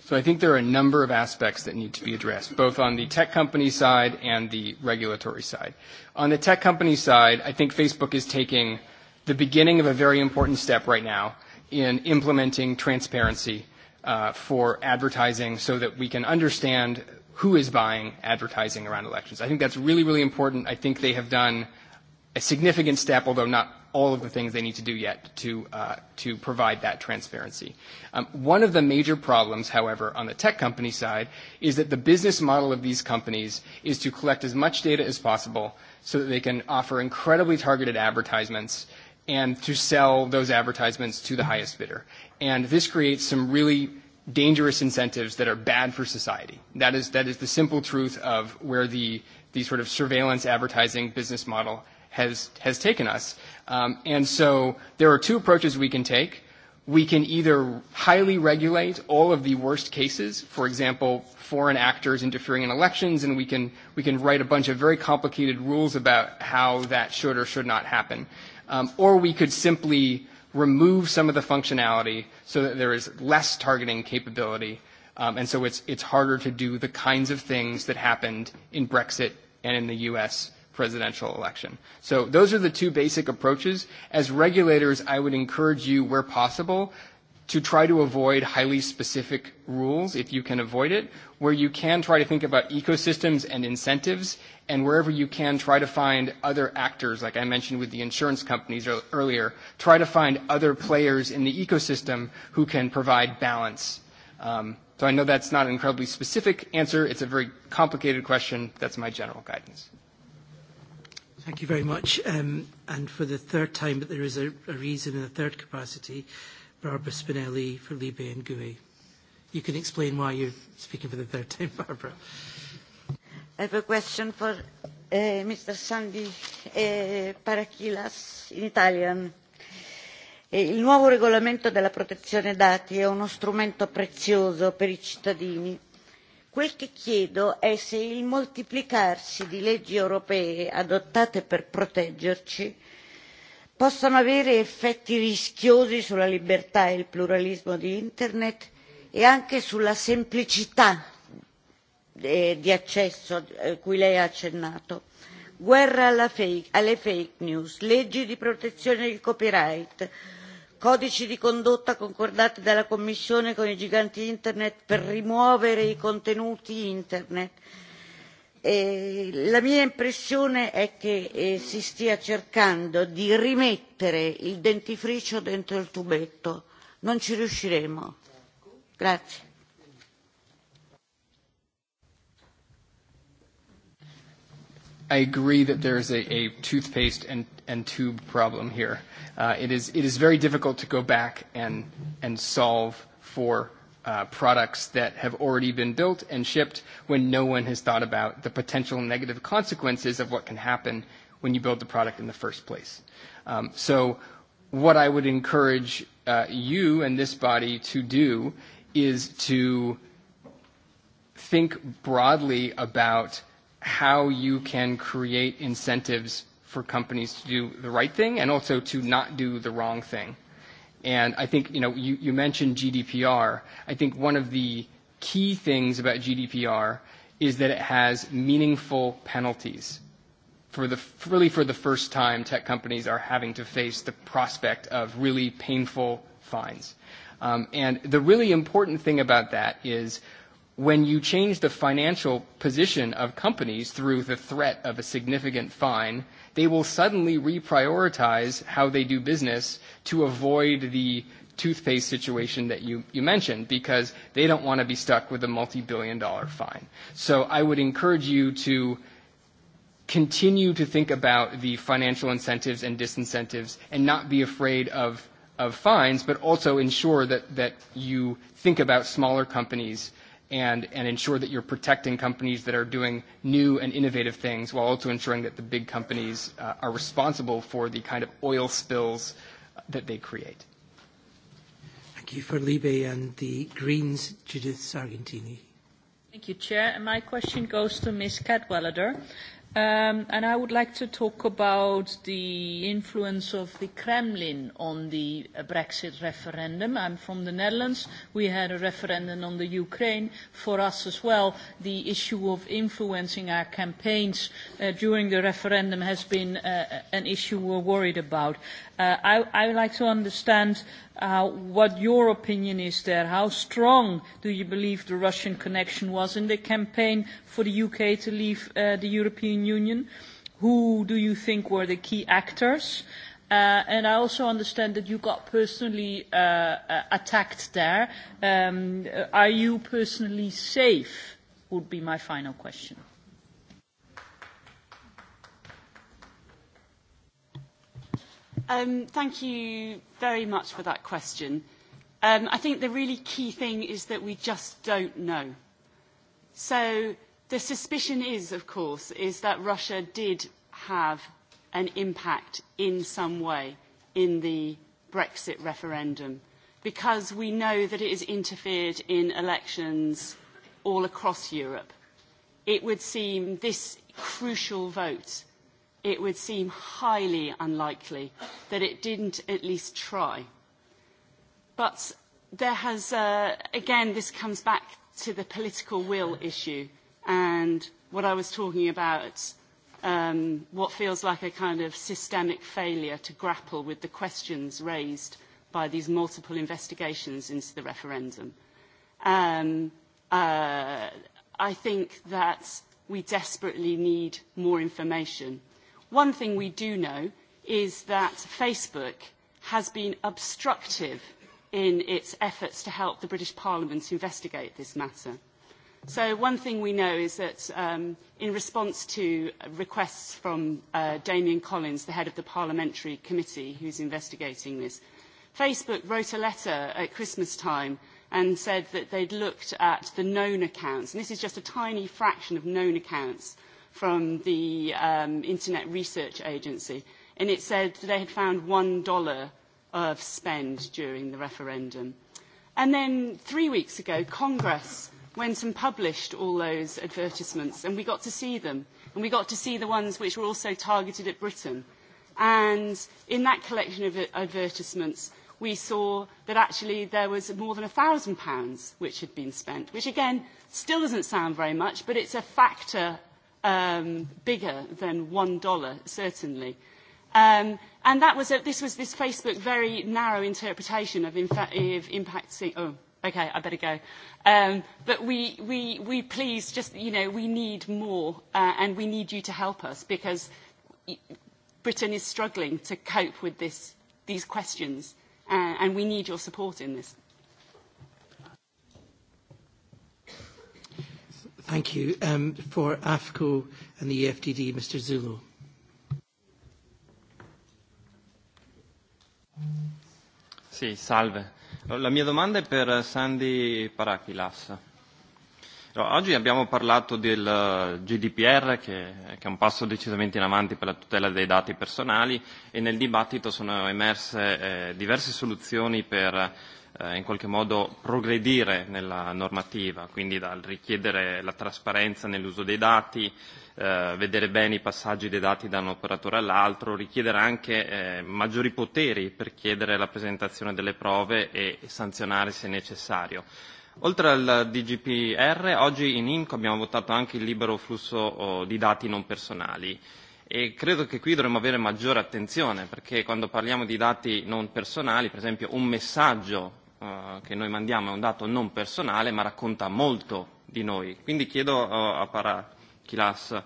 So I think there are a number of aspects that need to be addressed, both on the tech company side and the regulatory side. On the tech company side, I think Facebook is taking the beginning of a very important step right now, in implementing transparency uh, for advertising so that we can understand who is buying advertising around elections. I think that's really, really important. I think they have done a significant step, although not all of the things they need to do yet to, uh, to provide that transparency. Um, one of the major problems, however, on the tech company side is that the business model of these companies is to collect as much data as possible so that they can offer incredibly targeted advertisements and to sell those advertisements to the highest bidder. And this creates some really dangerous incentives that are bad for society. That is, that is the simple truth of where the, the sort of surveillance advertising business model has, has taken us. Um, and so there are two approaches we can take. We can either highly regulate all of the worst cases, for example, foreign actors interfering in elections, and we can, we can write a bunch of very complicated rules about how that should or should not happen. Um, or we could simply remove some of the functionality so that there is less targeting capability. Um, and so it's, it's harder to do the kinds of things that happened in Brexit and in the U.S. presidential election. So those are the two basic approaches. As regulators, I would encourage you, where possible, to try to avoid highly specific rules if you can avoid it, where you can try to think about ecosystems and incentives, and wherever you can try to find other actors, like I mentioned with the insurance companies earlier, try to find other players in the ecosystem who can provide balance. Um, so I know that's not an incredibly specific answer. It's a very complicated question. That's my general guidance. Thank you very much. Um, and for the third time, but there is a, a reason in the third capacity. Barbara Spinelli for Libe and GUI. You can explain why you're speaking for the third time, Barbara. I have a question for uh, Mr. Sandy uh, Parachilas in Italian. Uh, il nuovo regolamento della protezione dati è uno strumento prezioso per i cittadini. Quel che chiedo è se il moltiplicarsi di leggi europee adottate per proteggerci possono avere effetti rischiosi sulla libertà e il pluralismo di Internet e anche sulla semplicità eh, di accesso eh, cui lei ha accennato. Guerra alla fake, alle fake news, leggi di protezione del copyright, codici di condotta concordati dalla Commissione con i giganti Internet per rimuovere i contenuti Internet Eh, la mia impressione è che eh, si stia cercando di rimettere il dentifricio dentro il tubetto. Non ci riusciremo. Grazie. I agree that there is a, a toothpaste and, and tube problem here. Uh, it, is, it is very difficult to go back and, and solve for uh, products that have already been built and shipped when no one has thought about the potential negative consequences of what can happen when you build the product in the first place. Um, so what I would encourage uh, you and this body to do is to think broadly about how you can create incentives for companies to do the right thing and also to not do the wrong thing And I think, you know, you, you mentioned GDPR. I think one of the key things about GDPR is that it has meaningful penalties. For the, really for the first time, tech companies are having to face the prospect of really painful fines. Um, and the really important thing about that is when you change the financial position of companies through the threat of a significant fine – they will suddenly reprioritize how they do business to avoid the toothpaste situation that you, you mentioned because they don't want to be stuck with a multi-billion dollar fine. So I would encourage you to continue to think about the financial incentives and disincentives and not be afraid of, of fines, but also ensure that, that you think about smaller companies and, and ensure that you're protecting companies that are doing new and innovative things while also ensuring that the big companies uh, are responsible for the kind of oil spills that they create. Thank you for Libe and the Greens, Judith Sargentini. Thank you, Chair. And my question goes to Ms. Cadwallader. Um, and I would like to talk about the influence of the Kremlin on the Brexit referendum. I'm from the Netherlands. We had a referendum on the Ukraine. For us as well, the issue of influencing our campaigns uh, during the referendum has been uh, an issue we're worried about. Uh, I, I would like to understand uh, what your opinion is there. How strong do you believe the Russian connection was in the campaign for the UK to leave uh, the European Union? Who do you think were the key actors? Uh, and I also understand that you got personally uh, uh, attacked there. Um, are you personally safe? Would be my final question. Um, thank you very much for that question. Um, I think the really key thing is that we just don't know. So the suspicion is, of course, is that Russia did have an impact in some way in the Brexit referendum because we know that it has interfered in elections all across Europe. It would seem this crucial vote it would seem highly unlikely that it didn't at least try. But there has, uh, again, this comes back to the political will issue and what I was talking about, um, what feels like a kind of systemic failure to grapple with the questions raised by these multiple investigations into the referendum. Um, uh, I think that we desperately need more information One thing we do know is that Facebook has been obstructive in its efforts to help the British Parliament investigate this matter. So one thing we know is that um, in response to requests from uh, Damien Collins, the head of the parliamentary committee who's investigating this, Facebook wrote a letter at Christmas time and said that they'd looked at the known accounts, and this is just a tiny fraction of known accounts from the um, Internet Research Agency, and it said they had found one dollar of spend during the referendum. And then three weeks ago, Congress went and published all those advertisements, and we got to see them. And we got to see the ones which were also targeted at Britain. And in that collection of advertisements, we saw that actually there was more than £1,000 which had been spent, which again still doesn't sound very much, but it's a factor um, bigger than one dollar, certainly. Um, and that was a, this was this Facebook very narrow interpretation of, infa- of impacting. Oh, okay, I better go. Um, but we, we, we please just, you know, we need more uh, and we need you to help us because Britain is struggling to cope with this, these questions uh, and we need your support in this. Thank you. Um, for AFCO and the EFDD, Mr. Zulu. Sì, salve. La mia domanda è per Sandy Parakilas. Oggi abbiamo parlato del eh, GDPR, che, che è un passo decisamente in avanti per la tutela dei dati personali, e nel dibattito sono emerse eh, diverse soluzioni per eh, in qualche modo progredire nella normativa, quindi dal richiedere la trasparenza nell'uso dei dati, eh, vedere bene i passaggi dei dati da un operatore all'altro, richiedere anche eh, maggiori poteri per chiedere la presentazione delle prove e, e sanzionare se necessario. Oltre al DGPR, oggi in INCO abbiamo votato anche il libero flusso oh, di dati non personali e credo che qui dovremmo avere maggiore attenzione perché quando parliamo di dati non personali, per esempio un messaggio eh, che noi mandiamo è un dato non personale ma racconta molto di noi. Quindi chiedo eh, a Parachilas, eh,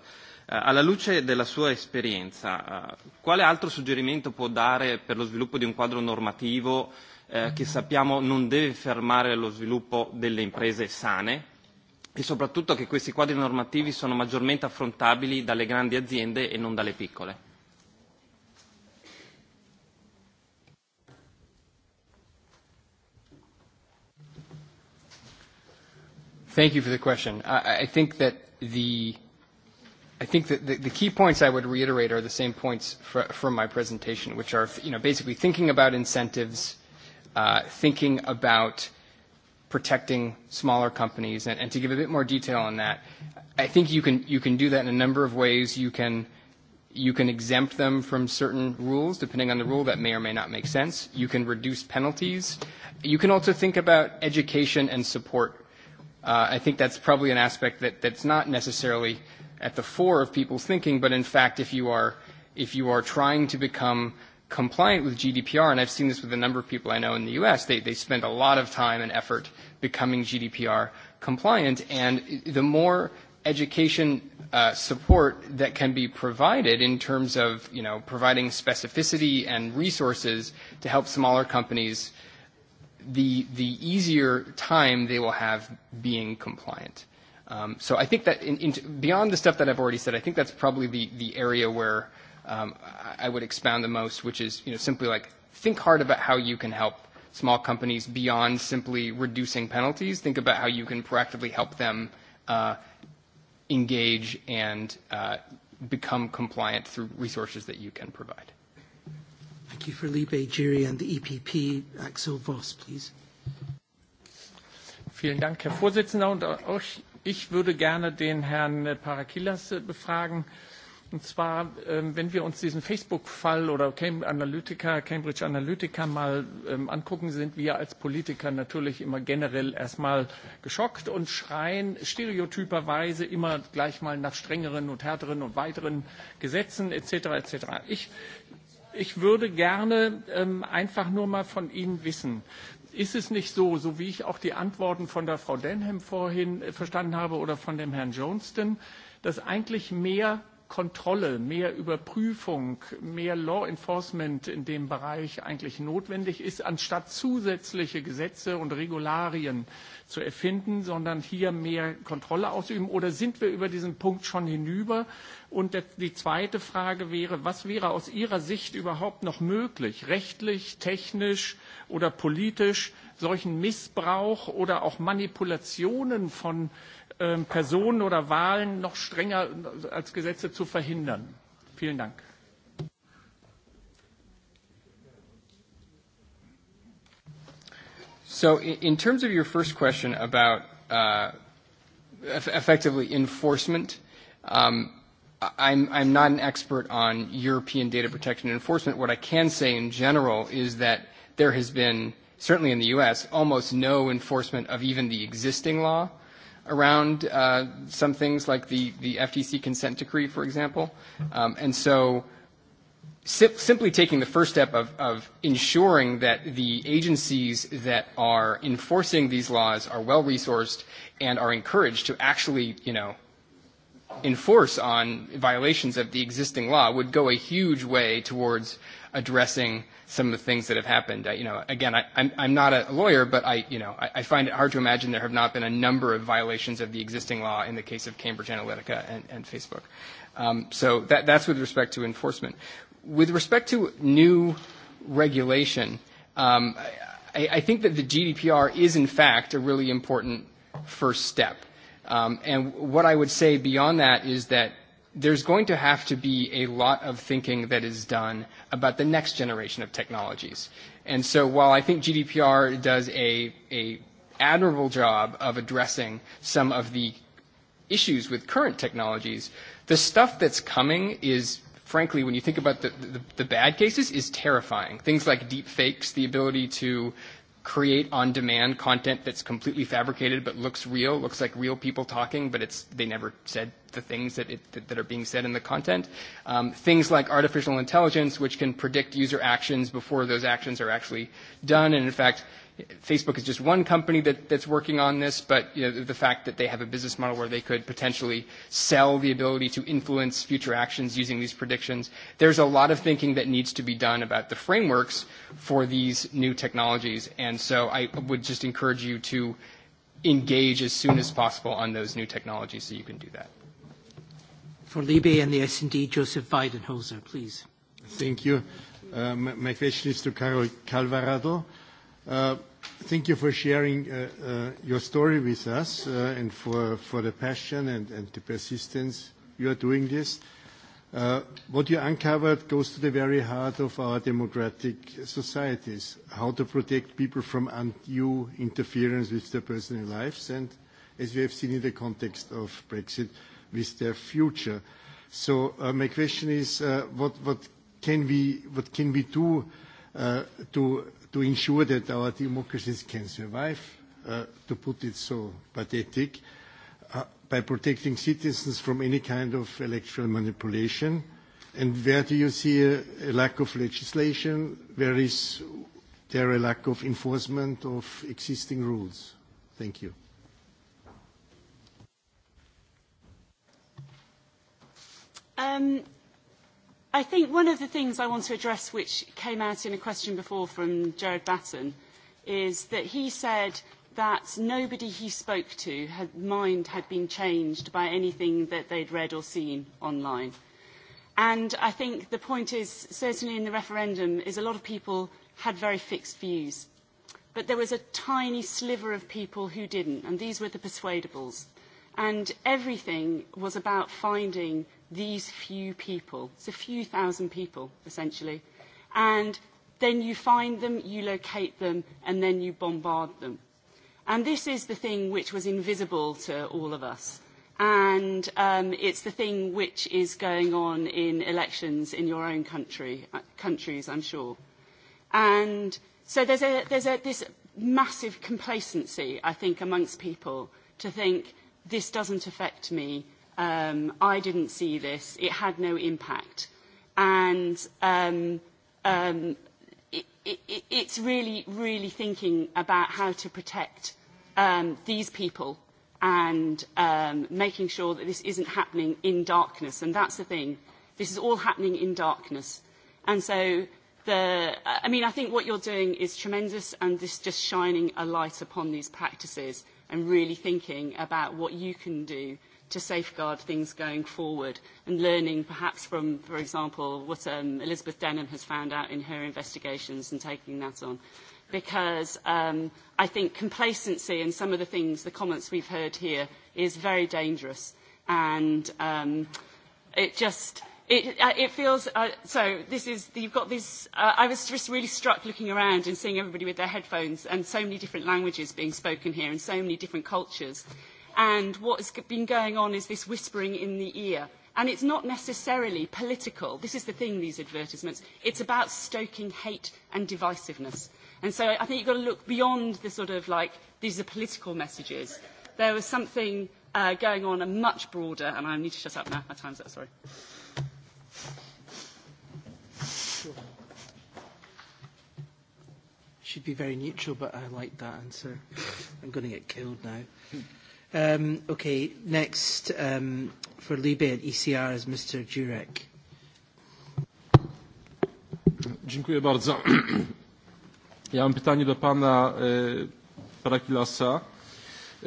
alla luce della sua esperienza, eh, quale altro suggerimento può dare per lo sviluppo di un quadro normativo eh, che sappiamo non deve fermare lo sviluppo delle imprese sane e soprattutto che questi quadri normativi sono maggiormente affrontabili dalle grandi aziende e non dalle piccole? Thank you for the question. I, I think that the I think that the, the key points I would reiterate are the same points fr from my presentation, which are you know basically thinking about incentives, uh, thinking about protecting smaller companies, and, and to give a bit more detail on that, I think you can you can do that in a number of ways. You can you can exempt them from certain rules, depending on the rule that may or may not make sense. You can reduce penalties. You can also think about education and support Uh, I think that's probably an aspect that, that's not necessarily at the fore of people's thinking, but in fact, if you are, if you are trying to become compliant with GDPR, and I've seen this with a number of people I know in the U.S., they, they spend a lot of time and effort becoming GDPR compliant, and the more education uh, support that can be provided in terms of, you know, providing specificity and resources to help smaller companies – the, the easier time they will have being compliant. Um, so I think that in, in, beyond the stuff that I've already said, I think that's probably the, the area where um, I would expound the most, which is you know, simply like think hard about how you can help small companies beyond simply reducing penalties. Think about how you can proactively help them uh, engage and uh, become compliant through resources that you can provide. Thank you for Libe Jury and the EPP. Axel Voss, please. Vielen Dank, Herr Vorsitzender. Und auch ich würde gerne den Herrn Parakilas befragen. Und zwar, ähm, wenn wir uns diesen Facebook-Fall oder Analytica, Cambridge Analytica mal ähm, angucken, sind wir als Politiker natürlich immer generell erstmal geschockt und schreien stereotyperweise immer gleich mal nach strengeren und härteren und weiteren Gesetzen etc. etc. Ich ich würde gerne ähm, einfach nur mal von Ihnen wissen, ist es nicht so, so wie ich auch die Antworten von der Frau Denham vorhin äh, verstanden habe oder von dem Herrn Johnston, dass eigentlich mehr Kontrolle, mehr Überprüfung, mehr Law Enforcement in dem Bereich eigentlich notwendig ist, anstatt zusätzliche Gesetze und Regularien zu erfinden, sondern hier mehr Kontrolle ausüben? Oder sind wir über diesen Punkt schon hinüber? Und die zweite Frage wäre, was wäre aus Ihrer Sicht überhaupt noch möglich, rechtlich, technisch oder politisch, solchen Missbrauch oder auch Manipulationen von äh, Ähm, Personen oder Wahlen noch strenger als Gesetze zu verhindern. Vielen Dank. So in terms of your first question about uh, effectively enforcement, um, I'm, I'm not an expert on European data protection and enforcement. What I can say in general is that there has been, certainly in the U.S., almost no enforcement of even the existing law around uh, some things like the, the FTC consent decree, for example. Um, and so si simply taking the first step of, of ensuring that the agencies that are enforcing these laws are well-resourced and are encouraged to actually, you know, enforce on violations of the existing law would go a huge way towards – addressing some of the things that have happened. Uh, you know, again, I, I'm, I'm not a lawyer, but I, you know, I, I find it hard to imagine there have not been a number of violations of the existing law in the case of Cambridge Analytica and, and Facebook. Um, so that, that's with respect to enforcement. With respect to new regulation, um, I, I think that the GDPR is, in fact, a really important first step. Um, and what I would say beyond that is that there's going to have to be a lot of thinking that is done about the next generation of technologies. And so while I think GDPR does a, a admirable job of addressing some of the issues with current technologies, the stuff that's coming is frankly, when you think about the, the, the bad cases, is terrifying. Things like deep fakes, the ability to create on demand content that's completely fabricated but looks real, looks like real people talking, but it's, they never said the things that, it, that, that are being said in the content. Um, things like artificial intelligence, which can predict user actions before those actions are actually done. And in fact, Facebook is just one company that, that's working on this, but you know, the fact that they have a business model where they could potentially sell the ability to influence future actions using these predictions, there's a lot of thinking that needs to be done about the frameworks for these new technologies. And so I would just encourage you to engage as soon as possible on those new technologies so you can do that. For Libe and the S&D, Joseph Weidenholzer, please. Thank you. Uh, my question is to Carol Calvarado. Uh, thank you for sharing uh, uh, your story with us uh, and for, for the passion and, and the persistence you are doing this. Uh, what you uncovered goes to the very heart of our democratic societies, how to protect people from undue interference with their personal lives and, as we have seen in the context of Brexit, with their future. So uh, my question is, uh, what, what, can we, what can we do uh, to to ensure that our democracies can survive, uh, to put it so pathetic, uh, by protecting citizens from any kind of electoral manipulation? And where do you see a, a lack of legislation? Where is there a lack of enforcement of existing rules? Thank you. Um, I think one of the things I want to address, which came out in a question before from Jared Batten, is that he said that nobody he spoke to had mind had been changed by anything that they'd read or seen online. And I think the point is, certainly in the referendum, is a lot of people had very fixed views. But there was a tiny sliver of people who didn't, and these were the persuadables. And everything was about finding these few people. It's a few thousand people, essentially. And then you find them, you locate them, and then you bombard them. And this is the thing which was invisible to all of us. And um, it's the thing which is going on in elections in your own country, uh, countries, I'm sure. And so there's, a, there's a, this massive complacency, I think, amongst people to think, this doesn't affect me, Um, I didn't see this. It had no impact. And um, um, it, it, it's really, really thinking about how to protect um, these people and um, making sure that this isn't happening in darkness. And that's the thing. This is all happening in darkness. And so the, I mean, I think what you're doing is tremendous and this just shining a light upon these practices and really thinking about what you can do to safeguard things going forward and learning perhaps from, for example, what um, Elizabeth Denham has found out in her investigations and taking that on. Because um, I think complacency and some of the things, the comments we've heard here, is very dangerous. And um, it just, it, uh, it feels, uh, so this is, you've got this, uh, I was just really struck looking around and seeing everybody with their headphones and so many different languages being spoken here and so many different cultures and what has been going on is this whispering in the ear. And it's not necessarily political. This is the thing, these advertisements. It's about stoking hate and divisiveness. And so I think you've got to look beyond the sort of like, these are political messages. There was something uh, going on a much broader, and I need to shut up now, my time's up, sorry. Sure. Should be very neutral, but I like that answer. I'm going to get killed now. Um, okay, next um, for Libe and ECR is Mr. Jurek. Dziękuję bardzo. Ja mam pytanie do pana e, Parakilasa. E,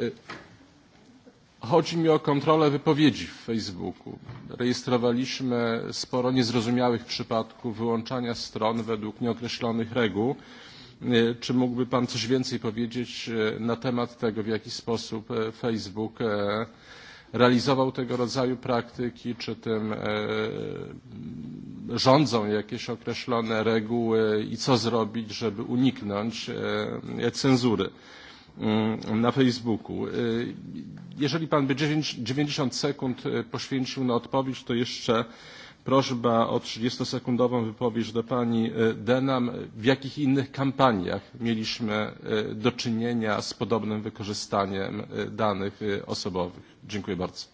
chodzi mi o kontrolę wypowiedzi w Facebooku. Rejestrowaliśmy sporo niezrozumiałych przypadków wyłączania stron według nieokreślonych reguł. Y, E, czy mógłby Pan coś więcej powiedzieć e, na temat tego, w jaki sposób e, Facebook realizował tego rodzaju praktyki, czy tym rządzą jakieś określone reguły i co zrobić, żeby uniknąć cenzury mm, na Facebooku. Jeżeli Pan by 90 sekund poświęcił na odpowiedź, to jeszcze prośba o 30-sekundową wypowiedź do pani e, Denam. W jakich innych kampaniach mieliśmy e, do czynienia z podobnym wykorzystaniem e, danych osobowych? Dziękuję bardzo.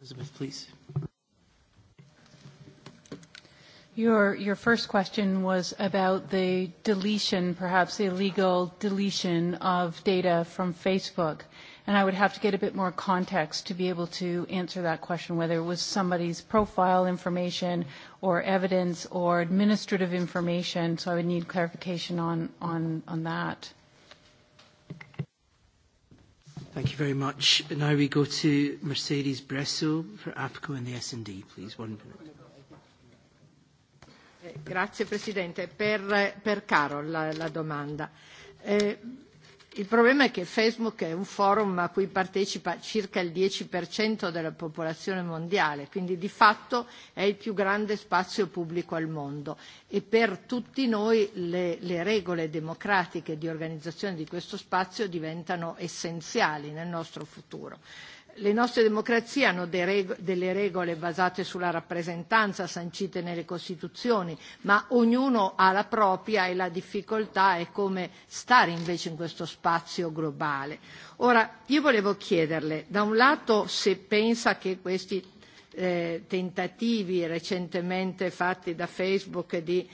Elizabeth, please. Your, your first question was about the deletion, perhaps the illegal deletion of data from Facebook. And I would have to get a bit more context to be able to answer that question, whether it was somebody's profile information or evidence or administrative information. So I would need clarification on, on, on that. Thank you very much. Now we go to Mercedes Bresso for AFCO and the S&D, please. One minute. Grazie Presidente. Per, per Caro la, la domanda. Eh, il problema è che Facebook è un forum a cui partecipa circa il 10% della popolazione mondiale, quindi di fatto è il più grande spazio pubblico al mondo e per tutti noi le, le regole democratiche di organizzazione di questo spazio diventano essenziali nel nostro futuro. Le nostre democrazie hanno reg- delle regole basate sulla rappresentanza sancite nelle Costituzioni, ma ognuno ha la propria e la difficoltà è come stare invece in questo spazio globale. Ora, io volevo chiederle, da un lato, se pensa che questi eh, tentativi recentemente fatti da Facebook di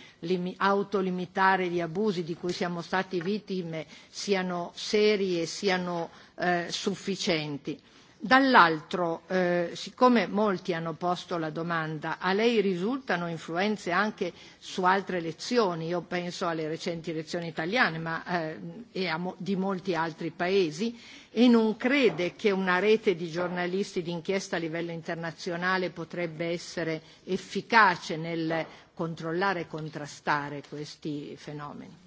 autolimitare gli abusi di cui siamo stati vittime siano seri e siano eh, sufficienti. Dall'altro, eh, siccome molti hanno posto la domanda, a lei risultano influenze anche su altre elezioni, io penso alle recenti elezioni italiane ma, eh, e a mo- di molti altri paesi, e non crede che una rete di giornalisti d'inchiesta a livello internazionale potrebbe essere efficace nel controllare e contrastare questi fenomeni?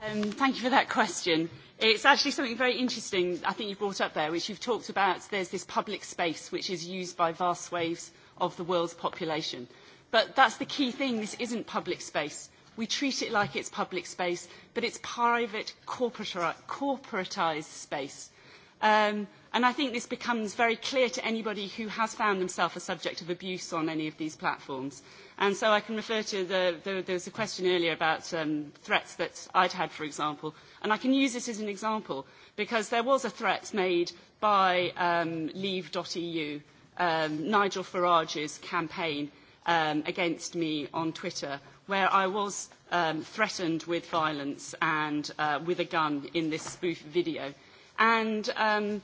Um, thank you for that question. It's actually something very interesting I think you brought up there, which you've talked about. There's this public space which is used by vast swathes of the world's population. But that's the key thing. This isn't public space. We treat it like it's public space, but it's private, corporatized space Um, and I think this becomes very clear to anybody who has found themselves a subject of abuse on any of these platforms. And so I can refer to the, the there was a question earlier about um, threats that I'd had, for example, and I can use this as an example because there was a threat made by um, Leave.eu, um, Nigel Farage's campaign um, against me on Twitter, where I was um, threatened with violence and uh, with a gun in this spoof video and um,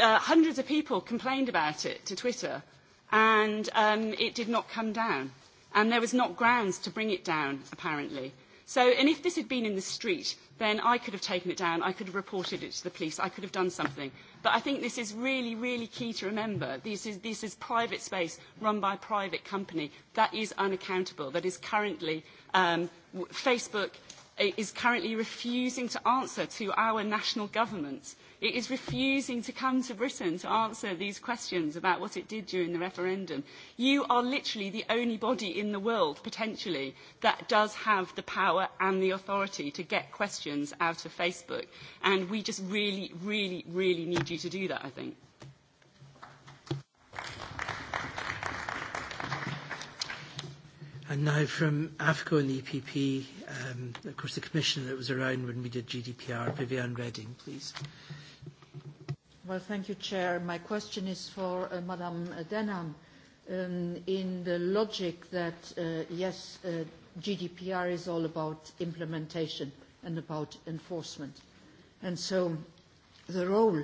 uh, hundreds of people complained about it to Twitter, and um, it did not come down. And there was not grounds to bring it down, apparently. So, and if this had been in the street, then I could have taken it down, I could have reported it to the police, I could have done something. But I think this is really, really key to remember. This is, this is private space run by a private company. That is unaccountable. That is currently um, Facebook is currently refusing to answer to our national governments. It is refusing to come to Britain to answer these questions about what it did during the referendum. You are literally the only body in the world, potentially, that does have the power and the authority to get questions out of Facebook. And we just really, really, really need you to do that, I think. And now from AFCO and the EPP, um, of course the commissioner that was around when we did GDPR, Vivian Redding, please. Well, thank you, Chair. My question is for uh, Madame Denham. Um, in the logic that, uh, yes, uh, GDPR is all about implementation and about enforcement. And so the role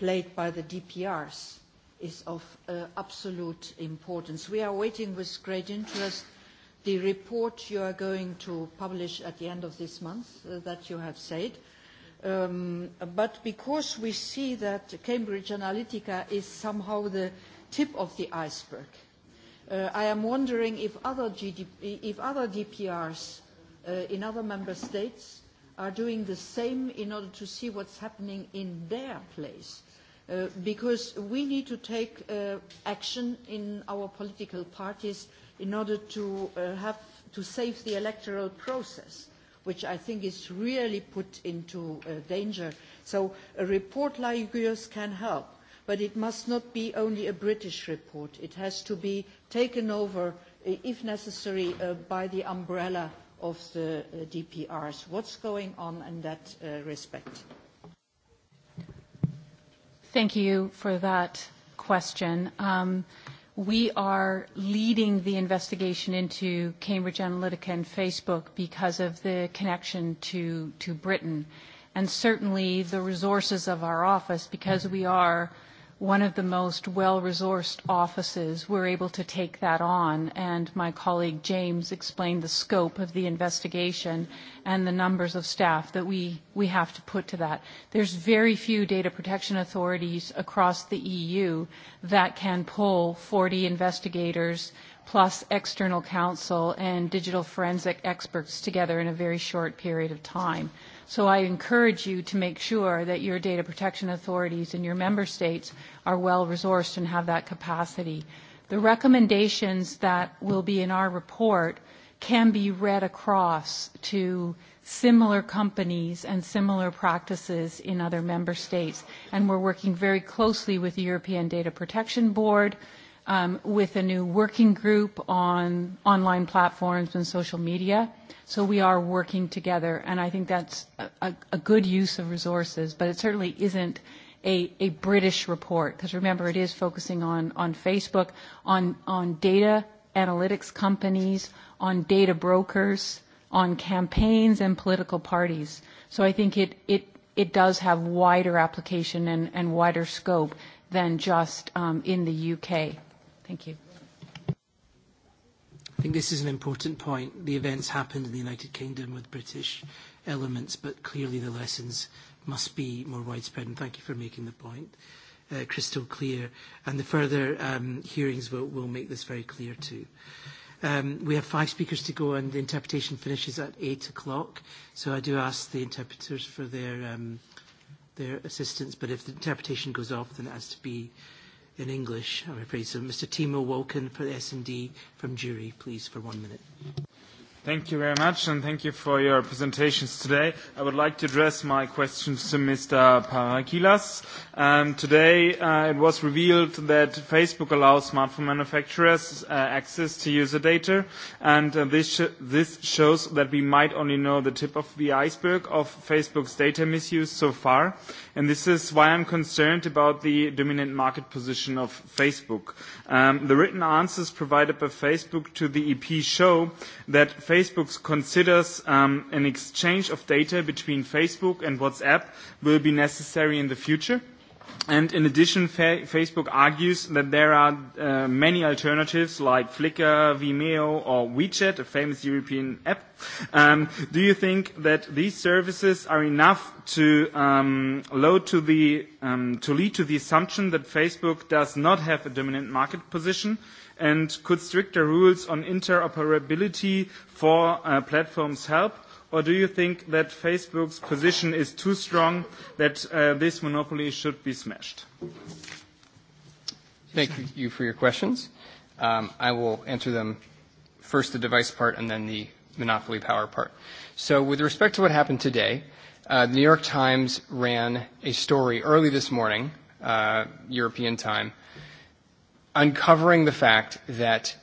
played by the DPRs is of uh, absolute importance. We are waiting with great interest the report you are going to publish at the end of this month, uh, that you have said. Um, but because we see that Cambridge Analytica is somehow the tip of the iceberg, uh, I am wondering if other, GDP, if other DPRs uh, in other member states are doing the same in order to see what's happening in their place. Uh, because we need to take uh, action in our political parties uh, in order to, uh, have, to save the electoral process which I think is really put into uh, danger. So a report like yours can help, but it must not be only a British report. It has to be taken over, uh, if necessary, uh, by the umbrella of the uh, DPRs. What's going on in that uh, respect? Thank you for that question. Um, we are leading the investigation into Cambridge Analytica and Facebook because of the connection to, to Britain. And certainly the resources of our office, because we are one of the most well-resourced offices were able to take that on, and my colleague James explained the scope of the investigation and the numbers of staff that we, we have to put to that. There's very few data protection authorities across the EU that can pull 40 investigators plus external counsel and digital forensic experts together in a very short period of time. So I encourage you to make sure that your data protection authorities in your member states are well resourced and have that capacity. The recommendations that will be in our report can be read across to similar companies and similar practices in other member states. And we're working very closely with the European Data Protection Board, um, with a new working group on online platforms and social media. So we are working together, and I think that's a, a, a good use of resources, but it certainly isn't a, a British report, because remember, it is focusing on, on Facebook, on, on data analytics companies, on data brokers, on campaigns and political parties. So I think it, it, it does have wider application and, and wider scope than just um, in the UK. Thank you. I think this is an important point. The events happened in the United Kingdom with British elements, but clearly the lessons must be more widespread, and thank you for making the point uh, crystal clear. And the further um, hearings will, will make this very clear too. Um, we have five speakers to go, and the interpretation finishes at eight o'clock. So I do ask the interpreters for their, um, their assistance, but if the interpretation goes off, then it has to be in English, I'm afraid. So Mr. Timo Woken for the D from Jury, please, for one minute. Thank you very much, and thank you for your presentations today. I would like to address my questions to Mr. Parakilas. Um, today, uh, it was revealed that Facebook allows smartphone manufacturers uh, access to user data, and uh, this, sh this shows that we might only know the tip of the iceberg of Facebook's data misuse so far, and this is why I'm concerned about the dominant market position of Facebook. Um, the written answers provided by Facebook to the EP show that Facebook Facebook considers um, an exchange of data between Facebook and WhatsApp will be necessary in the future? And in addition, fa Facebook argues that there are uh, many alternatives like Flickr, Vimeo, or WeChat, a famous European app. Um, do you think that these services are enough to, um, load to, the, um, to lead to the assumption that Facebook does not have a dominant market position? And could stricter rules on interoperability for uh, platforms help? or do you think that Facebook's position is too strong, that uh, this monopoly should be smashed? Thank you for your questions. Um, I will answer them first the device part and then the monopoly power part. So with respect to what happened today, uh, the New York Times ran a story early this morning, uh, European time, uncovering the fact that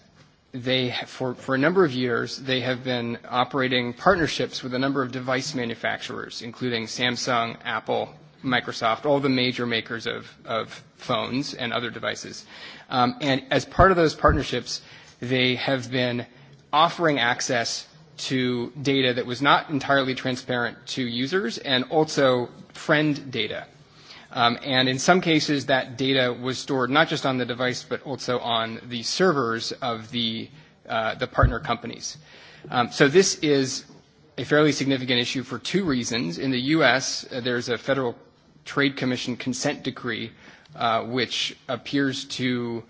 they for, for a number of years, they have been operating partnerships with a number of device manufacturers, including Samsung, Apple, Microsoft, all the major makers of, of phones and other devices. Um, and as part of those partnerships, they have been offering access to data that was not entirely transparent to users and also friend data Um, and in some cases, that data was stored not just on the device, but also on the servers of the, uh, the partner companies. Um, so this is a fairly significant issue for two reasons. In the U.S., uh, there's a Federal Trade Commission consent decree uh, which appears to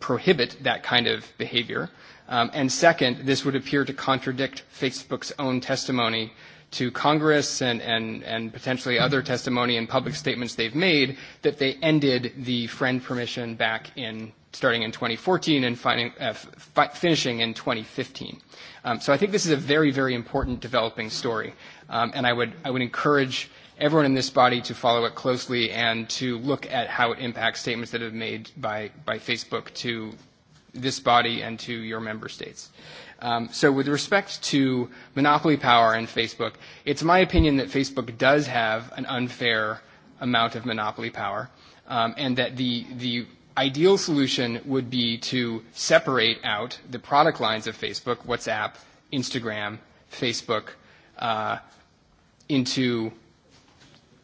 prohibit that kind of behavior. Um, and second, this would appear to contradict Facebook's own testimony to Congress and, and, and potentially other testimony and public statements they've made that they ended the friend permission back in starting in 2014 and finding, uh, f finishing in 2015. Um, so I think this is a very, very important developing story. Um, and I would, I would encourage everyone in this body to follow it closely and to look at how it impacts statements that have made by, by Facebook to this body and to your member states. Um, so with respect to monopoly power in Facebook, it's my opinion that Facebook does have an unfair amount of monopoly power um, and that the, the ideal solution would be to separate out the product lines of Facebook, WhatsApp, Instagram, Facebook, uh, into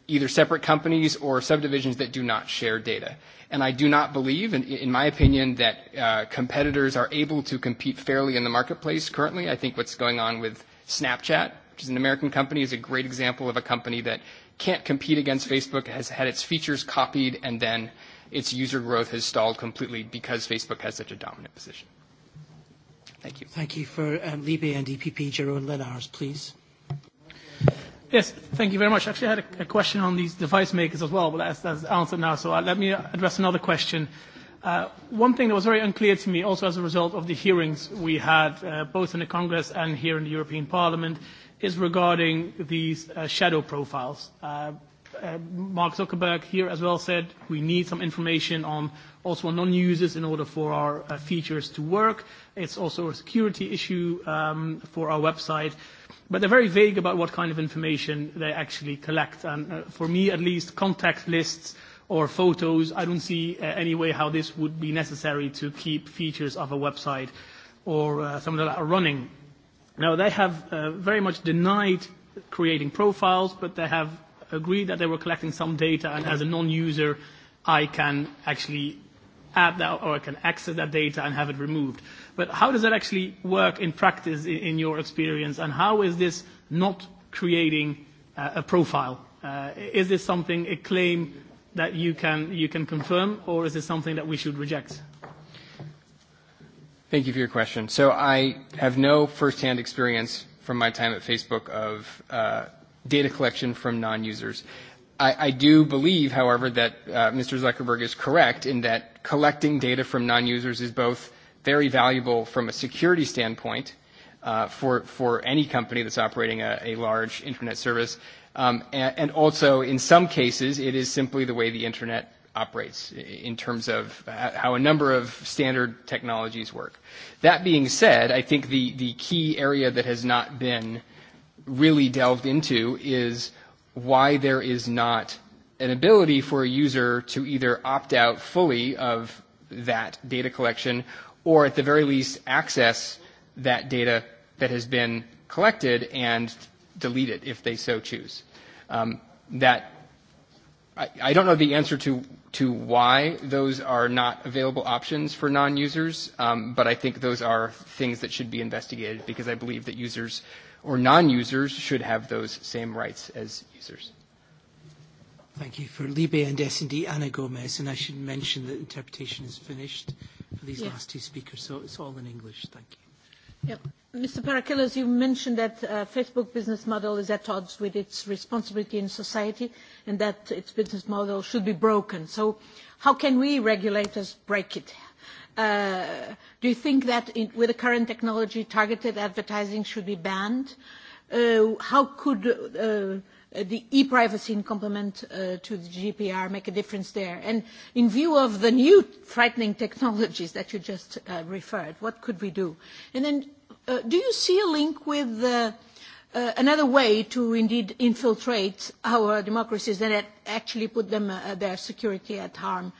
either separate companies or subdivisions that do not share data. And I do not believe, in, in my opinion, that uh, competitors are able to compete fairly in the marketplace currently. I think what's going on with Snapchat, which is an American company, is a great example of a company that can't compete against Facebook, has had its features copied, and then its user growth has stalled completely because Facebook has such a dominant position. Thank you. Thank you. For um, Libe and EPP, Jerome Lenars, please. Yes, thank you very much. Actually, I had a, a question on these device makers as well, but that's, that's answered now. So uh, let me address another question. Uh, one thing that was very unclear to me, also as a result of the hearings we had uh, both in the Congress and here in the European Parliament, is regarding these uh, shadow profiles. Uh, uh, Mark Zuckerberg here as well said we need some information on also on non-users in order for our uh, features to work. It's also a security issue um, for our website but they're very vague about what kind of information they actually collect. And uh, for me, at least, contact lists or photos, I don't see uh, any way how this would be necessary to keep features of a website or uh, something like that running. Now, they have uh, very much denied creating profiles, but they have agreed that they were collecting some data, and as a non-user, I can actually add that or I can access that data and have it removed. But how does that actually work in practice in, in your experience, and how is this not creating uh, a profile? Uh, is this something, a claim that you can, you can confirm, or is this something that we should reject? Thank you for your question. So I have no firsthand experience from my time at Facebook of uh, data collection from non-users. I, I do believe, however, that uh, Mr. Zuckerberg is correct in that collecting data from non-users is both very valuable from a security standpoint uh, for, for any company that's operating a, a large internet service. Um, and, and also, in some cases, it is simply the way the internet operates in terms of uh, how a number of standard technologies work. That being said, I think the, the key area that has not been really delved into is why there is not an ability for a user to either opt out fully of that data collection or at the very least access that data that has been collected and delete it if they so choose. Um, that I, I don't know the answer to to why those are not available options for non-users, um, but I think those are things that should be investigated because I believe that users or non-users should have those same rights as users. Thank you. For Libe and S&D, Anna Gomez, and I should mention that interpretation is finished these yeah. last two speakers, so it's all in English. Thank you. Yep. Mr. Parakilas, you mentioned that uh, Facebook business model is at odds with its responsibility in society and that its business model should be broken. So how can we regulators break it? Uh, do you think that in, with the current technology, targeted advertising should be banned? Uh, how could uh, Uh, the e-privacy in complement uh, to the GDPR make a difference there? And in view of the new frightening technologies that you just uh, referred, what could we do? And then uh, do you see a link with uh, uh, another way to indeed infiltrate our democracies and actually put them, uh, their security at harm? Uh,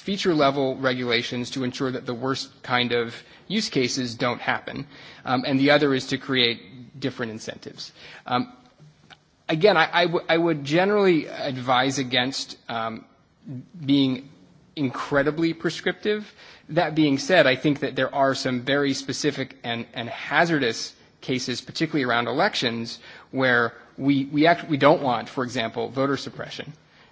feature level regulations to ensure that the worst kind of use cases don't happen. Um, and the other is to create different incentives. Um, again, I, I, w- I would generally advise against um, being incredibly prescriptive. That being said, I think that there are some very specific and, and hazardous cases, particularly around elections, where we, we, act, we don't want, for example, voter suppression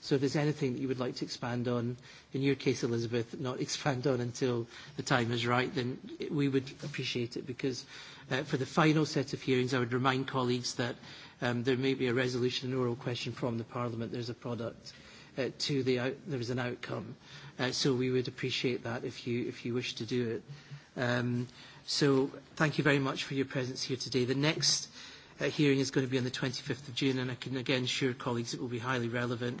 So if there's anything that you would like to expand on, in your case, Elizabeth, not expand on until the time is right, then we would appreciate it because uh, for the final set of hearings, I would remind colleagues that um, there may be a resolution, an oral question from the Parliament. There's a product uh, to the out, there is an outcome. Uh, so we would appreciate that if you, if you wish to do it. Um, so thank you very much for your presence here today. The next uh, hearing is going to be on the 25th of June, and I can again assure colleagues it will be highly relevant